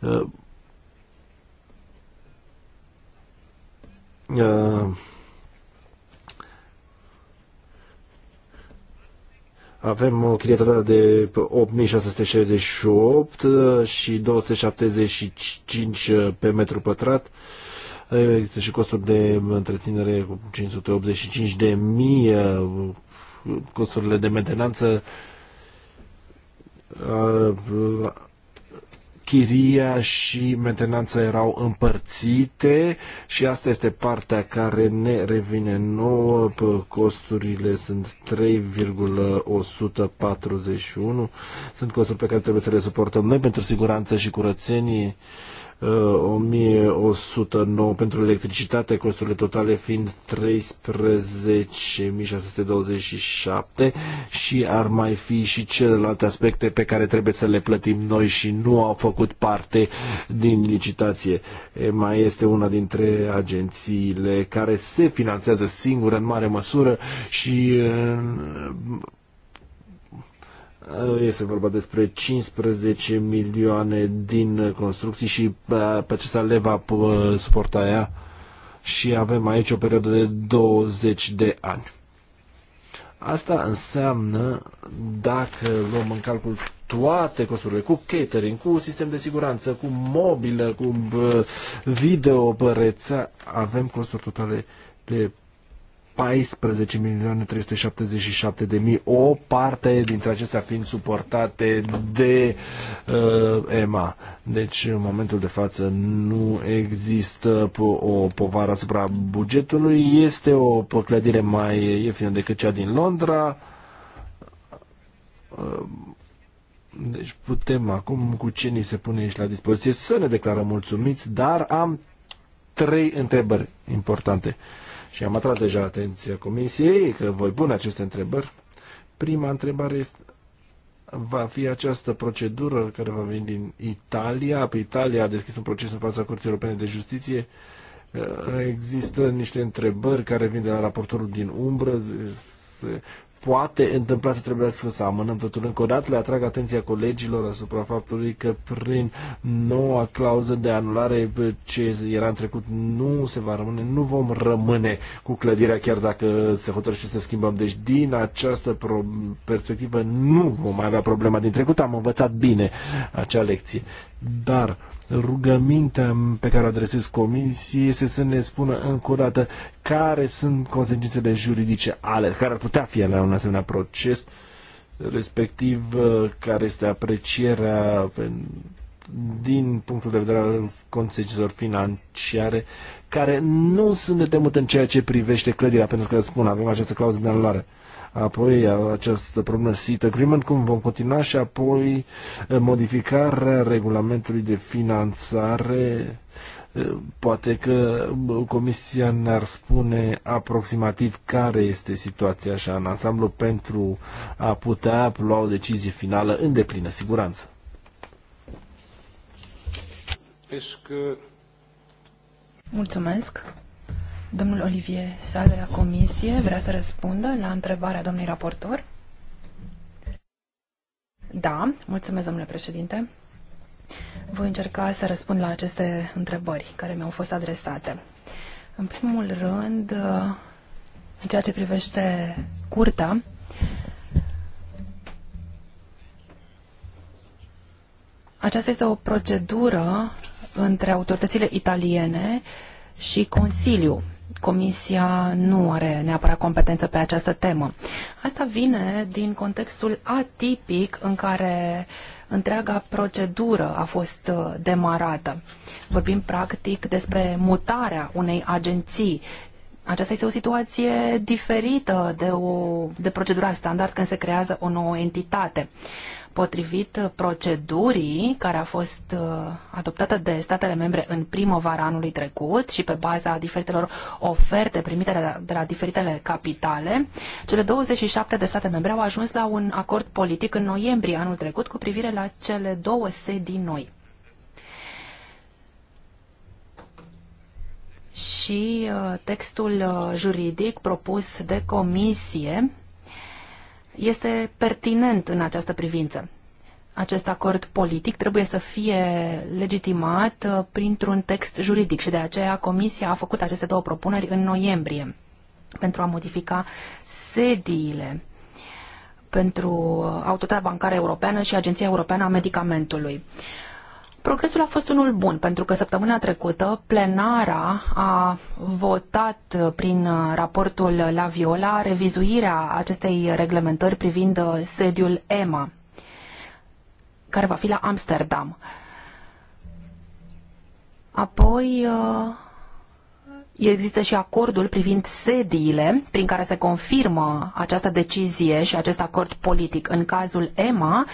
Ă, ă, avem o chirietate de 8668 și 275 pe metru pătrat Există și costuri de întreținere cu 585 de mii, uh, costurile de mentenanță, uh, chiria și mentenanța erau împărțite și asta este partea care ne revine nouă. Costurile sunt 3,141. Sunt costuri pe care trebuie să le suportăm noi pentru siguranță și curățenie. 1109 uh, pentru electricitate, costurile totale fiind 13627 și ar mai fi și celelalte aspecte pe care trebuie să le plătim noi și nu au făcut parte din licitație. Mai este una dintre agențiile care se finanțează singură în mare măsură și Uh, este vorba despre 15 milioane din construcții și uh, pe acesta le va uh, suporta ea și avem aici o perioadă de 20 de ani. Asta înseamnă, dacă luăm în calcul toate costurile, cu catering, cu sistem de siguranță, cu mobilă, cu video, pe rețea, avem costuri totale de 14.377.000, milioane 377 de mii, o parte dintre acestea fiind suportate de uh, EMA. Deci, în momentul de față, nu există o povară asupra bugetului. Este o clădire mai ieftină decât cea din Londra. Uh, deci putem acum, cu ce ni se pune aici la dispoziție, să ne declarăm mulțumiți, dar am trei întrebări importante. Și am atras deja atenția Comisiei că voi pune aceste întrebări. Prima întrebare este, va fi această procedură care va veni din Italia. Pe Italia a deschis un proces în fața Curții Europene de Justiție. Există niște întrebări care vin de la raportorul din umbră. Se poate întâmpla să trebuie să amânăm totul încă o dată. Le atrag atenția colegilor asupra faptului că prin noua clauză de anulare ce era în trecut nu se va rămâne, nu vom rămâne cu clădirea chiar dacă se hotărăște să schimbăm. Deci din această perspectivă nu vom mai avea problema din trecut. Am învățat bine acea lecție. Dar Rugămintea pe care o adresez comisiei este să ne spună încă o dată care sunt consecințele juridice ale, care ar putea fi la un asemenea proces, respectiv uh, care este aprecierea din punctul de vedere al consecințelor financiare care nu sunt de temut în ceea ce privește clădirea, pentru că, spun, avem această clauză de anulare. Uh, apoi uh, acest problemă Agreement, cum vom continua și apoi uh, modificarea regulamentului de finanțare uh, poate că Comisia ne-ar spune aproximativ care este situația așa în ansamblu pentru a putea lua o decizie finală în deplină siguranță. Mulțumesc. Domnul Olivier Sa de la Comisie vrea să răspundă la întrebarea domnului raportor. Da, mulțumesc, domnule președinte. Voi încerca să răspund la aceste întrebări care mi-au fost adresate. În primul rând, în ceea ce privește curta, aceasta este o procedură între autoritățile italiene și Consiliu. Comisia nu are neapărat competență pe această temă. Asta vine din contextul atipic în care întreaga procedură a fost uh, demarată. Vorbim practic despre mutarea unei agenții aceasta este o situație diferită de, o, de procedura standard când se creează o nouă entitate. Potrivit uh, procedurii care a fost uh, adoptată de statele membre în primăvara anului trecut și pe baza diferitelor oferte primite de la, de la diferitele capitale, cele 27 de state membre au ajuns la un acord politic în noiembrie anul trecut cu privire la cele două sedii noi. și uh, textul juridic propus de comisie este pertinent în această privință. Acest acord politic trebuie să fie legitimat uh, printr-un text juridic și de aceea Comisia a făcut aceste două propuneri în noiembrie pentru a modifica sediile pentru Autoritatea Bancară Europeană și Agenția Europeană a Medicamentului. Progresul a fost unul bun, pentru că săptămâna trecută plenara a votat prin raportul la Viola revizuirea acestei reglementări privind sediul EMA, care va fi la Amsterdam. Apoi uh, Există și acordul privind sediile prin care se confirmă această decizie și acest acord politic. În cazul EMA,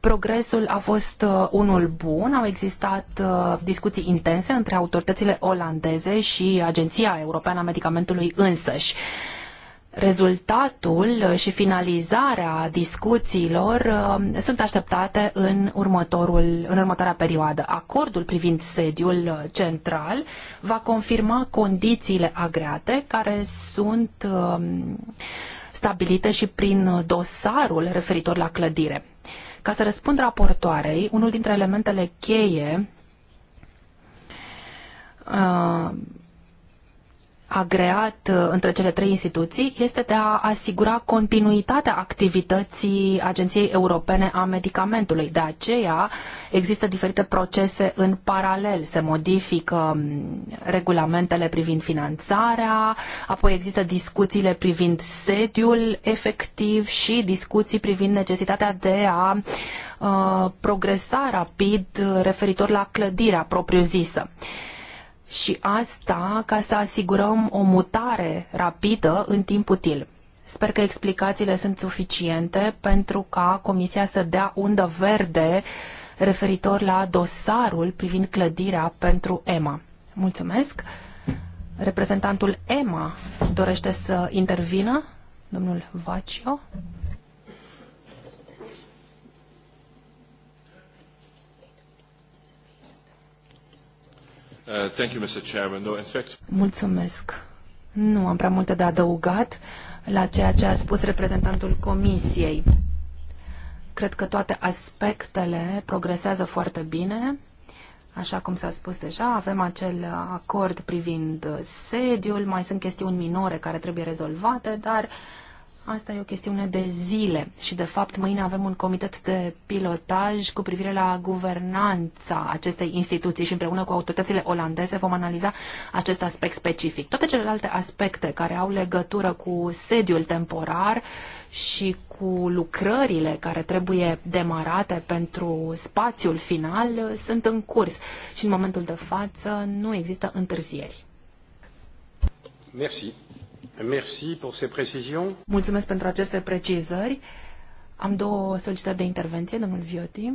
progresul a fost uh, unul bun, au existat uh, discuții intense între autoritățile olandeze și Agenția Europeană a Medicamentului însăși rezultatul și finalizarea discuțiilor uh, sunt așteptate în, următorul, în următoarea perioadă. Acordul privind sediul central va confirma condițiile agreate care sunt um, stabilite și prin dosarul referitor la clădire. Ca să răspund raportoarei, unul dintre elementele cheie uh, agreat uh, între cele trei instituții este de a asigura continuitatea activității Agenției Europene a Medicamentului. De aceea există diferite procese în paralel. Se modifică um, regulamentele privind finanțarea, apoi există discuțiile privind sediul efectiv și discuții privind necesitatea de a uh, progresa rapid uh, referitor la clădirea propriu-zisă. Uh, și asta ca să asigurăm o mutare rapidă în timp util. Sper că explicațiile sunt suficiente pentru ca Comisia să dea undă verde referitor la dosarul privind clădirea pentru EMA. Mulțumesc. Reprezentantul EMA dorește să intervină? Domnul Vacio? Uh, thank you, Mr. Chairman. No, in fact... Mulțumesc. Nu am prea multe de adăugat la ceea ce a spus reprezentantul Comisiei. Cred că toate aspectele progresează foarte bine. Așa cum s-a spus deja, avem acel acord privind sediul, mai sunt chestiuni minore care trebuie rezolvate, dar uh, Asta e o chestiune de zile și, de fapt, mâine avem un comitet de pilotaj cu privire la guvernanța acestei instituții și împreună cu autoritățile olandeze vom analiza acest aspect specific. Toate celelalte aspecte care au legătură cu sediul temporar și cu lucrările care trebuie demarate pentru spațiul final sunt în curs și, în momentul de față, nu există întârzieri. Mersi. Merci pour ces précisions. Mulțumesc pentru aceste precizări. Am două solicitări de intervenție, domnul Vioti.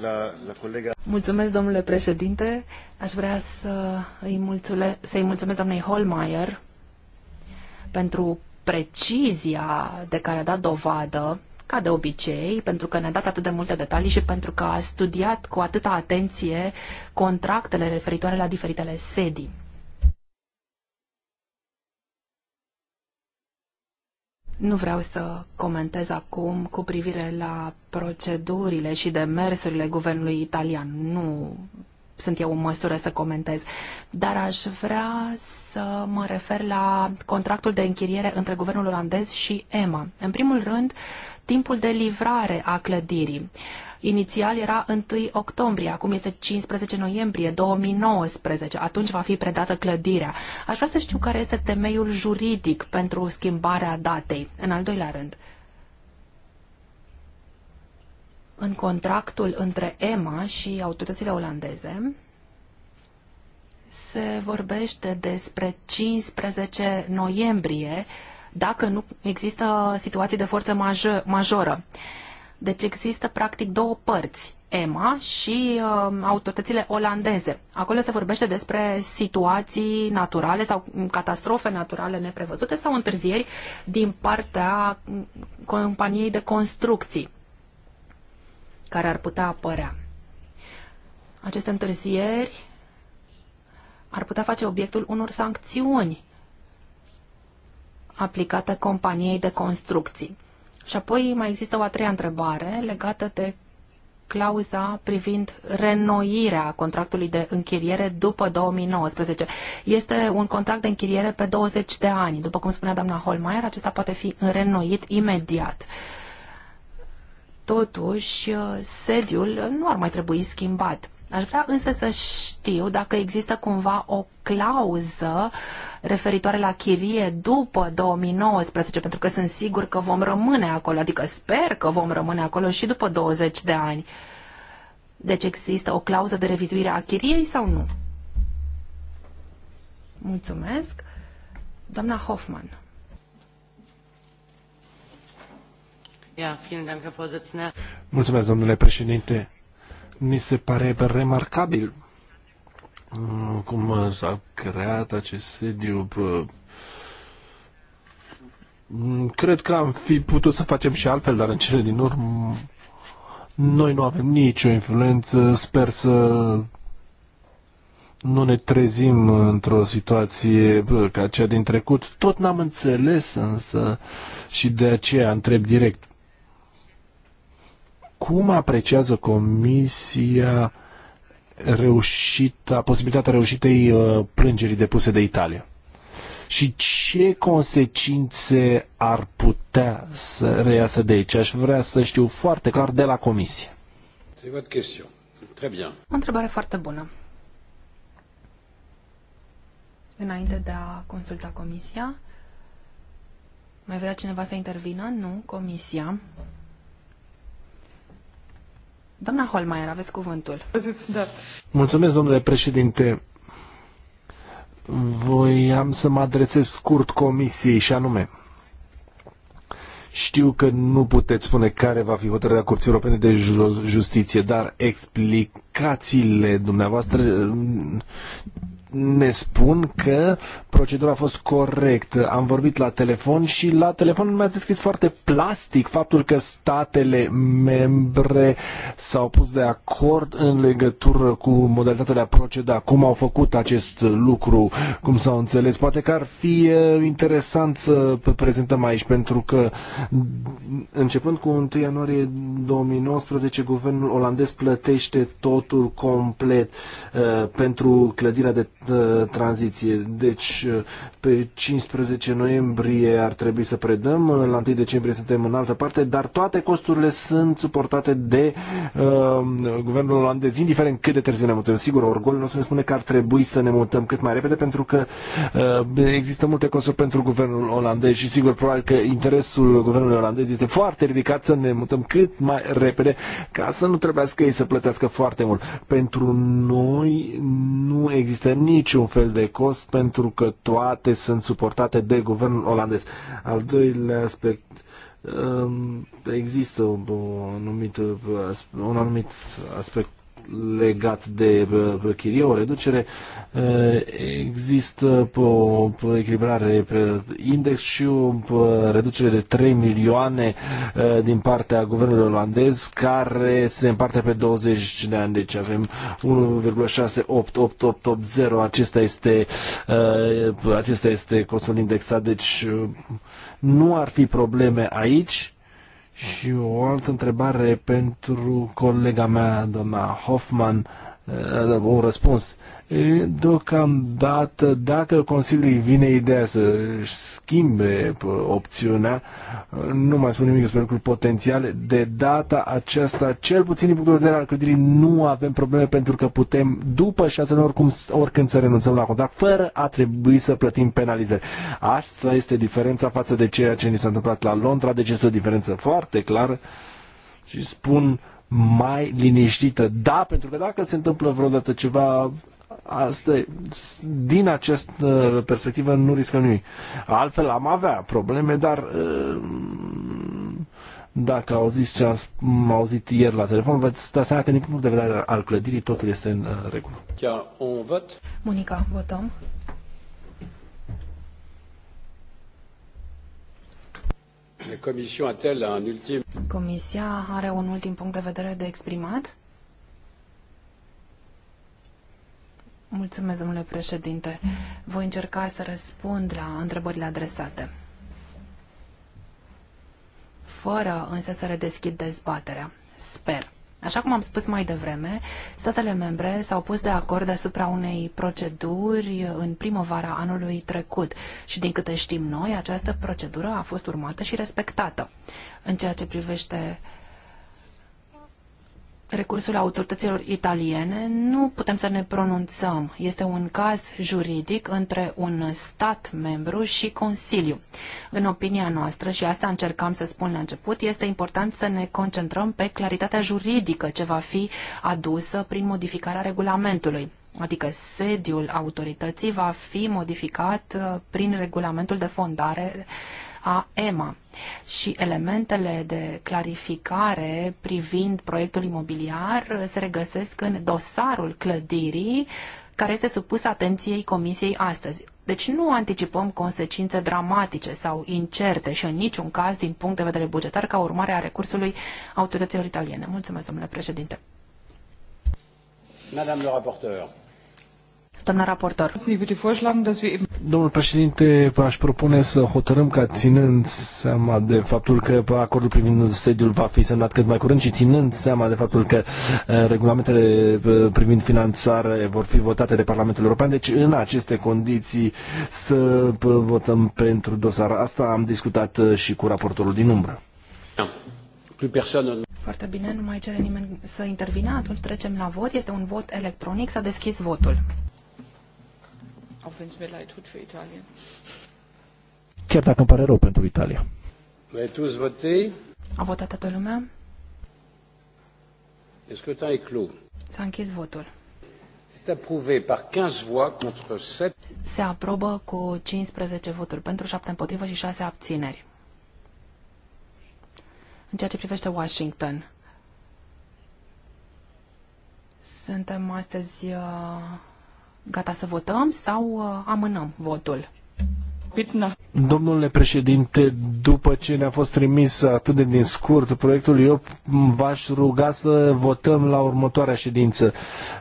La, la colega... Mulțumesc, domnule președinte. Aș vrea să îi să-i mulțumesc doamnei Holmeier pentru precizia de care a dat dovadă ca de obicei, pentru că ne-a dat atât de multe detalii și pentru că a studiat cu atâta atenție contractele referitoare la diferitele sedii. Nu vreau să comentez acum cu privire la procedurile și demersurile guvernului italian. Nu sunt eu în măsură să comentez. Dar aș vrea să mă refer la contractul de închiriere între guvernul olandez și EMA. În primul rând, timpul de livrare a clădirii. Inițial era 1 octombrie, acum este 15 noiembrie 2019, atunci va fi predată clădirea. Aș vrea să știu care este temeiul juridic pentru schimbarea datei, în al doilea rând în contractul între EMA și autoritățile olandeze se vorbește despre 15 noiembrie, dacă nu există situații de forță major, majoră. Deci există practic două părți, EMA și uh, autoritățile olandeze. Acolo se vorbește despre situații naturale sau um, catastrofe naturale neprevăzute sau întârzieri din partea um, companiei de construcții care ar putea apărea. Aceste întârzieri ar putea face obiectul unor sancțiuni aplicate companiei de construcții. Și apoi mai există o a treia întrebare legată de clauza privind renoirea contractului de închiriere după 2019. Este un contract de închiriere pe 20 de ani. După cum spunea doamna Holmeier, acesta poate fi renoit imediat. Uh, Totuși, uh, sediul nu ar mai trebui schimbat. Aș vrea însă să știu dacă există cumva o clauză referitoare la chirie după 2019, pentru că sunt sigur că vom rămâne acolo, adică sper că vom rămâne acolo și după 20 de ani. Deci există o clauză de revizuire a chiriei sau nu? Mulțumesc. Doamna Hoffman. Mulțumesc, domnule președinte. Mi se pare remarcabil mm, cum s-a creat acest sediu. Mm, cred că am fi putut să facem și altfel, dar în cele din urmă noi nu avem nicio influență. Sper să nu ne trezim într-o situație ca cea din trecut. Tot n-am înțeles însă și de aceea întreb direct cum apreciază Comisia reușita, posibilitatea reușitei uh, plângerii depuse de Italia? și ce consecințe ar putea să reiasă de aici? Aș vrea să știu foarte clar de la comisie. O întrebare foarte bună. Înainte de a consulta comisia, mai vrea cineva să intervină? Nu, comisia. Doamna Holmeier, aveți cuvântul. Mulțumesc, domnule președinte. Voiam să mă adresez scurt comisiei și anume. Știu că nu puteți spune care va fi hotărârea Curții Europene de Justiție, dar explicațiile dumneavoastră ne spun că procedura a fost corectă. Am vorbit la telefon și la telefon mi-a descris foarte plastic faptul că statele membre s-au pus de acord în legătură cu modalitatea de a proceda, cum au făcut acest lucru, cum s-au înțeles. Poate că ar fi interesant să prezentăm aici, pentru că începând cu 1 ianuarie 2019, guvernul olandez plătește totul complet uh, pentru clădirea de această tranziție. Deci, pe 15 noiembrie ar trebui să predăm, la 1 decembrie suntem în altă parte, dar toate costurile sunt suportate de uh, guvernul olandez, indiferent cât de târziu ne mutăm. Sigur, orgolul nostru ne spune că ar trebui să ne mutăm cât mai repede, pentru că uh, există multe costuri pentru guvernul olandez și, sigur, probabil că interesul guvernului olandez este foarte ridicat să ne mutăm cât mai repede, ca să nu trebuiască ei să plătească foarte mult. Pentru noi nu există niciun fel de cost pentru că toate sunt suportate de guvernul olandez. Al doilea aspect, um, există un anumit aspect legat de uh, chirie, o reducere, uh, există o echilibrare pe index și o reducere de 3 milioane uh, din partea guvernului olandez care se împarte pe 20 de ani, deci avem 1,68880, acesta este, acesta este costul indexat, deci nu ar fi probleme aici și o altă întrebare pentru colega mea, doamna Hoffman, uh, un răspuns. Deocamdată, dacă Consiliului vine ideea să schimbe opțiunea, nu mai spun nimic despre lucruri potențiale, de data aceasta, cel puțin din punctul de vedere al clădirii, nu avem probleme pentru că putem, după șase luni, oricum, oricând să renunțăm la contract, fără a trebui să plătim penalizări. Asta este diferența față de ceea ce ni s-a întâmplat la Londra, deci este o diferență foarte clară și spun mai liniștită. Da, pentru că dacă se întâmplă vreodată ceva Asta, din această uh, perspectivă nu riscăm nimic. Altfel am avea probleme, dar uh, dacă zis, ce am auzit ieri la telefon, vă dați seama că din punctul de vedere al clădirii totul este în uh, regulă. Chiar un vot. Monica, votăm. Comisia are un ultim punct de vedere de exprimat? Mulțumesc, domnule președinte. Voi încerca să răspund la întrebările adresate. Fără însă să redeschid dezbaterea. Sper. Așa cum am spus mai devreme, statele membre s-au pus de acord asupra unei proceduri în primăvara anului trecut și, din câte știm noi, această procedură a fost urmată și respectată. În ceea ce privește uh, recursul autorităților italiene, nu putem să ne pronunțăm. Este un caz juridic între un stat membru și Consiliu. În opinia noastră, și asta încercam să spun la început, este important să ne concentrăm pe claritatea juridică ce va fi adusă prin modificarea regulamentului. Adică sediul autorității va fi modificat uh, prin regulamentul de fondare a EMA și elementele de clarificare privind proiectul imobiliar se regăsesc în dosarul clădirii care este supus atenției Comisiei astăzi. Deci nu anticipăm consecințe dramatice sau incerte și în niciun caz din punct de vedere bugetar ca urmare a recursului autorităților italiene. Mulțumesc, domnule președinte. Madame le rapporteur. Doamna raportor. Domnul președinte, aș propune să hotărâm ca ținând seama de faptul că acordul privind sediul va fi semnat cât mai curând și ținând seama de faptul că eh, regulamentele eh, privind finanțare vor fi votate de Parlamentul European, deci în aceste condiții să eh, votăm pentru dosar. Asta am discutat și cu raportorul din umbră. Foarte bine, nu mai cere nimeni să intervină, atunci trecem la vot. Este un vot electronic, s-a deschis votul. Auch wenn es mir leid tut für Italien. Chiar dacă îmi pare rău pentru Italia. A votat toată lumea? S-a închis votul. Se aprobă cu 15 voturi pentru 7 împotrivă și 6 abțineri. În ceea ce privește Washington, suntem astăzi uh, gata să votăm sau uh, amânăm votul? Domnule președinte, după ce ne-a fost trimis atât de din scurt proiectul, eu v-aș ruga să votăm la următoarea ședință.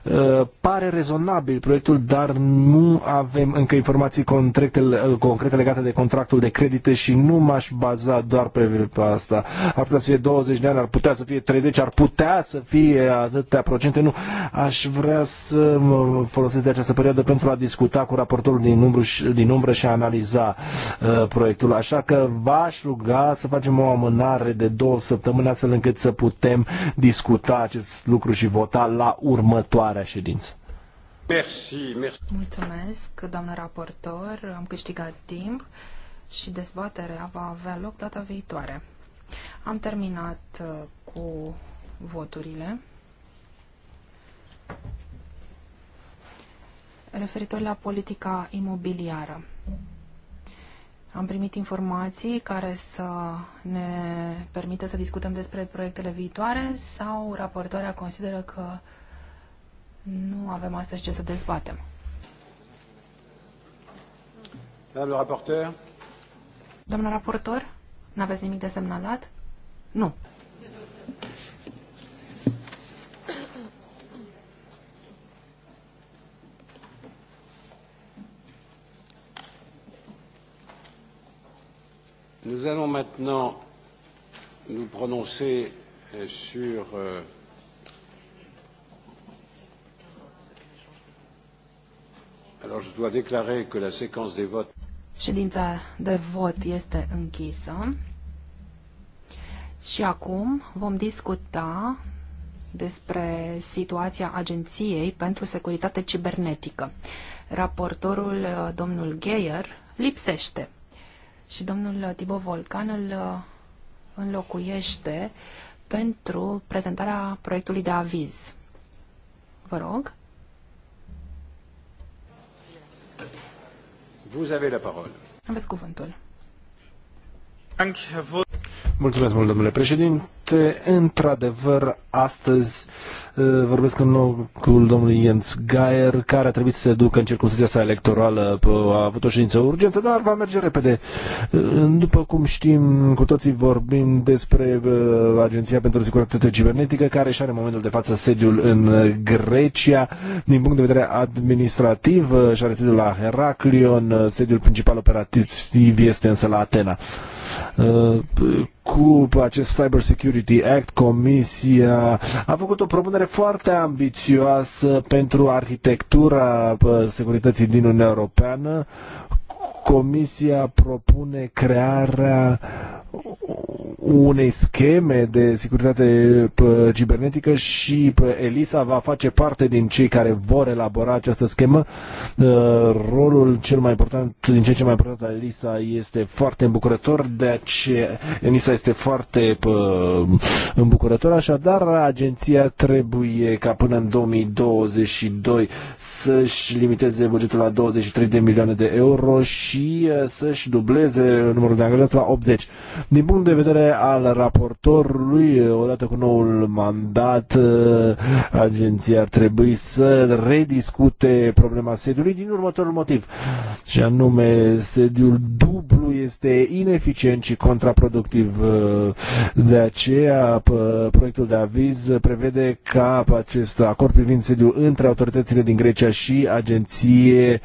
Uh, pare rezonabil proiectul, dar nu avem încă informații uh, concrete legate de contractul de credite și nu m-aș baza doar pe asta. Ar putea să fie 20 de ani, ar putea să fie 30, ar putea să fie atâtea procente. Nu, aș vrea să folosesc de această perioadă pentru a discuta cu raportorul din umbră și, din umbră și a analiza Uh, proiectul, așa că v-aș ruga să facem o amânare de două săptămâni astfel încât să putem discuta acest lucru și vota la următoarea ședință. Merci, merci. Mulțumesc, doamnă raportor, am câștigat timp și dezbaterea va avea loc data viitoare. Am terminat uh, cu voturile. referitor la politica imobiliară. Am primit informații care să ne permită să discutăm despre proiectele viitoare sau raportoarea consideră că nu avem astăzi ce să dezbatem? Doamna raportor? Doamna raportor, n-aveți nimic de semnalat? Nu. Nous allons maintenant nous prononcer euh, sur euh, Alors je dois déclarer que la séquence des votes Ședința de vot este închisă. Și acum vom discuta despre situația Agenției pentru Securitate Cibernetică. Raportorul, uh, domnul Geier, lipsește și domnul Tibo Volcan îl uh, înlocuiește pentru prezentarea proiectului de aviz. Vă rog. Vous avez la parole. Aveți cuvântul. Mulțumesc mult, domnule președinte. Într-adevăr, astăzi uh, vorbesc în locul domnului Jens Gaier, care a trebuit să se ducă în circunstanța sa electorală. Uh, a avut o ședință urgentă, dar va merge repede. Uh, după cum știm, cu toții vorbim despre Agenția pentru Securitate Cibernetică, care și are în momentul de față sediul în Grecia. Din punct de vedere administrativ, și are sediul la Heraclion, sediul principal operativ este însă la Atena. Uh, cu acest Cyber Security Act, Comisia a făcut o propunere foarte ambițioasă pentru arhitectura uh, securității din Uniunea Europeană Comisia propune crearea unei scheme de securitate cibernetică și ELISA va face parte din cei care vor elabora această schemă. Rolul cel mai important, din ce ce mai important al ELISA este foarte îmbucurător, de aceea ELISA este foarte îmbucurător, așadar agenția trebuie ca până în 2022 să-și limiteze bugetul la 23 de milioane de euro și și uh, să-și dubleze numărul de angajați la 80. Din punct de vedere al raportorului, odată cu noul mandat, uh, agenția ar trebui să rediscute problema sediului din următorul motiv, și anume sediul dublu este ineficient și contraproductiv. De aceea, proiectul de aviz prevede ca acest acord privind sediul între autoritățile din Grecia și agenție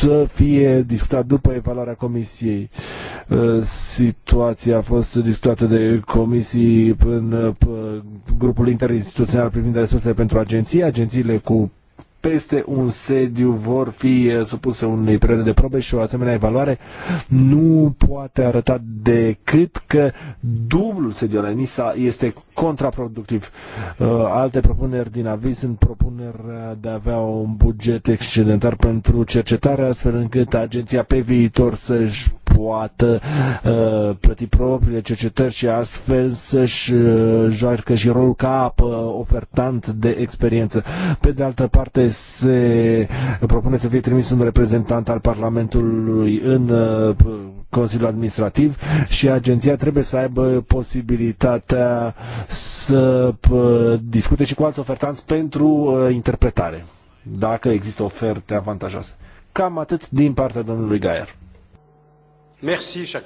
să fie discutat după evaluarea comisiei. Situația a fost discutată de comisii în grupul interinstituțional privind resursele pentru agenții, agențiile cu peste un sediu vor fi eh, supuse unei perioade de probe și o asemenea evaluare nu poate arăta decât că dublul sediu la NISA este contraproductiv. Eh, alte propuneri din aviz sunt propuneri eh, de a avea un buget excedentar pentru cercetare, astfel încât agenția pe viitor să-și poată uh, plăti propriile cercetări și astfel să-și uh, joacă și rolul ca uh, ofertant de experiență. Pe de altă parte, se propune să fie trimis un reprezentant al Parlamentului în uh, Consiliul Administrativ și agenția trebuie să aibă posibilitatea să uh, discute și cu alți ofertanți pentru uh, interpretare, dacă există oferte avantajoase. Cam atât din partea domnului Gaier. Merci, cher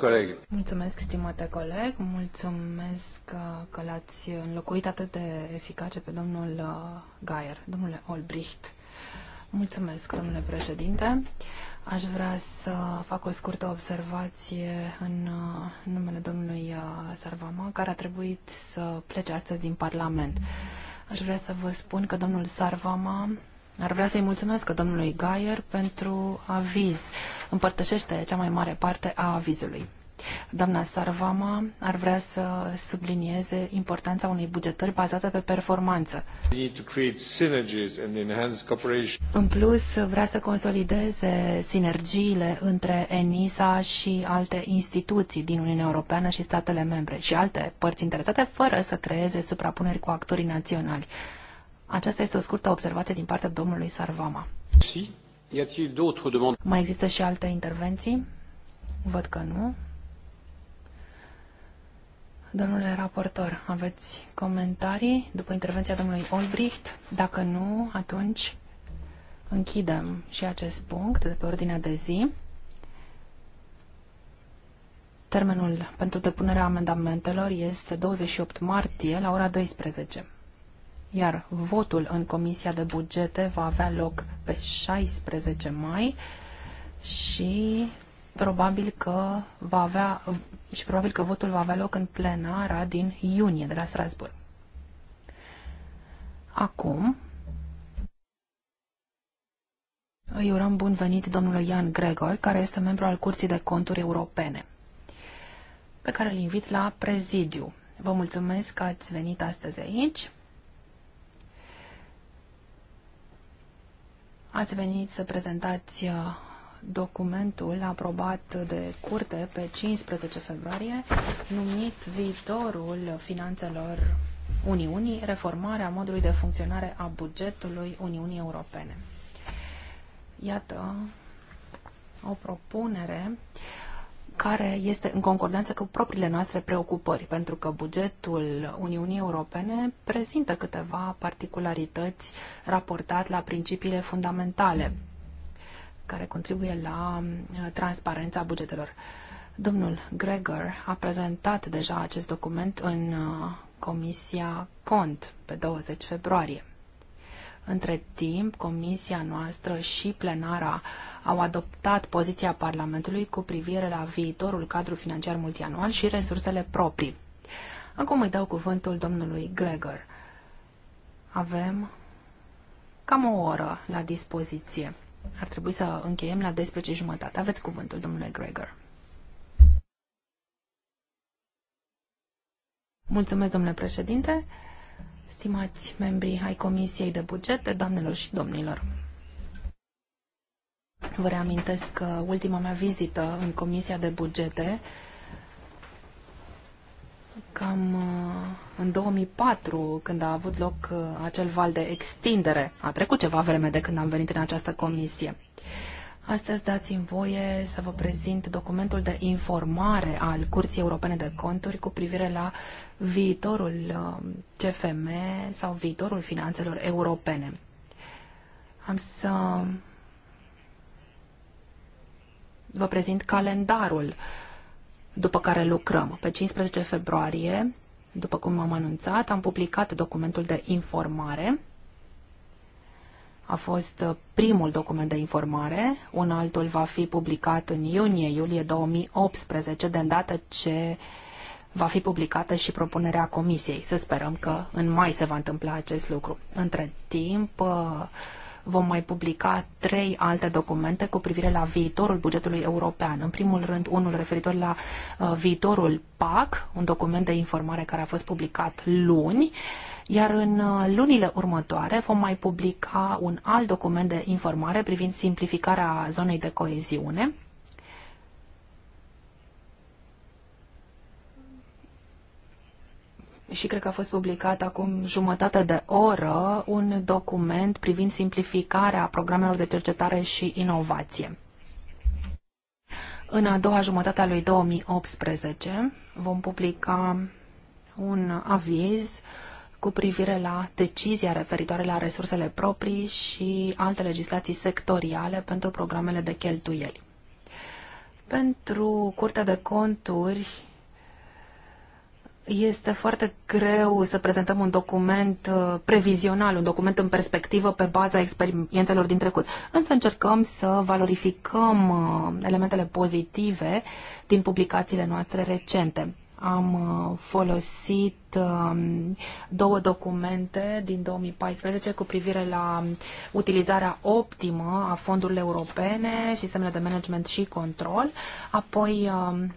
Mulțumesc, stimate coleg, mulțumesc uh, că l-ați înlocuit atât de eficace pe domnul uh, Gaier, domnule Olbricht. Mulțumesc, domnule președinte. Aș vrea să fac o scurtă observație în uh, numele domnului Sarvama, care a trebuit să plece astăzi din Parlament. Aș vrea să vă spun că domnul Sarvama ar vrea să-i mulțumesc domnului Gaier pentru aviz. Împărtășește cea mai mare parte a avizului. Doamna Sarvama ar vrea să sublinieze importanța unei bugetări bazate pe performanță. În plus, vrea să consolideze sinergiile între ENISA și alte instituții din Uniunea Europeană și statele membre și alte părți interesate, fără să creeze suprapuneri cu actorii naționali. Aceasta este o scurtă observație din partea domnului Sarvama. Mai există și alte intervenții? Văd că nu. Domnule raportor, aveți comentarii după intervenția domnului Olbricht? Dacă nu, atunci închidem și acest punct de pe ordinea de zi. Termenul pentru depunerea amendamentelor este 28 martie la ora 12 iar votul în Comisia de Bugete va avea loc pe 16 mai și probabil că va avea și probabil că votul va avea loc în plenara din iunie de la Strasburg. Acum îi urăm bun venit domnului Ian Gregor, care este membru al Curții de Conturi Europene, pe care îl invit la prezidiu. Vă mulțumesc că ați venit astăzi aici Ați venit să prezentați uh, documentul aprobat de curte pe 15 februarie, numit Viitorul Finanțelor Uniunii, reformarea modului de funcționare a bugetului Uniunii Europene. Iată o propunere care este în concordanță cu propriile noastre preocupări, pentru că bugetul Uniunii Europene prezintă câteva particularități raportat la principiile fundamentale care contribuie la uh, transparența bugetelor. Domnul Gregor a prezentat deja acest document în uh, Comisia Cont pe 20 februarie. Între timp, comisia noastră și plenara au adoptat poziția Parlamentului cu privire la viitorul cadru financiar multianual și resursele proprii. Acum îi dau cuvântul domnului Gregor. Avem cam o oră la dispoziție. Ar trebui să încheiem la 12 jumătate. Aveți cuvântul, domnule Gregor. Mulțumesc, domnule președinte stimați membri ai Comisiei de Bugete, doamnelor și domnilor. Vă reamintesc că ultima mea vizită în Comisia de Bugete, cam uh, în 2004, când a avut loc uh, acel val de extindere, a trecut ceva vreme de când am venit în această comisie. Astăzi dați-mi voie să vă prezint documentul de informare al Curții Europene de Conturi cu privire la viitorul uh, CFM sau viitorul finanțelor europene. Am să vă prezint calendarul după care lucrăm. Pe 15 februarie, după cum am anunțat, am publicat documentul de informare a fost uh, primul document de informare, un altul va fi publicat în iunie-iulie 2018, de îndată ce va fi publicată și propunerea comisiei. Să sperăm că în mai se va întâmpla acest lucru. Între timp, uh, vom mai publica trei alte documente cu privire la viitorul bugetului european. În primul rând, unul referitor la uh, viitorul PAC, un document de informare care a fost publicat luni, iar în uh, lunile următoare vom mai publica un alt document de informare privind simplificarea zonei de coeziune. și cred că a fost publicat acum jumătate de oră un document privind simplificarea programelor de cercetare și inovație. În a doua jumătate a lui 2018 vom publica un aviz uh, cu privire la decizia referitoare la resursele proprii și alte legislații sectoriale pentru programele de cheltuieli. Pentru Curtea de Conturi este foarte greu să prezentăm un document uh, previzional, un document în perspectivă pe baza experiențelor din trecut. Însă încercăm să valorificăm uh, elementele pozitive din publicațiile noastre recente am uh, folosit um, două documente din 2014 cu privire la utilizarea optimă a fondurilor europene și sistemele de management și control. Apoi um,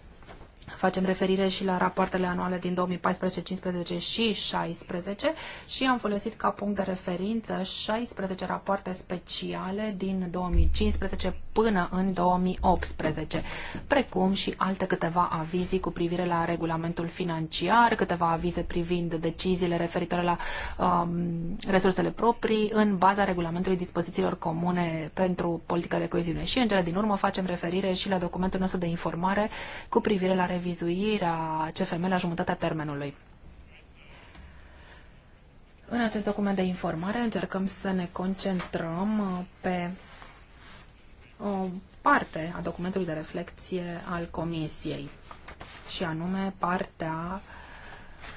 facem referire și la rapoartele anuale din 2014, 15 și 16 și am folosit ca punct de referință 16 rapoarte speciale din 2015 până în 2018, precum și alte câteva avizii cu privire la regulamentul financiar, câteva avize privind deciziile referitoare la um, resursele proprii în baza regulamentului dispozițiilor comune pentru politica de coeziune. Și în cele din urmă facem referire și la documentul nostru de informare cu privire la revizuire revizuirea CFM la jumătatea termenului. În acest document de informare încercăm să ne concentrăm uh, pe o parte a documentului de reflexie al Comisiei, și anume partea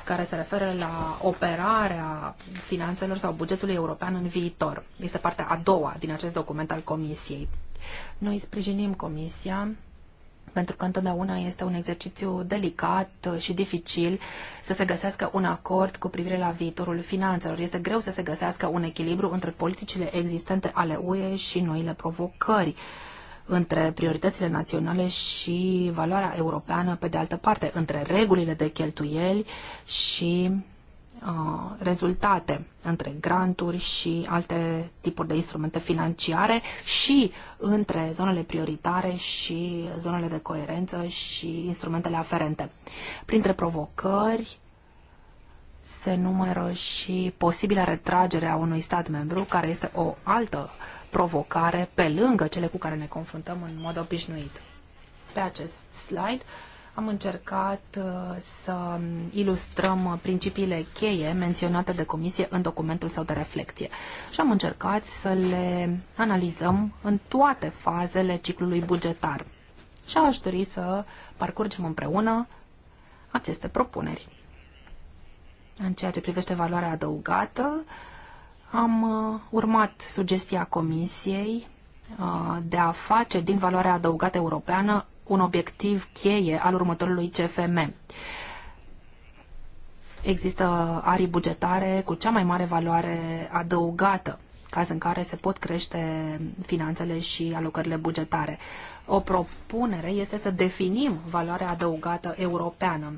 care se referă la operarea finanțelor sau bugetului european în viitor. Este partea a doua din acest document al Comisiei. Noi sprijinim Comisia pentru că întotdeauna este un exercițiu delicat și dificil să se găsească un acord cu privire la viitorul finanțelor. Este greu să se găsească un echilibru între politicile existente ale UE și noile provocări între prioritățile naționale și valoarea europeană, pe de altă parte, între regulile de cheltuieli și Uh, rezultate între granturi și alte tipuri de instrumente financiare și între zonele prioritare și zonele de coerență și instrumentele aferente. Printre provocări se numără și posibilă retragere a unui stat membru, care este o altă provocare pe lângă cele cu care ne confruntăm în mod obișnuit. Pe acest slide am încercat uh, să ilustrăm principiile cheie menționate de comisie în documentul sau de reflecție și am încercat să le analizăm în toate fazele ciclului bugetar. Și aș dori să parcurgem împreună aceste propuneri. În ceea ce privește valoarea adăugată, am uh, urmat sugestia comisiei uh, de a face din valoarea adăugată europeană un obiectiv cheie al următorului CFM. Există arii bugetare cu cea mai mare valoare adăugată, caz în care se pot crește finanțele și alocările bugetare. O propunere este să definim valoarea adăugată europeană.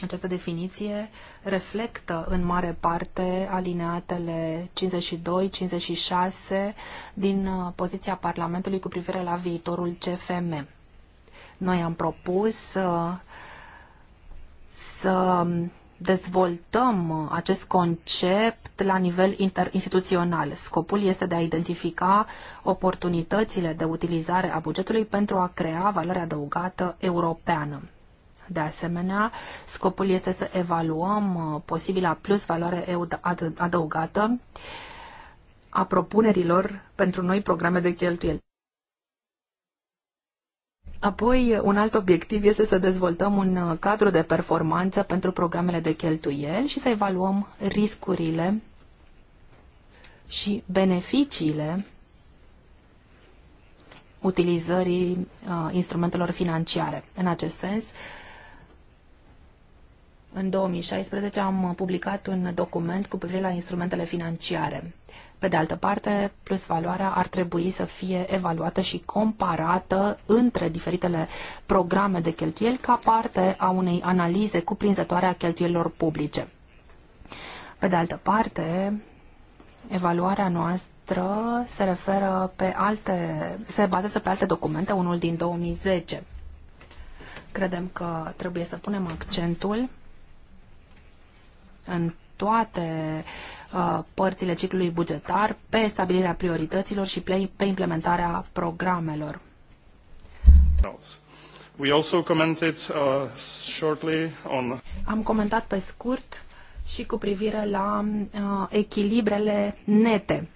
Această definiție reflectă în mare parte alineatele 52-56 din uh, poziția Parlamentului cu privire la viitorul CFM. Noi am propus uh, să dezvoltăm acest concept la nivel interinstituțional. Scopul este de a identifica oportunitățile de utilizare a bugetului pentru a crea valoare adăugată europeană. De asemenea, scopul este să evaluăm uh, posibila plus valoare adăugată a propunerilor pentru noi programe de cheltuieli. Apoi, un alt obiectiv este să dezvoltăm un uh, cadru de performanță pentru programele de cheltuieli și să evaluăm riscurile și beneficiile utilizării uh, instrumentelor financiare. În acest sens, în 2016 am publicat un document cu privire la instrumentele financiare. Pe de altă parte, plus valoarea ar trebui să fie evaluată și comparată între diferitele programe de cheltuieli ca parte a unei analize cuprinzătoare a cheltuielilor publice. Pe de altă parte, evaluarea noastră se referă pe alte, se bazează pe alte documente, unul din 2010. Credem că trebuie să punem accentul în toate Uh, părțile ciclului bugetar, pe stabilirea priorităților și pe, implementarea programelor. We also commented, uh, shortly on... Am comentat pe scurt și cu privire la uh, echilibrele nete.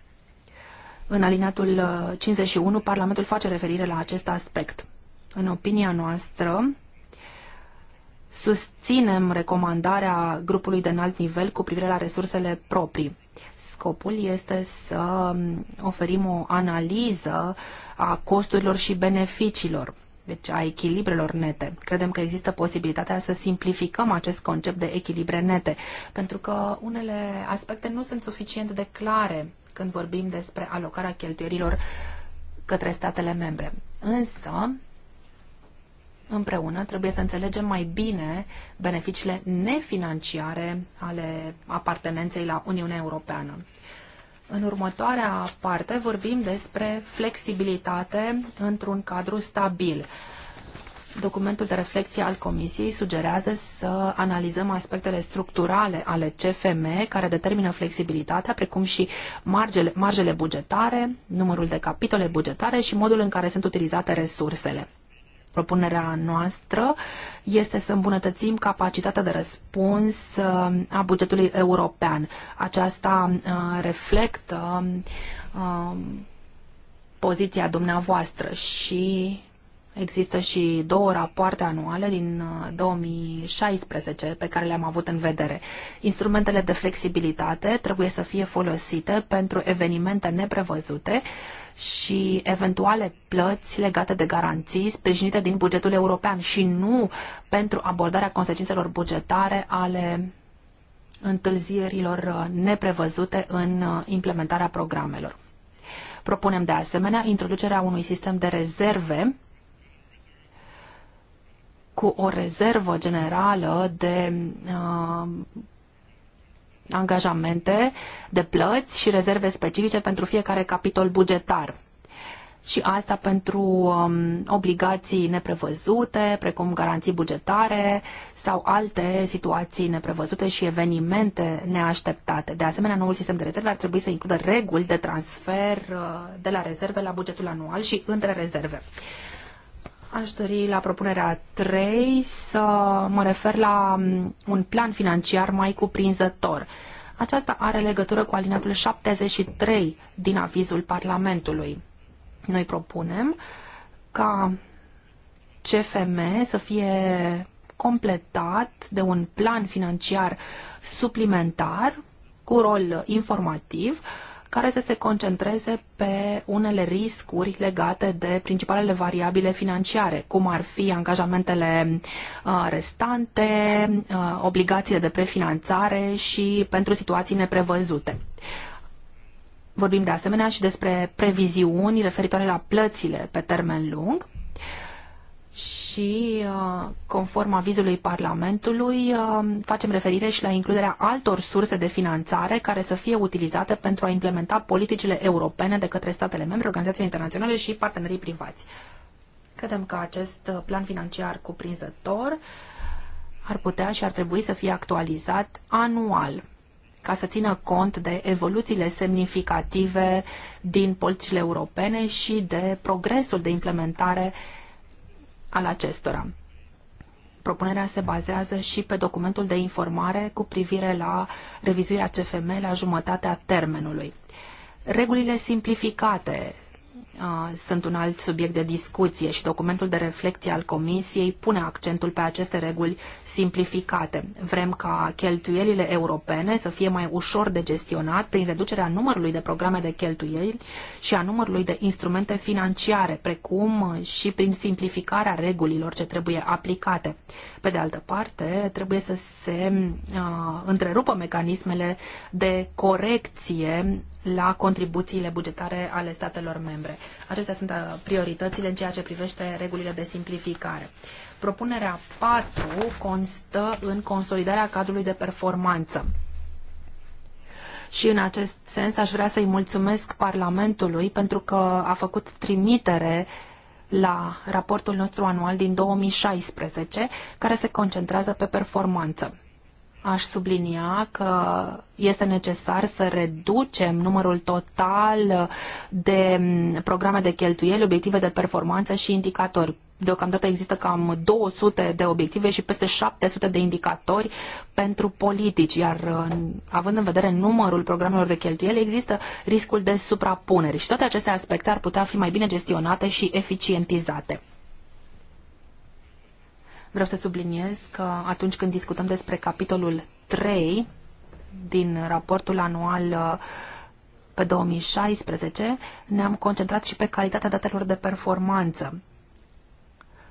În alineatul 51, uh, Parlamentul face referire la acest aspect. În opinia noastră, susținem recomandarea grupului de înalt nivel cu privire la resursele proprii. Scopul este să oferim o analiză a costurilor și beneficiilor, deci a echilibrelor nete. Credem că există posibilitatea să simplificăm acest concept de echilibre nete, pentru că unele aspecte nu sunt suficient de clare când vorbim despre alocarea cheltuierilor către statele membre. Însă, împreună trebuie să înțelegem mai bine beneficiile nefinanciare ale apartenenței la Uniunea Europeană. În următoarea parte vorbim despre flexibilitate într-un cadru stabil. Documentul de reflexie al Comisiei sugerează să analizăm aspectele structurale ale CFM care determină flexibilitatea, precum și margele, margele bugetare, numărul de capitole bugetare și modul în care sunt utilizate resursele propunerea noastră este să îmbunătățim capacitatea de răspuns uh, a bugetului european. Aceasta uh, reflectă uh, poziția dumneavoastră și Există și două rapoarte anuale din 2016 uh, pe care le-am avut în vedere. Instrumentele de flexibilitate trebuie să fie folosite pentru evenimente neprevăzute și eventuale plăți legate de garanții sprijinite din bugetul european și nu pentru abordarea consecințelor bugetare ale întârzierilor uh, neprevăzute în uh, implementarea programelor. Propunem de asemenea introducerea unui sistem de rezerve cu o rezervă generală de uh, angajamente, de plăți și rezerve specifice pentru fiecare capitol bugetar. Și asta pentru um, obligații neprevăzute, precum garanții bugetare sau alte situații neprevăzute și evenimente neașteptate. De asemenea, noul sistem de rezerve ar trebui să includă reguli de transfer uh, de la rezerve la bugetul anual și între rezerve. Uh, Aș dori la propunerea 3 să mă refer la mm, un plan financiar mai cuprinzător. Aceasta are legătură cu alineatul 73 din avizul Parlamentului. Noi propunem ca CFM să fie completat de un plan financiar suplimentar cu rol informativ uh, care să se concentreze pe unele riscuri legate de principalele variabile financiare, cum ar fi angajamentele uh, restante, uh, obligațiile de prefinanțare și pentru situații neprevăzute. Vorbim de asemenea și despre previziuni referitoare la plățile pe termen lung și, uh, conform avizului Parlamentului, uh, facem referire și la includerea altor surse de finanțare care să fie utilizate pentru a implementa politicile europene de către statele membre, organizațiile internaționale și partenerii privați. Credem că acest uh, plan financiar cuprinzător ar putea și ar trebui să fie actualizat anual ca să țină cont de evoluțiile semnificative din politicile europene și de progresul de implementare al acestora. Propunerea se bazează și pe documentul de informare cu privire la revizuirea CFM la jumătatea termenului. Regulile simplificate sunt un alt subiect de discuție și documentul de reflecție al Comisiei pune accentul pe aceste reguli simplificate. Vrem ca cheltuielile europene să fie mai ușor de gestionat prin reducerea numărului de programe de cheltuieli și a numărului de instrumente financiare, precum și prin simplificarea regulilor ce trebuie aplicate. Pe de altă parte, trebuie să se uh, întrerupă mecanismele de corecție la contribuțiile bugetare ale statelor membre. Acestea sunt uh, prioritățile în ceea ce privește regulile de simplificare. Propunerea 4 constă în consolidarea cadrului de performanță. Și în acest sens aș vrea să-i mulțumesc Parlamentului pentru că a făcut trimitere la raportul nostru anual din 2016, care se concentrează pe performanță aș sublinia că este necesar să reducem numărul total de programe de cheltuieli, obiective de performanță și indicatori. Deocamdată există cam 200 de obiective și peste 700 de indicatori pentru politici, iar având în vedere numărul programelor de cheltuieli, există riscul de suprapuneri și toate aceste aspecte ar putea fi mai bine gestionate și eficientizate. Vreau să subliniez că atunci când discutăm despre capitolul 3 din raportul anual uh, pe 2016, ne-am concentrat și pe calitatea datelor de performanță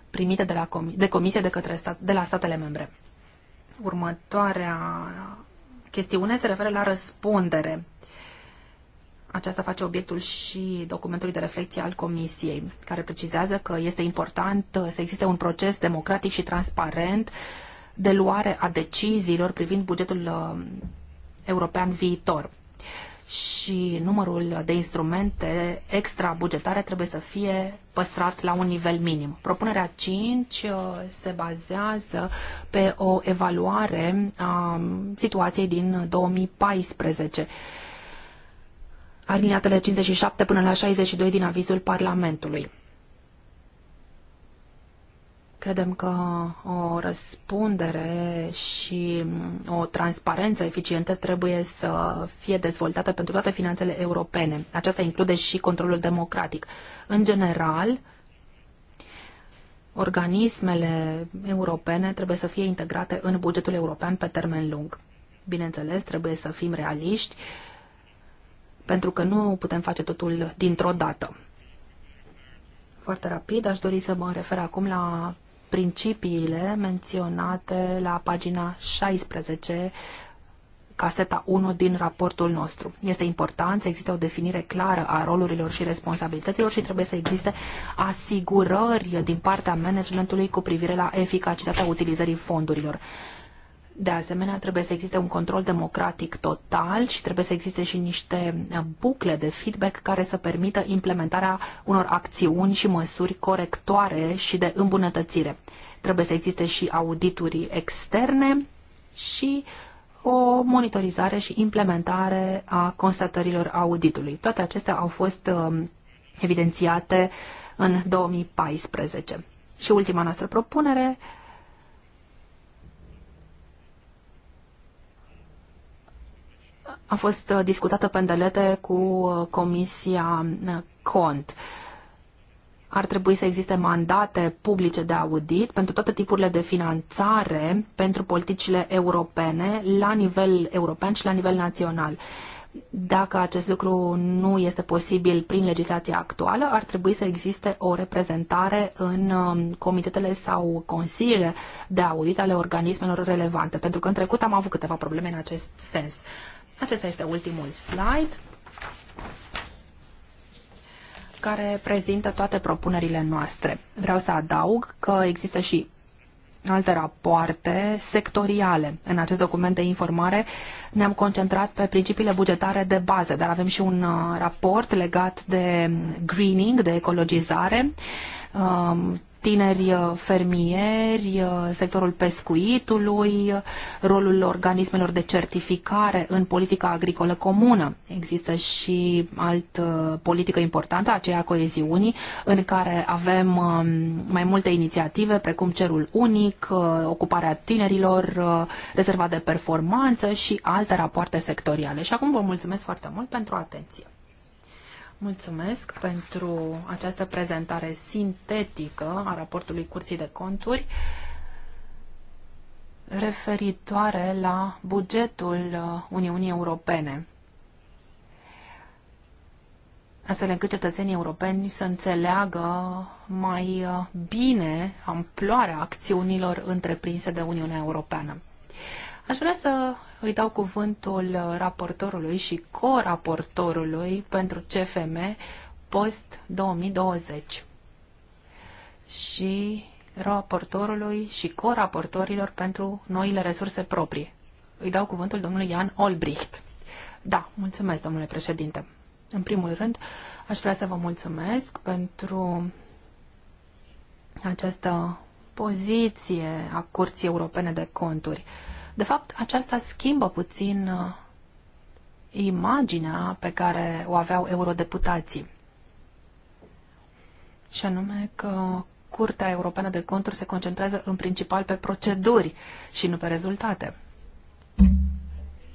primite de, la comi- de comisie de, către stat- de la statele membre. Următoarea chestiune se referă la răspundere aceasta face obiectul și documentului de reflecție al Comisiei, care precizează că este important uh, să existe un proces democratic și transparent de luare a deciziilor privind bugetul uh, european viitor. Și numărul de instrumente extra-bugetare trebuie să fie păstrat la un nivel minim. Propunerea 5 uh, se bazează pe o evaluare a um, situației din 2014 aliniatele 57 până la 62 din avizul Parlamentului. Credem că o răspundere și o transparență eficientă trebuie să fie dezvoltată pentru toate finanțele europene. Aceasta include și controlul democratic. În general, organismele europene trebuie să fie integrate în bugetul european pe termen lung. Bineînțeles, trebuie să fim realiști pentru că nu putem face totul dintr-o dată. Foarte rapid, aș dori să mă refer acum la principiile menționate la pagina 16 caseta 1 din raportul nostru. Este important să existe o definire clară a rolurilor și responsabilităților și trebuie să existe asigurări din partea managementului cu privire la eficacitatea utilizării fondurilor. De asemenea, trebuie să existe un control democratic total și trebuie să existe și niște um, bucle de feedback care să permită implementarea unor acțiuni și măsuri corectoare și de îmbunătățire. Trebuie să existe și audituri externe și o monitorizare și implementare a constatărilor auditului. Toate acestea au fost um, evidențiate în 2014. Și ultima noastră propunere a fost uh, discutată pe îndelete cu uh, Comisia uh, Cont. Ar trebui să existe mandate publice de audit pentru toate tipurile de finanțare pentru politicile europene la nivel european și la nivel național. Dacă acest lucru nu este posibil prin legislația actuală, ar trebui să existe o reprezentare în um, comitetele sau consiliile de audit ale organismelor relevante, pentru că în trecut am avut câteva probleme în acest sens. Acesta este ultimul slide care prezintă toate propunerile noastre. Vreau să adaug că există și alte rapoarte sectoriale. În acest document de informare ne-am concentrat pe principiile bugetare de bază, dar avem și un uh, raport legat de greening, de ecologizare, um, tineri uh, fermieri, uh, sectorul pescuitului, uh, rolul organismelor de certificare în politica agricolă comună. Există și altă politică importantă, aceea coeziunii, în care avem um, mai multe inițiative, precum cerul unic, ocuparea tinerilor, rezerva de performanță și alte rapoarte sectoriale. Și acum vă mulțumesc foarte mult pentru atenție. Mulțumesc pentru această prezentare sintetică a raportului Curții de Conturi referitoare la bugetul Uniunii Europene, astfel încât cetățenii europeni să înțeleagă mai bine amploarea acțiunilor întreprinse de Uniunea Europeană. Aș vrea să îi dau cuvântul uh, raportorului și co-raportorului pentru CFM post-2020 și raportorului și co-raportorilor pentru noile resurse proprie. Îi dau cuvântul domnului Ian Olbricht. Da, mulțumesc, domnule președinte. În primul rând, aș vrea să vă mulțumesc pentru această poziție a Curții Europene de Conturi. De fapt, aceasta schimbă puțin uh, imaginea pe care o aveau eurodeputații. Și anume că Curtea Europeană de Conturi se concentrează în principal pe proceduri și nu pe rezultate.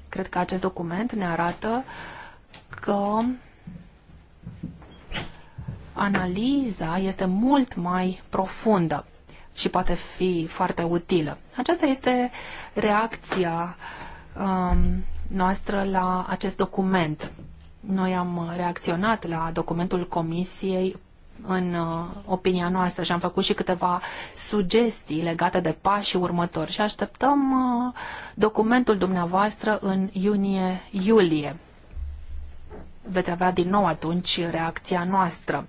Cred că acest document ne arată că analiza este mult mai profundă și poate fi foarte utilă. Aceasta este reacția um, noastră la acest document. Noi am reacționat la documentul Comisiei în uh, opinia noastră și am făcut și câteva sugestii legate de pașii următori și așteptăm uh, documentul dumneavoastră în iunie-iulie. Veți avea din nou atunci reacția noastră.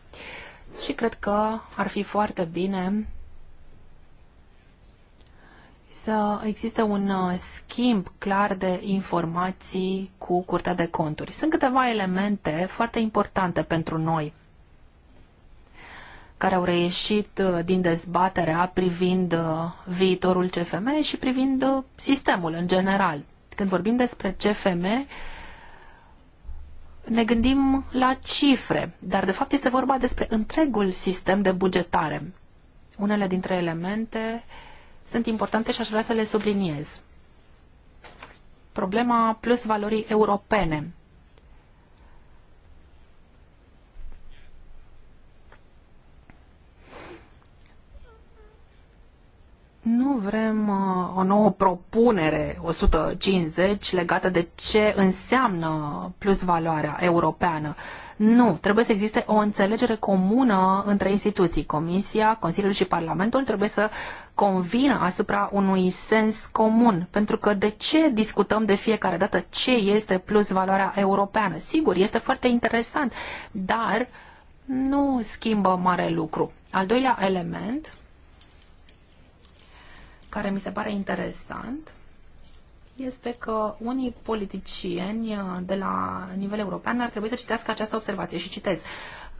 Și cred că ar fi foarte bine să existe un uh, schimb clar de informații cu Curtea de Conturi. Sunt câteva elemente foarte importante pentru noi care au reieșit uh, din dezbaterea privind uh, viitorul CFM și privind sistemul în general. Când vorbim despre CFM, ne gândim la cifre, dar de fapt este vorba despre întregul sistem de bugetare. Unele dintre elemente uh, sunt importante și aș vrea să le subliniez. Problema plus valorii europene Nu vrem uh, o nouă propunere 150 legată de ce înseamnă plus valoarea europeană. Nu, trebuie să existe o înțelegere comună între instituții. Comisia, Consiliul și Parlamentul trebuie să convină asupra unui sens comun. Pentru că de ce discutăm de fiecare dată ce este plus valoarea europeană? Sigur, este foarte interesant, dar nu schimbă mare lucru. Al doilea element care mi se pare interesant este că unii politicieni uh, de la nivel european ar trebui să citească această observație și citez.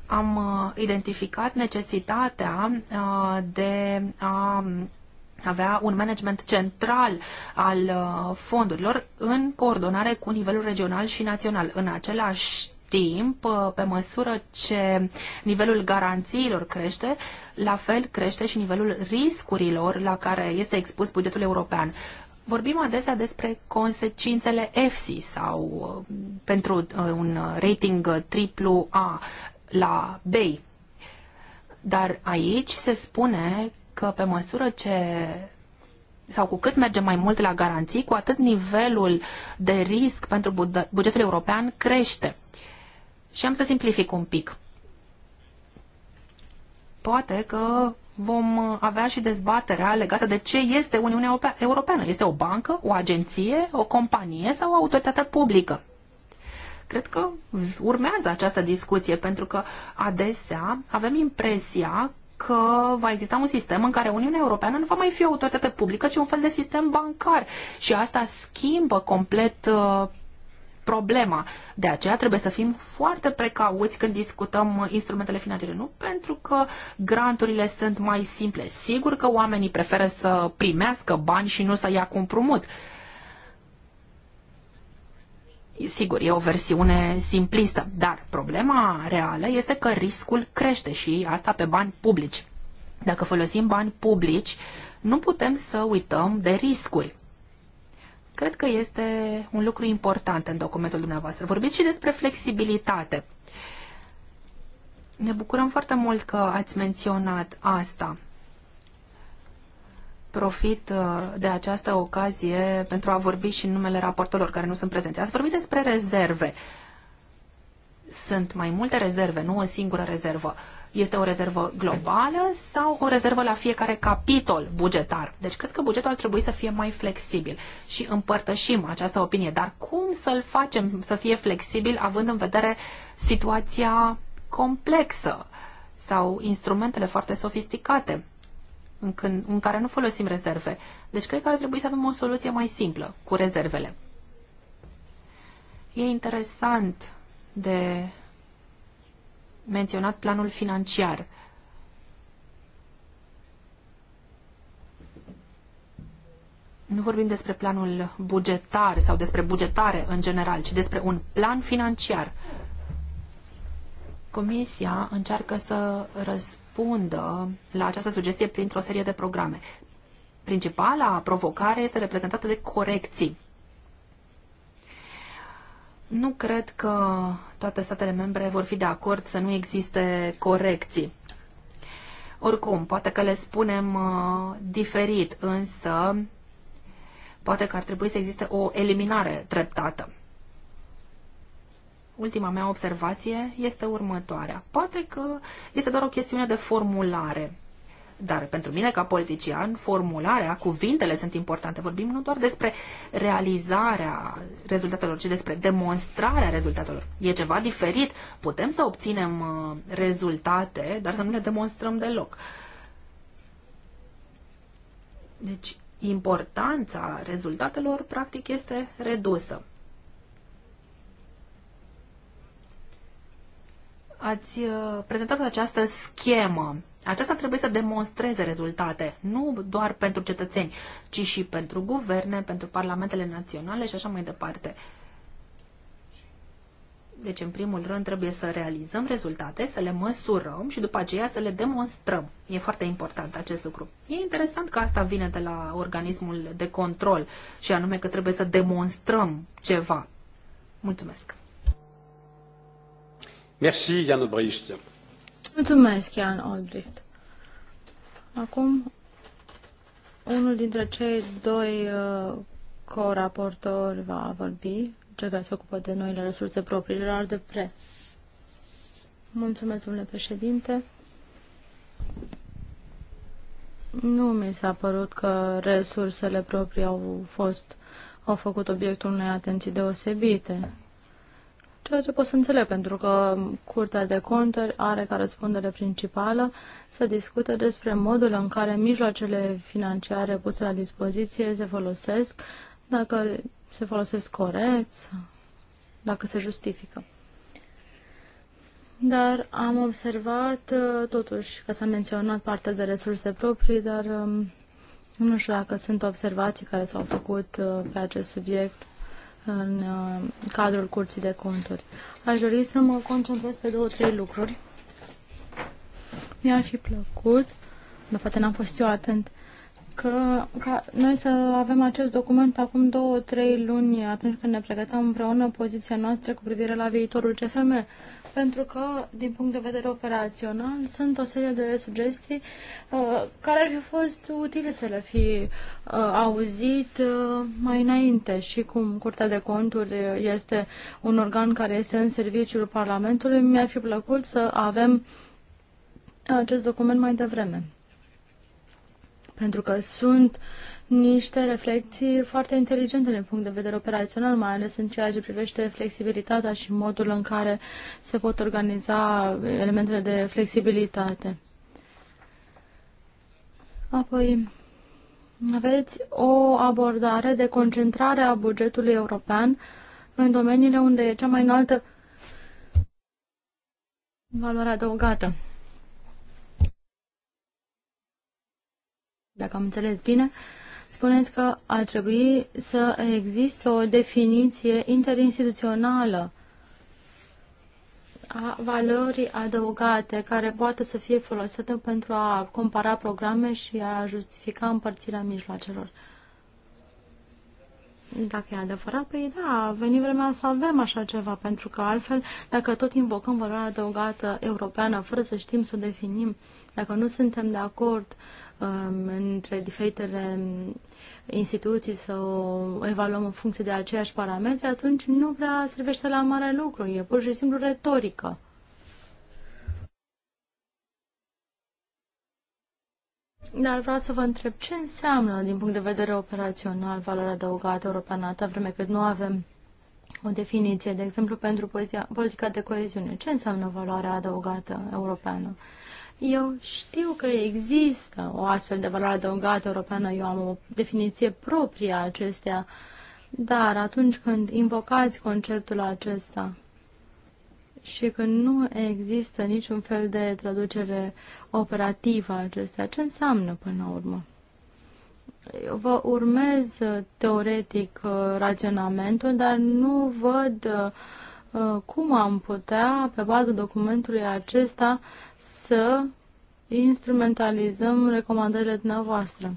Am uh, identificat necesitatea uh, de a avea un management central al fondurilor în coordonare cu nivelul regional și național. În același timp, uh, pe măsură ce nivelul garanțiilor crește, la fel crește și nivelul riscurilor la care este expus bugetul european. Vorbim adesea despre consecințele EFSI sau uh, pentru uh, un rating triplu A la BEI. Dar aici se spune că pe măsură ce sau cu cât mergem mai mult la garanții, cu atât nivelul de risc pentru bugetul european crește. Uh, și am să simplific un pic. Poate că vom avea și dezbaterea legată de ce este Uniunea Europeană. Este o bancă, o agenție, o companie sau o autoritate publică? Cred că urmează această discuție, pentru că adesea avem impresia că va exista un sistem în care Uniunea Europeană nu va mai fi o autoritate publică, ci un fel de sistem bancar. Și asta schimbă complet uh, problema. De aceea trebuie să fim foarte precauți când discutăm instrumentele financiare, nu pentru că granturile sunt mai simple. Sigur că oamenii preferă să primească bani și nu să ia cu împrumut. Sigur, e o versiune simplistă, dar problema reală este că riscul crește și asta pe bani publici. Dacă folosim bani publici, nu putem să uităm de riscuri. Cred că este un lucru important în documentul dumneavoastră. Vorbiți și despre flexibilitate. Ne bucurăm foarte mult că ați menționat asta. Profit uh, de această ocazie pentru a vorbi și în numele raportorilor care nu sunt prezenți. Ați vorbit despre rezerve. Sunt mai multe rezerve, nu o singură rezervă. Uh, este o rezervă globală sau o rezervă la fiecare capitol bugetar? Deci cred că bugetul ar trebui să fie mai flexibil și împărtășim această opinie. Dar cum să-l facem să fie flexibil având în vedere situația complexă sau instrumentele foarte sofisticate în, când, în care nu folosim rezerve? Deci cred că ar trebui să avem o soluție mai simplă cu rezervele. E interesant de menționat planul financiar. Nu vorbim despre planul bugetar sau despre bugetare în general, ci despre un plan financiar. Comisia încearcă să răspundă la această sugestie printr-o serie de programe. Principala provocare este reprezentată de corecții. Nu cred că toate statele membre vor fi de acord să nu existe corecții. Oricum, poate că le spunem uh, diferit, însă poate că ar trebui să existe o eliminare treptată. Ultima mea observație este următoarea. Poate că este doar o chestiune de formulare. Dar pentru mine, ca politician, formularea, cuvintele sunt importante. Vorbim nu doar despre realizarea rezultatelor, ci despre demonstrarea rezultatelor. E ceva diferit. Putem să obținem uh, rezultate, dar să nu le demonstrăm deloc. Deci, importanța rezultatelor, practic, este redusă. Ați uh, prezentat această schemă aceasta trebuie să demonstreze rezultate, nu doar pentru cetățeni, ci și pentru guverne, pentru parlamentele naționale și așa mai departe. Deci, în primul rând, trebuie să realizăm rezultate, să le măsurăm și după aceea să le demonstrăm. E foarte important acest lucru. E interesant că asta vine de la organismul de control și anume că trebuie să demonstrăm ceva. Mulțumesc! Merci, Jan Obricht. Mulțumesc, Ian Albrecht. Acum, unul dintre cei doi uh, co-raportori va vorbi, cel care se ocupă de noile resurse proprii, la de pre. Mulțumesc, domnule președinte. Nu mi s-a părut că resursele proprii au fost au făcut obiectul unei atenții deosebite ceea ce pot să înțeleg, pentru că Curtea de Conturi are ca răspundere principală să discute despre modul în care mijloacele financiare puse la dispoziție se folosesc, dacă se folosesc corect, dacă se justifică. Dar am observat, uh, totuși, că s-a menționat partea de resurse proprii, dar um, nu știu dacă sunt observații care s-au făcut uh, pe acest subiect în uh, cadrul curții de conturi. Aș dori să mă concentrez pe două, trei lucruri. Mi-ar fi plăcut, de poate n-am fost eu atent, că ca noi să avem acest document acum două, trei luni, atunci când ne pregăteam împreună poziția noastră cu privire la viitorul CFM pentru că, din punct de vedere operațional, sunt o serie de sugestii uh, care ar fi fost utile să le fi uh, auzit uh, mai înainte și cum Curtea de Conturi este un organ care este în serviciul Parlamentului, mi-ar fi plăcut să avem acest document mai devreme. Pentru că sunt uh, niște reflecții foarte inteligente din punct de vedere operațional, mai ales în ceea ce privește flexibilitatea și modul în care se pot organiza elementele de flexibilitate. Apoi, aveți o abordare de concentrare a bugetului european în domeniile unde e cea mai înaltă valoare adăugată. Dacă am înțeles bine, spuneți că ar trebui să existe o definiție interinstituțională a valorii adăugate care poate să fie folosită pentru a compara programe și a justifica împărțirea mijloacelor. Dacă e adevărat, păi da, a venit vremea să avem așa ceva, pentru că altfel, dacă tot invocăm valoarea adăugată europeană, fără să știm să o definim, dacă nu suntem de acord Um, între diferitele instituții să o evaluăm în funcție de aceiași parametri, atunci nu prea servește la mare lucru, e pur și simplu retorică. Dar vreau să vă întreb ce înseamnă, din punct de vedere operațional, valoarea adăugată europeană, atâta vreme cât nu avem o definiție, de exemplu, pentru poziția, politica de coeziune. Ce înseamnă valoarea adăugată europeană? Eu știu că există o astfel de valoare adăugată europeană, eu am o definiție proprie a acestea, dar atunci când invocați conceptul acesta și când nu există niciun fel de traducere operativă a acestea, ce înseamnă până la urmă? Eu vă urmez teoretic uh, raționamentul, dar nu văd uh, Uh, cum am putea, pe baza documentului acesta, să instrumentalizăm recomandările dumneavoastră.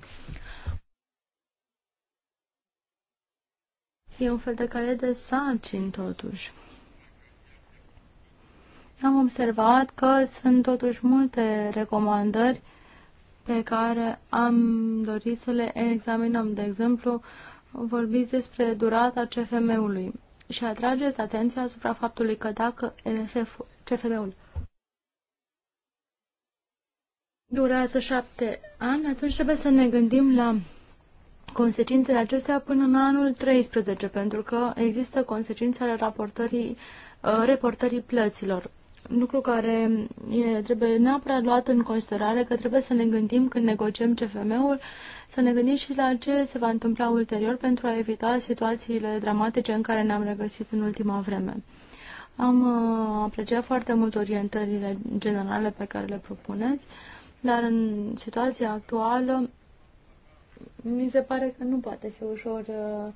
E un fel de cale de sarcini, totuși. Am observat că sunt totuși multe recomandări pe care am dorit să le examinăm. De exemplu, vorbiți despre durata CFM-ului și atrageți atenția asupra faptului că dacă MFF, CFM-ul durează șapte ani, atunci trebuie să ne gândim la consecințele acestea până în anul 13, pentru că există consecințele raportării, uh, reportării plăților lucru care e, trebuie neapărat luat în considerare, că trebuie să ne gândim când negociem CFM-ul, să ne gândim și la ce se va întâmpla ulterior pentru a evita situațiile dramatice în care ne-am regăsit în ultima vreme. Am uh, apreciat foarte mult orientările generale pe care le propuneți, dar în situația actuală mi se pare că nu poate fi ușor uh,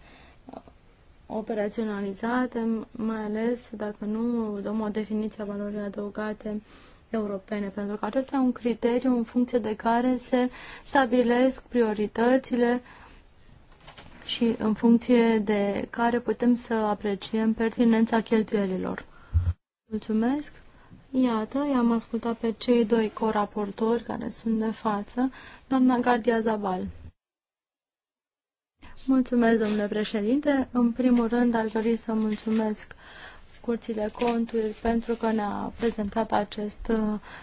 operaționalizate, mai ales dacă nu dăm o definiție a valorii adăugate europene, pentru că acesta e un criteriu în funcție de care se stabilesc prioritățile și în funcție de care putem să apreciem pertinența cheltuielilor. Mulțumesc! Iată, i-am ascultat pe cei doi coraportori care sunt de față, doamna Gardia Zabal. Mulțumesc, domnule președinte. În primul rând, aș dori să mulțumesc Curții de Conturi pentru că ne-a prezentat acest uh,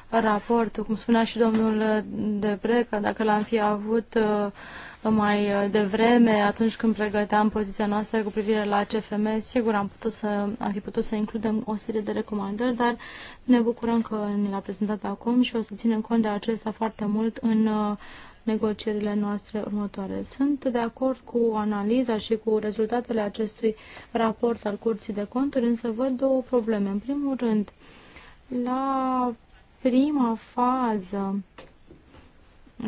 raport. Cum spunea și domnul Debre, că dacă l-am fi avut uh, mai devreme, atunci când pregăteam poziția noastră cu privire la CFM, sigur am, putut să, am fi putut să includem o serie de recomandări, dar ne bucurăm că ne l-a prezentat acum și o să ținem cont de acesta foarte mult în uh, negocierile noastre următoare. Sunt de acord cu analiza și cu rezultatele acestui raport al Curții de Conturi, însă văd două probleme. În primul rând, la prima fază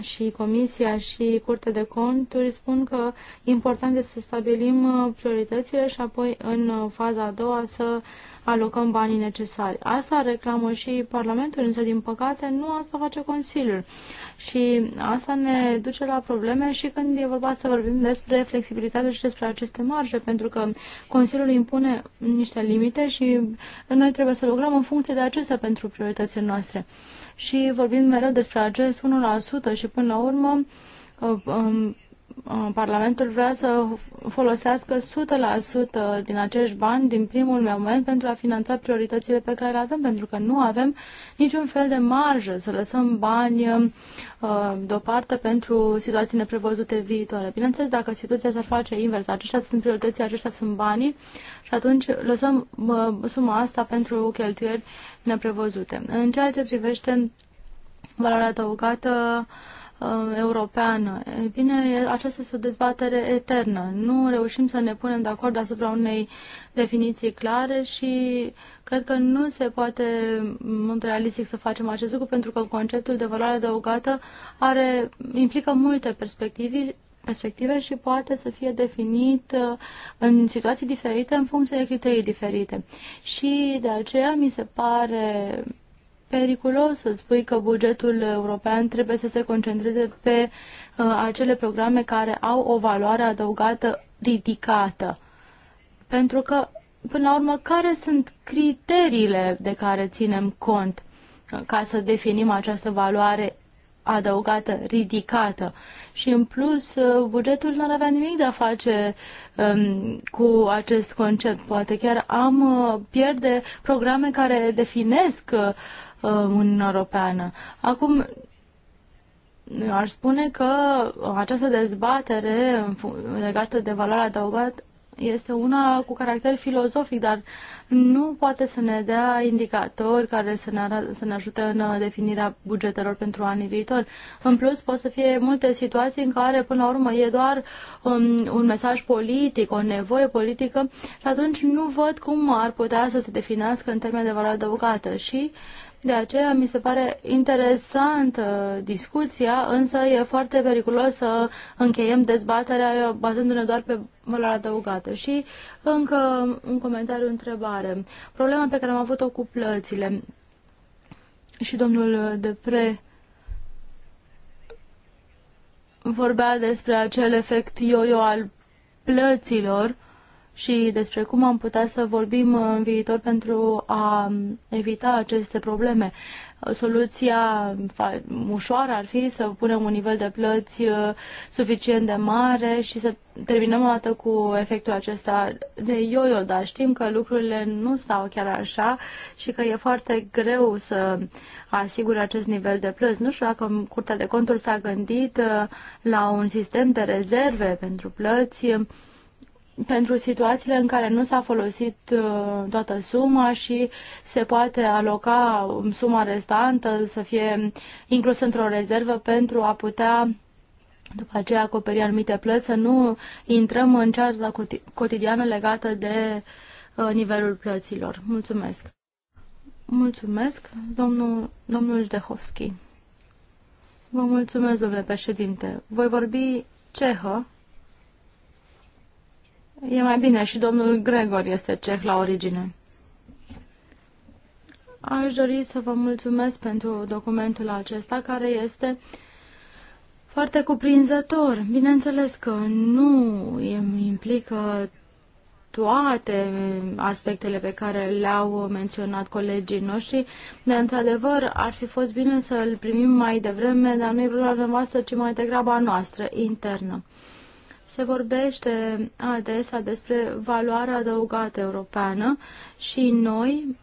și Comisia și Curtea de Conturi spun că important este să stabilim uh, prioritățile și apoi în uh, faza a doua să alocăm banii necesari. Asta reclamă și Parlamentul, însă din păcate nu asta face Consiliul. Și asta ne duce la probleme și când e vorba să vorbim despre flexibilitate și despre aceste marge, pentru că Consiliul impune niște limite și noi trebuie să lucrăm în funcție de acestea pentru prioritățile noastre și vorbim mereu despre acest 1% și până la urmă uh, um, Uh, Parlamentul vrea să folosească 100% din acești bani din primul moment pentru a finanța prioritățile pe care le avem, pentru că nu avem niciun fel de marjă să lăsăm bani uh, deoparte pentru situații neprevăzute viitoare. Bineînțeles, dacă situația s-ar face invers, aceștia sunt prioritățile, aceștia sunt banii și atunci lăsăm uh, suma asta pentru cheltuieli neprevăzute. În ceea ce privește valoarea adăugată, Uh, europeană. E bine, aceasta este o dezbatere eternă. Nu reușim să ne punem de acord asupra unei definiții clare și cred că nu se poate mult realistic să facem acest lucru pentru că conceptul de valoare adăugată are, implică multe perspective perspective și poate să fie definit uh, în situații diferite în funcție de criterii diferite. Și de aceea mi se pare periculos să spui că bugetul european trebuie să se concentreze pe uh, acele programe care au o valoare adăugată ridicată. Pentru că, până la urmă, care sunt criteriile de care ținem cont uh, ca să definim această valoare adăugată, ridicată. Și în plus, uh, bugetul nu avea nimic de a face um, cu acest concept. Poate chiar am uh, pierde programe care definesc uh, Uniunea uh, Europeană. Acum, aș spune că această dezbatere legată de valoarea adăugată este una cu caracter filozofic, dar nu poate să ne dea indicatori care să ne, să ne ajute în uh, definirea bugetelor pentru anii viitori. În plus, pot să fie multe situații în care, până la urmă, e doar um, un mesaj politic, o nevoie politică și atunci nu văd cum ar putea să se definească în termeni de valoare adăugată. Și uh, de aceea mi se pare interesantă discuția, însă e foarte periculos să încheiem dezbaterea bazându-ne doar pe valoarea adăugată. Și încă un comentariu, întrebare. Problema pe care am avut-o cu plățile și domnul Depre vorbea despre acel efect yo-yo al plăților și despre cum am putea să vorbim în viitor pentru a evita aceste probleme. Soluția ușoară ar fi să punem un nivel de plăți uh, suficient de mare și să terminăm o dată cu efectul acesta de yo-yo, dar știm că lucrurile nu stau chiar așa și că e foarte greu să asigure acest nivel de plăți. Nu știu dacă Curtea de Conturi s-a gândit uh, la un sistem de rezerve pentru plăți pentru situațiile în care nu s-a folosit uh, toată suma și se poate aloca um, suma restantă să fie inclusă într-o rezervă pentru a putea după aceea acoperi anumite plăți, să nu intrăm în cearta cotidiană legată de uh, nivelul plăților. Mulțumesc! Mulțumesc, domnul, domnul Jdehovski. Vă mulțumesc, domnule președinte. Voi vorbi cehă E mai bine și domnul Gregor este ceh la origine. Aș dori să vă mulțumesc pentru documentul acesta care este foarte cuprinzător. Bineînțeles că nu implică toate aspectele pe care le-au menționat colegii noștri, De într-adevăr ar fi fost bine să îl primim mai devreme, dar nu e problema noastră, ci mai degrabă a noastră, internă. Se vorbește adesea despre valoarea adăugată europeană și noi,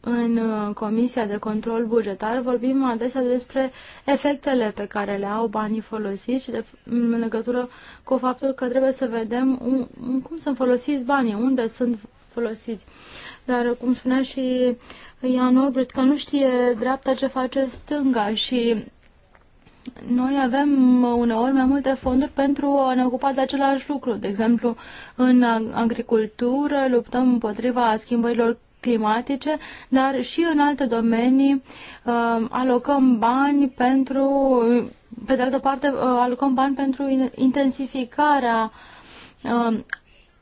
în uh, Comisia de Control Bugetar, vorbim adesea despre efectele pe care le au banii folosiți și de, în legătură cu faptul că trebuie să vedem un, cum sunt folosiți banii, unde sunt folosiți. Dar, cum spunea și Ian Orbrit, că nu știe dreapta ce face stânga și noi avem uh, uneori mai multe fonduri pentru a ne ocupa de același lucru. De exemplu, în agricultură luptăm împotriva schimbărilor climatice, dar și în alte domenii uh, alocăm bani pentru, pe de altă parte, uh, alocăm bani pentru intensificarea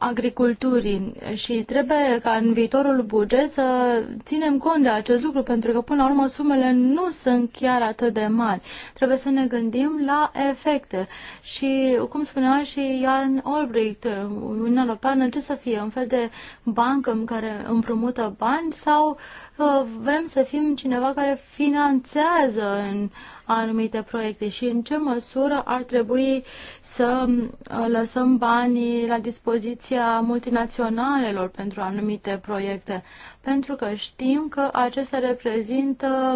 agriculturii și trebuie ca în viitorul buget să ținem cont de acest lucru, pentru că până la urmă sumele nu sunt chiar atât de mari. Trebuie să ne gândim la efecte și, cum spunea și Ian Olbricht, Uniunea Europeană, ce să fie, un fel de bancă în care împrumută bani sau uh, vrem să fim cineva care finanțează în anumite proiecte și în ce măsură ar trebui să uh, lăsăm banii la dispoziția multinaționalelor pentru anumite proiecte, pentru că știm că acestea reprezintă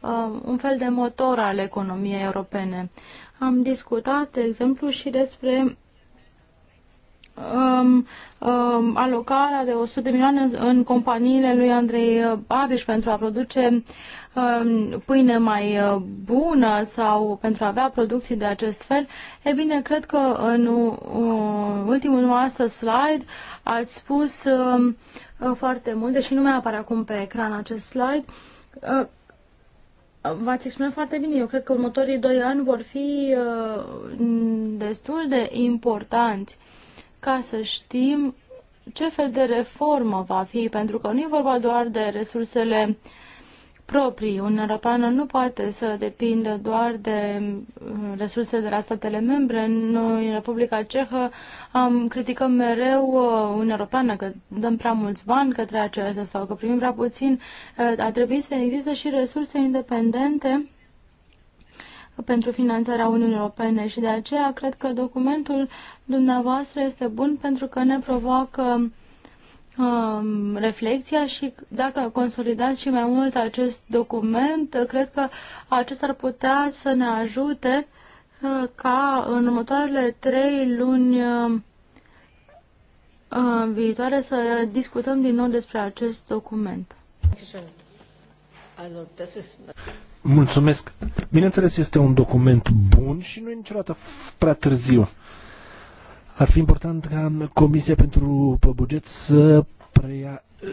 uh, un fel de motor al economiei europene. Am discutat, de exemplu, și despre um, um, alocarea de 100 de milioane în companiile lui Andrei uh, Babiș pentru a produce um, pâine mai uh, bună sau pentru a avea producții de acest fel, e bine, cred că în uh, ultimul noastră slide ați spus um, uh, foarte mult, deși nu mai apare acum pe ecran acest slide, uh, V-ați exprimat foarte bine. Eu cred că următorii doi ani vor fi uh, destul de importanți. Uh, ca să știm ce fel de reformă va fi, pentru că nu e vorba doar de resursele proprii. Uniunea Europeană nu poate să depindă doar de uh, resurse de la statele membre. Noi, în Republica Cehă, am, criticăm mereu uh, Uniunea Europeană că dăm prea mulți bani către aceasta sau că primim prea puțin. Uh, A trebuit să există și resurse independente pentru finanțarea Uniunii Europene și de aceea cred că documentul dumneavoastră este bun pentru că ne provoacă um, reflexia și dacă consolidați și mai mult acest document, cred că acesta ar putea să ne ajute uh, ca în următoarele trei luni um, uh, viitoare să discutăm din nou despre acest document. Mulțumesc. Bineînțeles, este un document bun și nu e niciodată prea târziu. Ar fi important ca Comisia pentru Buget să preia uh,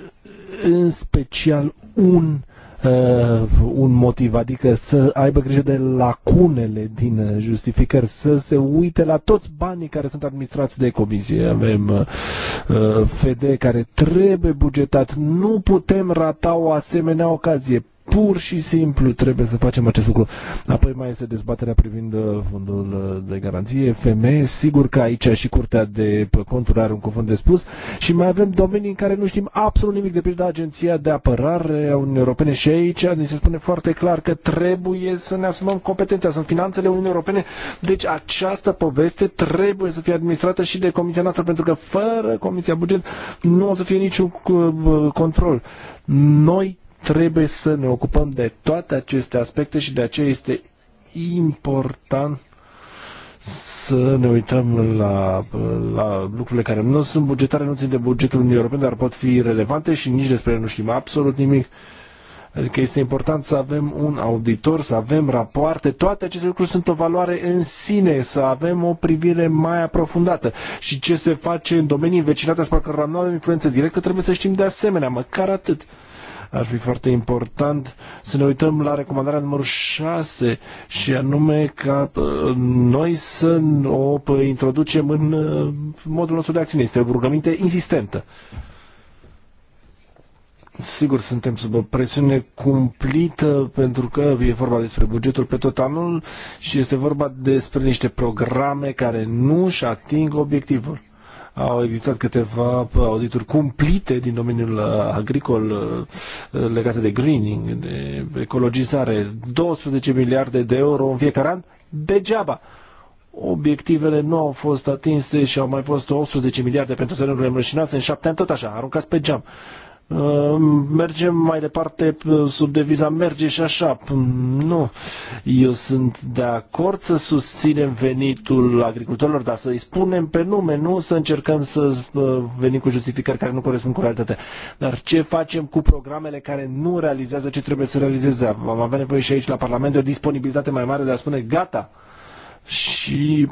în special un, uh, un motiv, adică să aibă grijă de lacunele din uh, justificări, să se uite la toți banii care sunt administrați de comisie. Avem uh, uh FD care trebuie bugetat, nu putem rata o asemenea ocazie Pur și simplu trebuie să facem acest lucru. Apoi mai este dezbaterea privind uh, fondul uh, de garanție, FME, sigur că aici și Curtea de Conturi are un cuvânt de spus și mai avem domenii în care nu știm absolut nimic, de pildă Agenția de Apărare a Uniunii Europene și aici ni se spune foarte clar că trebuie să ne asumăm competența, sunt finanțele Uniunii Europene, deci această poveste trebuie să fie administrată și de Comisia noastră, pentru că fără Comisia Buget nu o să fie niciun uh, control. Noi Trebuie să ne ocupăm de toate aceste aspecte și de aceea este important să ne uităm la, la lucrurile care nu sunt bugetare, nu țin de bugetul Uniunii Europene, dar pot fi relevante și nici despre ele nu știm absolut nimic. Adică este important să avem un auditor, să avem rapoarte, toate aceste lucruri sunt o valoare în sine, să avem o privire mai aprofundată. Și ce se face în domenii învecinate spune că nu avem influență directă, trebuie să știm de asemenea, măcar atât ar fi foarte important să ne uităm la recomandarea numărul 6 și anume ca uh, noi să o introducem în uh, modul nostru de acțiune. Este o rugăminte insistentă. Sigur, suntem sub o presiune cumplită pentru că e vorba despre bugetul pe tot anul și este vorba despre niște programe care nu își ating obiectivul. Au existat câteva uh, audituri cumplite din domeniul uh, agricol uh, legate de greening, de ecologizare. 12 miliarde de euro în fiecare an, degeaba obiectivele nu au fost atinse și au mai fost 18 miliarde pentru terenurile mărșinoase în șapte ani, tot așa, aruncați pe geam. Ehm, mergem mai departe sub deviza merge și așa. Păi, nu. Eu sunt de acord să susținem venitul agricultorilor, dar să-i spunem pe nume, nu să încercăm să ă, venim cu justificări care nu corespund cu realitatea. Dar ce facem cu programele care nu realizează ce trebuie să realizeze? Am avea nevoie și aici la Parlament de o disponibilitate mai mare de a spune gata, și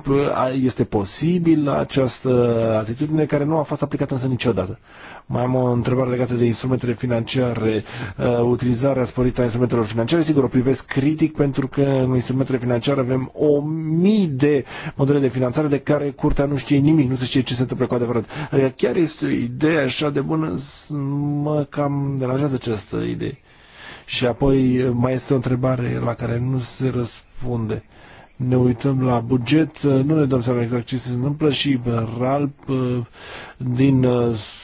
este posibil această atitudine care nu a fost aplicată însă niciodată. Mai am o întrebare legată de instrumentele financiare. Uh, utilizarea sporită a instrumentelor financiare, sigur, o privesc critic pentru că în instrumentele financiare avem o mii de modele de finanțare de care curtea nu știe nimic, nu se știe ce se întâmplă cu adevărat. Adică chiar este o idee așa de bună, mă cam deranjează această idee. Și apoi uh, mai este o întrebare la care nu se răspunde ne uităm la buget, uh, nu ne dăm seama exact ce se întâmplă și uh, ralp uh, din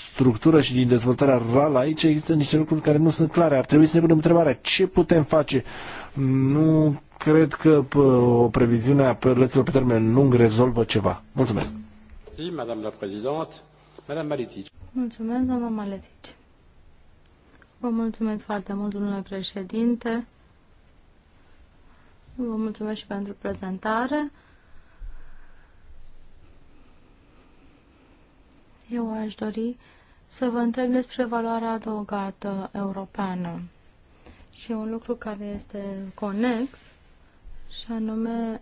structură și din dezvoltarea RAL aici există niște lucruri care nu sunt clare. Ar trebui să ne punem întrebarea ce putem face. Nu cred că o previziune a plăților pe termen lung rezolvă ceva. Mulțumesc. Mulțumesc, doamna Maletici. Vă mulțumesc foarte mult, domnule președinte. Vă mulțumesc și pentru prezentare. Eu aș dori să vă întreb despre valoarea adăugată europeană și un lucru care este conex și anume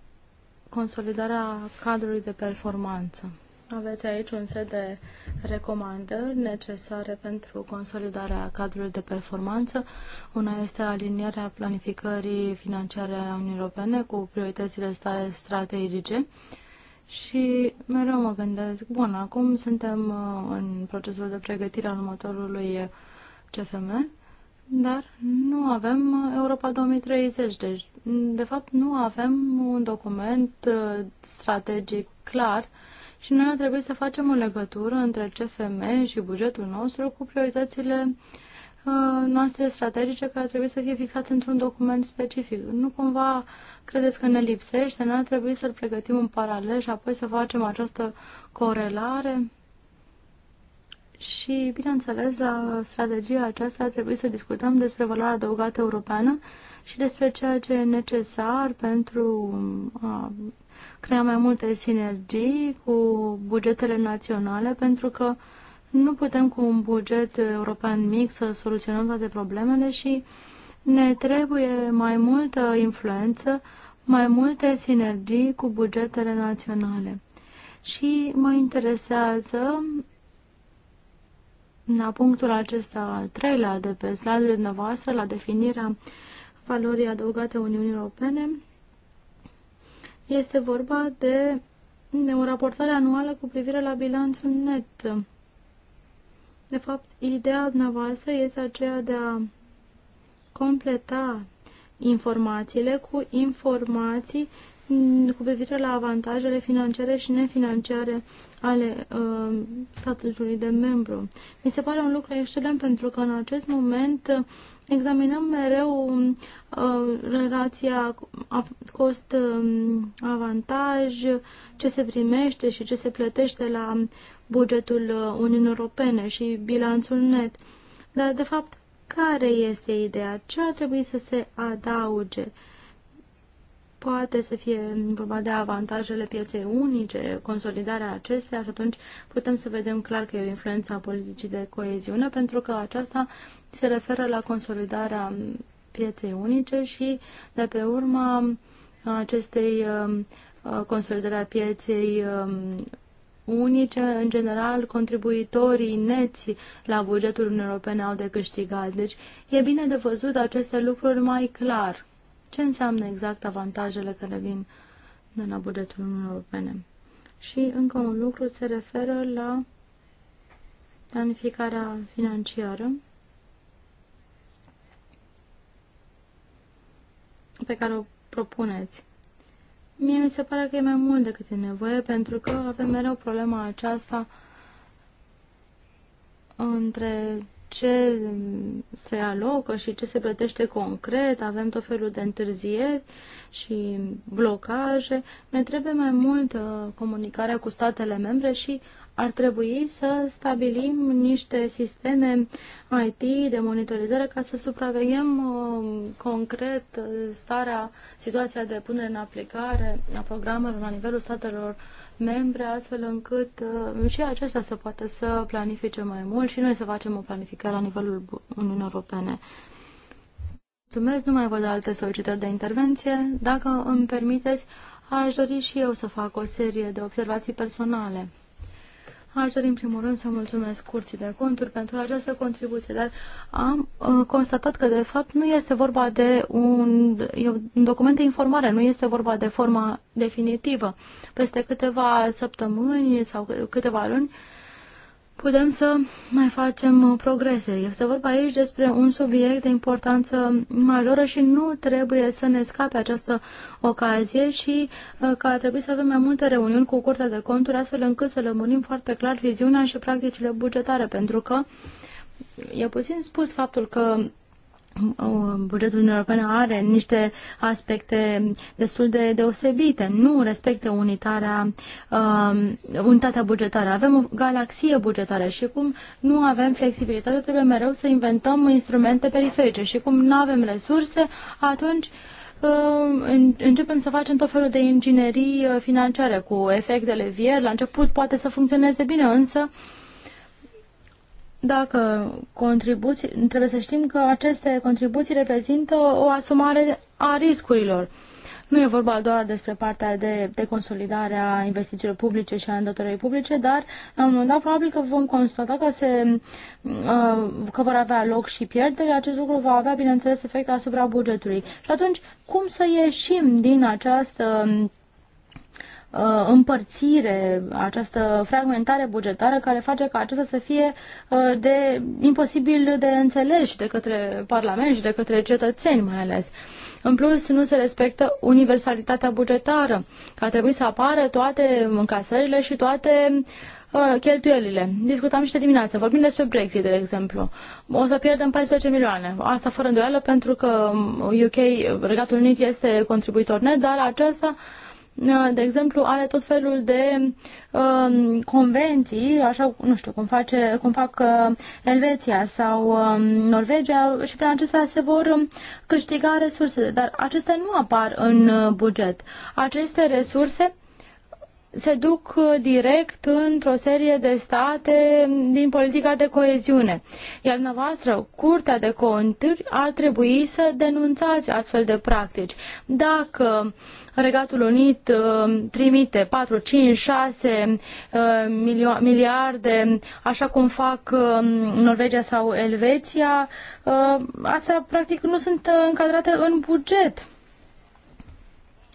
consolidarea cadrului de performanță. Aveți aici un set de recomandări necesare pentru consolidarea cadrului de performanță. Una este alinierea planificării financiare a Uniunii Europene cu prioritățile stare strategice. Și mereu mă gândesc, bun, acum suntem uh, în procesul de pregătire al următorului CFM, dar nu avem uh, Europa 2030. Deci, de fapt, nu avem un document uh, strategic clar uh, și noi ar trebui să facem o legătură între CFM și bugetul nostru cu prioritățile uh, noastre strategice care trebuie să fie fixate într-un document specific. Nu cumva credeți că ne lipsește, nu ar trebui să-l pregătim în paralel și apoi să facem această corelare? Și, bineînțeles, la strategia aceasta ar trebui să discutăm despre valoarea adăugată europeană și despre ceea ce e necesar pentru a uh, crea mai multe sinergii cu bugetele naționale, pentru că nu putem cu un buget european mic să soluționăm toate problemele și ne trebuie mai multă influență, mai multe sinergii cu bugetele naționale. Și mă interesează la punctul acesta al treilea de pe slide-urile dumneavoastră, la definirea valorii adăugate Uniunii Europene, este vorba de, de o raportare anuală cu privire la bilanțul net. De fapt, ideea dumneavoastră este aceea de a completa informațiile cu informații cu privire la avantajele financiare și nefinanciare ale uh, statului de membru. Mi se pare un lucru excelent pentru că în acest moment examinăm mereu um, uh, relația cost-avantaj, um, ce se primește și ce se plătește la bugetul uh, Uniunii Europene și bilanțul net. Dar, de fapt, care este ideea? Ce ar trebui să se adauge? Poate să fie vorba de avantajele pieței unice, consolidarea acestea și atunci putem să vedem clar că e o influență a politicii de coeziune, pentru că aceasta se referă la consolidarea pieței unice și de pe urma acestei um, consolidări a pieței um, unice, în general, contribuitorii neți la bugetul Uniunii Europene au de câștigat. Deci e bine de văzut aceste lucruri mai clar. Ce înseamnă exact avantajele care vin de la bugetul Uniunii Europene? Și încă un lucru se referă la planificarea financiară. pe care o propuneți. Mie mi se pare că e mai mult decât e nevoie, pentru că avem mereu problema aceasta între ce se alocă și ce se plătește concret, avem tot felul de întârzieri și blocaje. Ne trebuie mai mult comunicare cu statele membre și uh, ar trebui să stabilim niște sisteme IT de monitorizare ca să supraveghem uh, concret uh, starea, situația de punere în aplicare a programelor la nivelul statelor membre, astfel încât uh, și acestea să poată să planifice mai mult și noi să facem o planificare la nivelul Uniunii Europene. Mulțumesc, nu mai văd alte solicitări de intervenție. Dacă îmi permiteți, aș dori și eu să fac o serie de observații personale. Aș dori în primul rând să mulțumesc curții de conturi pentru această contribuție, dar am uh, constatat că de fapt nu este vorba de un, un document de informare, nu este vorba de forma definitivă. Peste câteva săptămâni sau câteva luni uh, putem să mai facem uh, progrese. Este vorba aici despre un subiect de importanță majoră și nu trebuie să ne scape această ocazie și uh, că ar trebui să avem mai multe reuniuni cu Curtea de Conturi astfel încât să lămurim foarte clar viziunea și practicile bugetare, pentru că e puțin spus faptul că bugetul european are niște aspecte destul de deosebite, nu respectă unitarea, uh, unitatea bugetară. Avem o galaxie bugetară și cum nu avem flexibilitate, trebuie mereu să inventăm instrumente periferice și cum nu avem resurse, atunci um, începem să facem tot felul de inginerii uh, financiare cu efectele vier. La început poate să funcționeze bine, însă uh, dacă contribuții, trebuie să știm că aceste contribuții reprezintă o asumare a riscurilor. Nu e vorba doar despre partea de, de consolidare a investițiilor publice și a îndătorării publice, dar la un moment dat probabil că vom constata că, se, uh, că vor avea loc și pierderi. Acest lucru va avea, bineînțeles, efect asupra bugetului. Și atunci, cum să ieșim din această Uh, împărțire, această fragmentare bugetară care face ca acesta să fie uh, de imposibil de înțeles și de către Parlament și de către cetățeni mai ales. În plus, nu se respectă universalitatea bugetară, că a trebuit să apară toate încasările și toate uh, cheltuielile. Discutam și de dimineață, vorbim despre Brexit, de exemplu. O să pierdem 14 milioane. Asta fără îndoială pentru că UK, um, Regatul Unit, este contribuitor net, dar aceasta uh, Uh, de exemplu, are tot felul de um, convenții, așa, nu știu, cum, face, cum fac uh, Elveția sau um, Norvegia și prin acestea se vor um, câștiga resurse, dar acestea nu apar în uh, buget. Aceste resurse se duc uh, direct într-o serie de state din politica de coeziune. Iar dumneavoastră, Curtea de Conturi, ar trebui să denunțați astfel de practici. Dacă Regatul Unit uh, trimite 4, 5, 6 miliarde, așa cum fac uh, Norvegia sau Elveția, astea practic nu sunt încadrate în buget.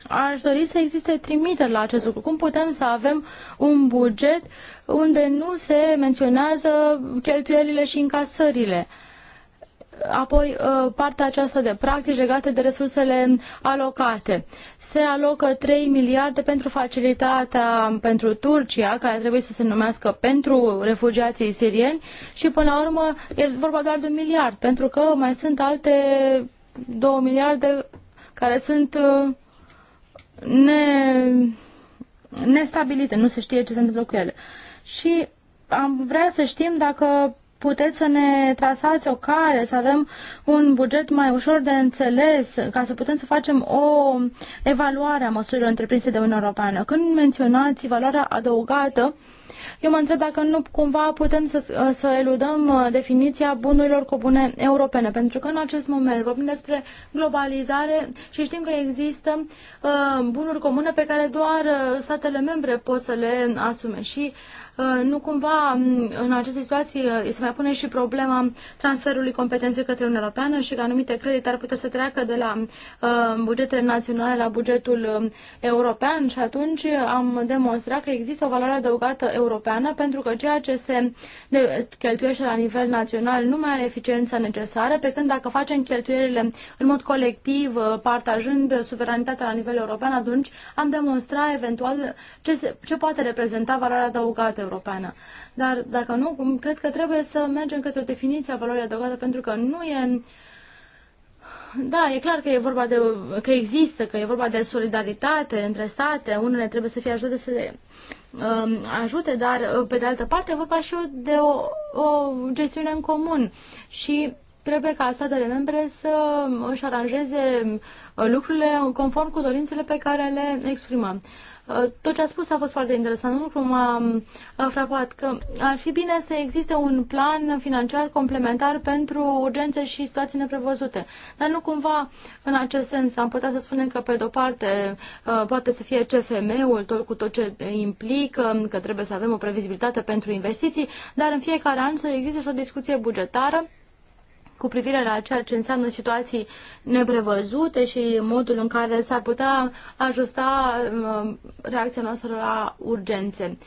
Aș dori să existe trimiteri la acest lucru. Cum putem să avem un buget unde nu se menționează cheltuielile și încasările? Apoi, uh, partea aceasta de practici legate de resursele alocate. Se alocă 3 miliarde pentru facilitatea pentru Turcia, care trebuie să se numească pentru refugiații sirieni și, până la urmă, e vorba doar de un miliard, pentru că mai sunt alte 2 miliarde care sunt uh, ne, nestabilite, nu se știe ce se întâmplă cu ele. Și am vrea să știm dacă puteți să ne trasați o care, să avem un buget mai ușor de înțeles, ca să putem să facem o evaluare a măsurilor întreprinse de Uniunea Europeană. Când menționați valoarea adăugată, uh, eu mă întreb dacă nu cumva putem să, să eludăm uh, definiția bunurilor comune europene, pentru că în acest moment vorbim despre globalizare și știm că există uh, bunuri comune pe care doar uh, statele membre pot să le asume și Uh, nu cumva um, în această situație uh, se mai pune și problema transferului competenței către Uniunea Europeană și că anumite credite ar putea să treacă de la uh, bugetele naționale la bugetul um, european și atunci am demonstrat că există o valoare adăugată europeană pentru că ceea ce se cheltuiește la nivel național nu mai are eficiența necesară, pe când dacă facem cheltuielile în mod colectiv, partajând suveranitatea la nivel european, atunci am demonstrat eventual ce, se, ce poate reprezenta valoarea adăugată europeană. Dar dacă nu, cred că trebuie să mergem către o definiție a valorii adăugate, pentru că nu e... Da, e clar că e vorba de, că există, că e vorba de solidaritate între state, unele trebuie să fie ajutate să le um, ajute, dar uh, pe de altă parte e vorba și de o, o gestiune în comun și trebuie ca statele membre să își aranjeze uh, lucrurile conform cu dorințele pe care le exprimăm. Uh, tot ce a spus a fost foarte interesant. Un lucru m-a frapat că ar fi bine să existe un plan financiar complementar pentru urgențe și situații neprevăzute. Dar nu cumva în acest sens am putea să spunem că pe de-o parte uh, poate să fie CFM-ul tot cu tot ce implică, um, că trebuie să avem o previzibilitate pentru investiții, dar în fiecare an să existe și o discuție bugetară cu privire la ceea ce înseamnă situații neprevăzute și modul în care s-ar putea ajusta um, reacția noastră la urgențe.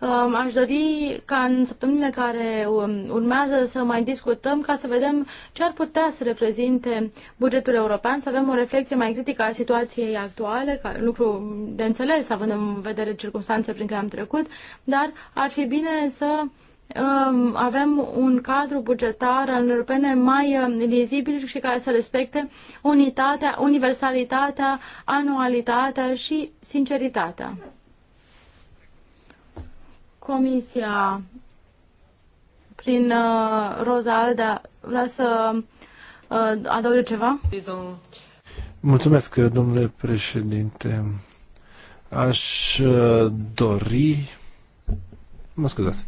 Um, aș dori ca în săptămânile care um, urmează să mai discutăm ca să vedem ce ar putea să reprezinte bugetul european, să avem o reflexie mai critică a situației actuale, ca lucru de înțeles, având în vedere circunstanțele prin care am trecut, dar ar fi bine să Um, avem un cadru bugetar al europene mai um, lizibil și care să respecte unitatea, universalitatea, anualitatea și sinceritatea. Comisia prin uh, Roza Alda vrea să uh, adauge ceva? Mulțumesc, domnule președinte. Aș uh, dori... Mă scuzați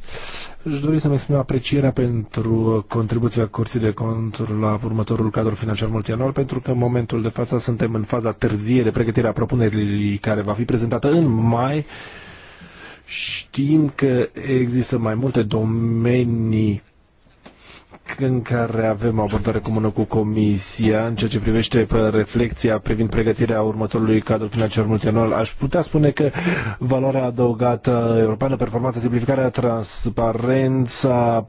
își dori să-mi exprim aprecierea pentru contribuția Curții de Conturi la următorul cadru financiar multianual, pentru că în momentul de față suntem în faza târzie de pregătire a propunerii care va fi prezentată în mai. Știm că există mai multe domenii în care avem o abordare comună cu Comisia în ceea ce privește reflecția reflexia privind pregătirea următorului cadru financiar multianual, aș putea spune că valoarea adăugată europeană, performanța, simplificarea, transparența,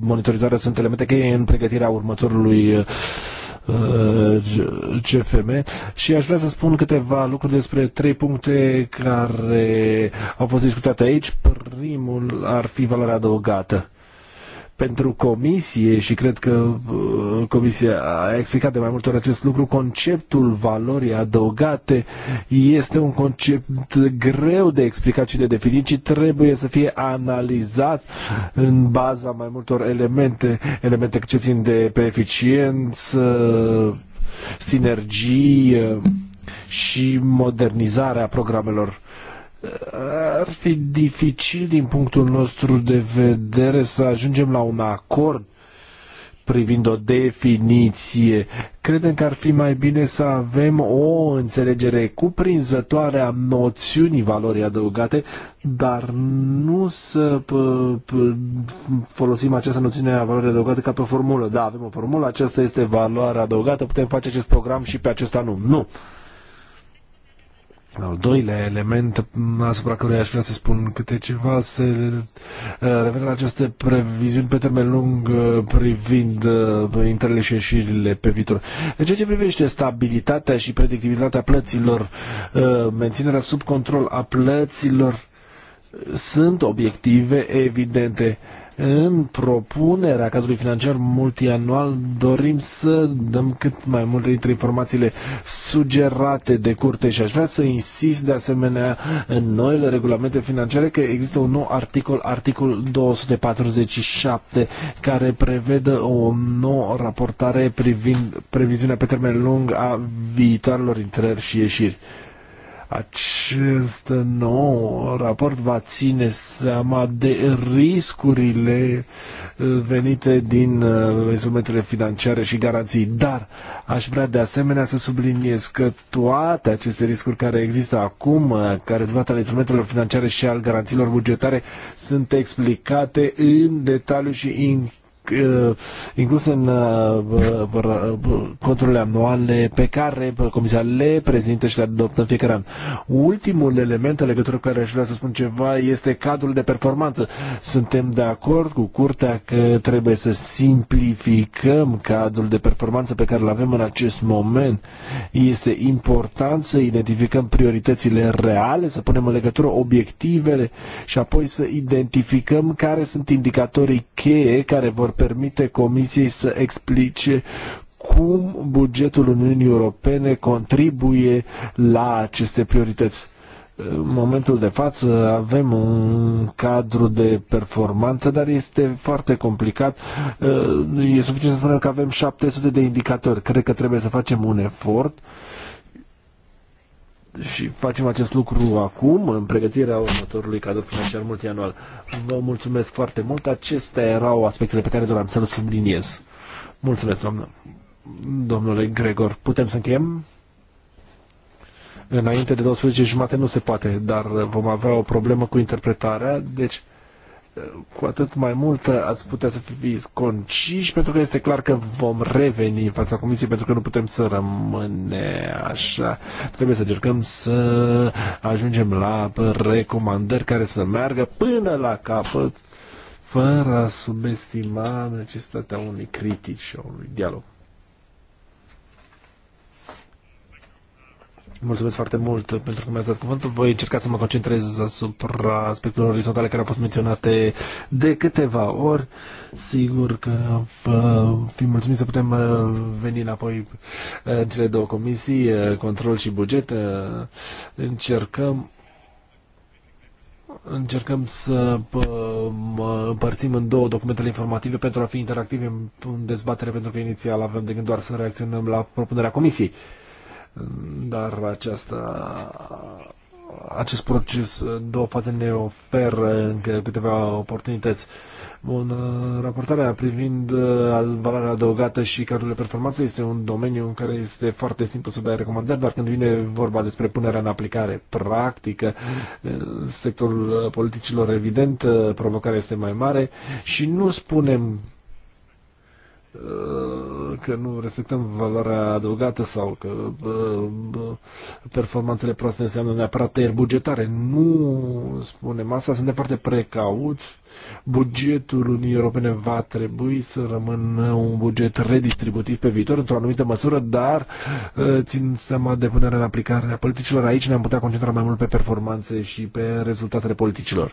monitorizarea sunt elemente cheie în pregătirea următorului uh, CFM și aș vrea să spun câteva lucruri despre trei puncte care au fost discutate aici. Primul ar fi valoarea adăugată pentru comisie și cred că uh, comisia a explicat de mai multe ori acest lucru, conceptul valorii adăugate este un concept greu de explicat și de definit și trebuie să fie analizat în baza mai multor elemente, elemente ce țin de pe eficiență, sinergie și modernizarea programelor ar fi dificil din punctul nostru de vedere să ajungem la un acord privind o definiție. Credem că ar fi mai bine să avem o înțelegere cuprinzătoare a noțiunii valorii adăugate, dar nu să folosim această noțiune a valorii adăugate ca pe formulă. Da, avem o formulă, aceasta este valoarea adăugată, putem face acest program și pe acesta nu. Nu. Al doilea element asupra căruia aș vrea să spun câte ceva se uh, referă la aceste previziuni pe termen lung uh, privind uh, intrările și ieșirile pe viitor. În ceea ce privește stabilitatea și predictibilitatea plăților, menținerea sub control a plăților, sunt obiective evidente în propunerea cadrului financiar multianual dorim să dăm cât mai multe dintre informațiile sugerate de curte și aș vrea să insist de asemenea în noile regulamente financiare că există un nou articol, articol 247, care prevedă o nouă raportare privind previziunea pe termen lung a viitoarelor intrări și ieșiri. Acest nou raport va ține seama de riscurile uh, venite din uh, instrumentele financiare și garanții. Dar aș vrea de asemenea să subliniez că toate aceste riscuri care există acum, uh, care sunt ale instrumentelor financiare și al garanțiilor bugetare, sunt explicate în detaliu și în Uh, incluse în uh, uh, conturile anuale pe care Comisia le prezintă și le adoptă în fiecare an. Ultimul element în legătură cu care aș vrea să spun ceva este cadrul de performanță. Suntem de acord cu Curtea că trebuie să simplificăm cadrul de performanță pe care îl avem în acest moment. Este important să identificăm prioritățile reale, să punem în legătură obiectivele și apoi să identificăm care sunt indicatorii cheie care vor permite Comisiei să explice cum bugetul Uniunii Europene contribuie la aceste priorități. În momentul de față avem un cadru de performanță, dar este foarte complicat. E suficient să spunem că avem 700 de indicatori. Cred că trebuie să facem un efort și facem acest lucru acum, în pregătirea următorului cadru financiar multianual. Vă mulțumesc foarte mult. Acestea erau aspectele pe care doream să le subliniez. Mulțumesc, doamnă. Domnule Gregor, putem să încheiem? Înainte de 12.30 nu se poate, dar vom avea o problemă cu interpretarea, deci cu atât mai mult uh, ați putea să fiți conciși, pentru că este clar că vom reveni în fața comisiei, pentru că nu putem să rămâne așa. Trebuie să încercăm să ajungem la recomandări care să meargă până la capăt, fără a subestima necesitatea unui critic și a unui dialog. Mulțumesc foarte mult pentru că mi-ați dat cuvântul. Voi încerca să mă concentrez asupra aspectelor orizontale care au fost menționate de câteva ori. Sigur că fi mulțumit să putem uh, veni înapoi uh, în cele două comisii, uh, control și buget. Încercăm încercăm să împărțim în două documentele informative pentru a fi interactivi în dezbatere, pentru că inițial avem de gând doar să reacționăm la propunerea comisiei dar aceasta, acest proces, două faze ne oferă încă câteva oportunități. Bun, raportarea privind uh, valoarea adăugată și cadrul de performanță este un domeniu în care este foarte simplu să dai recomandări, dar când vine vorba despre punerea în aplicare practică, uh, sectorul uh, politicilor evident, provocarea este mai mare și nu spunem că nu respectăm valoarea adăugată sau că performanțele proaste înseamnă neapărat tăieri bugetare. Nu spunem asta, suntem foarte precauți. Bugetul Uniunii Europene va trebui să rămână un buget redistributiv pe viitor într-o anumită măsură, dar ă, țin seama de punerea în aplicare a politicilor. Aici ne-am putea concentra mai mult pe performanțe și pe rezultatele politicilor.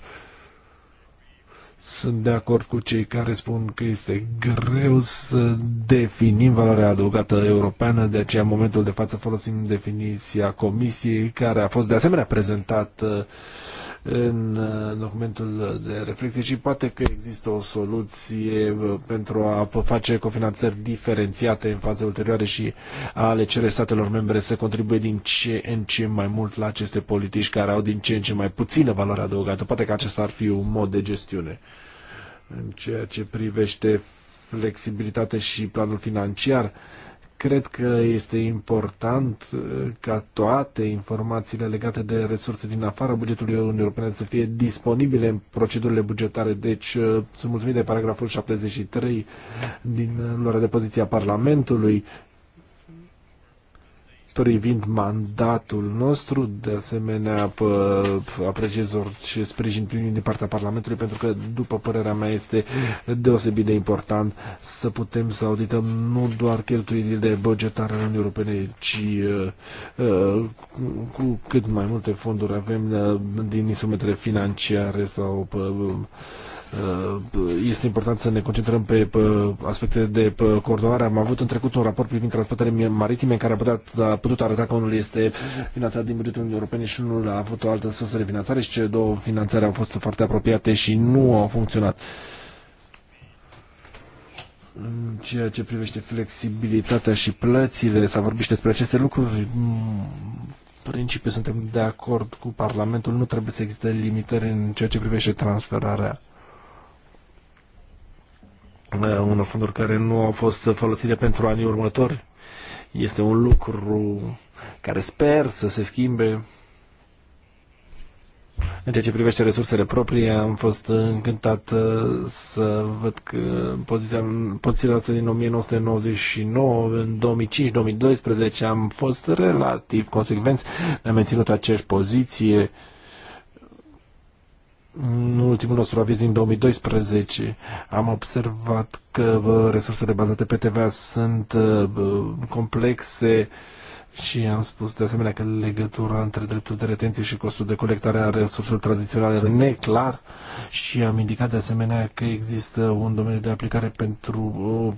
Sunt de acord cu cei care spun că este greu să definim valoarea adăugată europeană, de aceea în momentul de față folosim definiția Comisiei, care a fost de asemenea prezentată în uh, documentul de reflexie și poate că există o soluție uh, pentru a face cofinanțări diferențiate în faze ulterioare și a le cere statelor membre să contribuie din ce în ce mai mult la aceste politici care au din ce în ce mai puțină valoare adăugată. Poate că acesta ar fi un mod de gestiune în ceea ce privește flexibilitate și planul financiar. Cred că este important uh, ca toate informațiile legate de resurse din afara bugetului Uniunii Europene să fie disponibile în procedurile bugetare. Deci uh, sunt mulțumit de paragraful 73 din uh, luarea de poziție a Parlamentului privind mandatul nostru. De asemenea, apreciez orice sprijin primit din partea Parlamentului, pentru că, după părerea mea, este deosebit de important să putem să audităm nu doar cheltuielile bugetare ale Uniunii Europene, ci uh, cu cât mai multe fonduri avem uh, din instrumentele financiare sau uh, Uh, este important să ne concentrăm pe aspecte de coordonare. Am avut în trecut un raport privind transportele maritime care a putut, a putut arăta că unul este finanțat din bugetul Uniunii Europene și unul a avut o altă sursă de finanțare și cele două finanțări au fost foarte apropiate și nu au funcționat în ceea ce privește flexibilitatea și plățile, s-a vorbit și despre aceste lucruri. Principiu, suntem de acord cu Parlamentul, nu trebuie să existe limitări în ceea ce privește transferarea unor fonduri care nu au fost folosite pentru anii următori. Este un lucru care sper să se schimbe. În ceea ce privește resursele proprii, am fost încântat uh, să văd că poziția, poziția noastră din 1999, în 2005-2012 am fost relativ consecvenți, am menținut aceeași poziție în ultimul nostru aviz din 2012 am observat că resursele bazate pe TVA sunt complexe, și am spus de asemenea că legătura între dreptul de retenție și costul de colectare a resurselor tradiționale e neclar și am indicat de asemenea că există un domeniu de aplicare pentru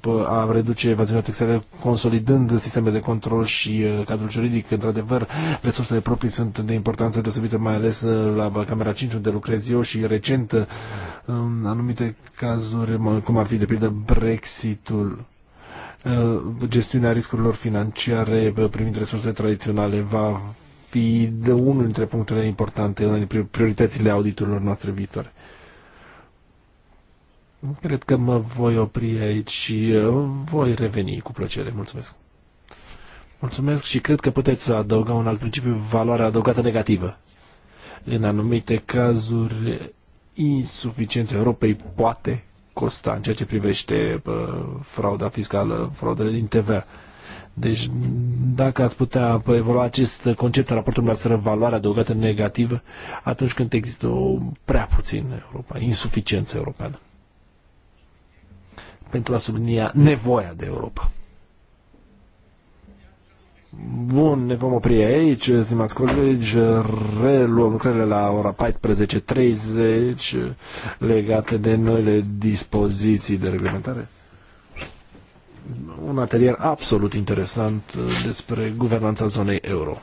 uh, a reduce evaziunea taxelor consolidând sistemele de control și uh, cadrul juridic. Într-adevăr, resursele proprii sunt de importanță deosebită, mai ales uh, la Camera 5 unde lucrez eu și recent în anumite cazuri, cum ar fi de pildă Brexitul Uh, gestiunea riscurilor financiare uh, privind resursele tradiționale va fi de unul dintre punctele importante în prioritățile auditurilor noastre viitoare. Cred că mă voi opri aici și uh, voi reveni cu plăcere. Mulțumesc. Mulțumesc și cred că puteți adăuga un alt principiu, valoarea adăugată negativă. În anumite cazuri, insuficiența Europei poate costa în ceea ce privește uh, frauda fiscală, fraudele din TVA. Deci, dacă ați putea evolua acest concept în raportul dumneavoastră, valoarea adăugată negativă, atunci când există o prea puțină Europa, insuficiență europeană. Pentru a sublinia nevoia de Europa. Bun, ne vom opri aici, stimați colegi, reluăm lucrările la ora 14.30 legate de noile dispoziții de reglementare. Un atelier absolut interesant despre guvernanța zonei euro.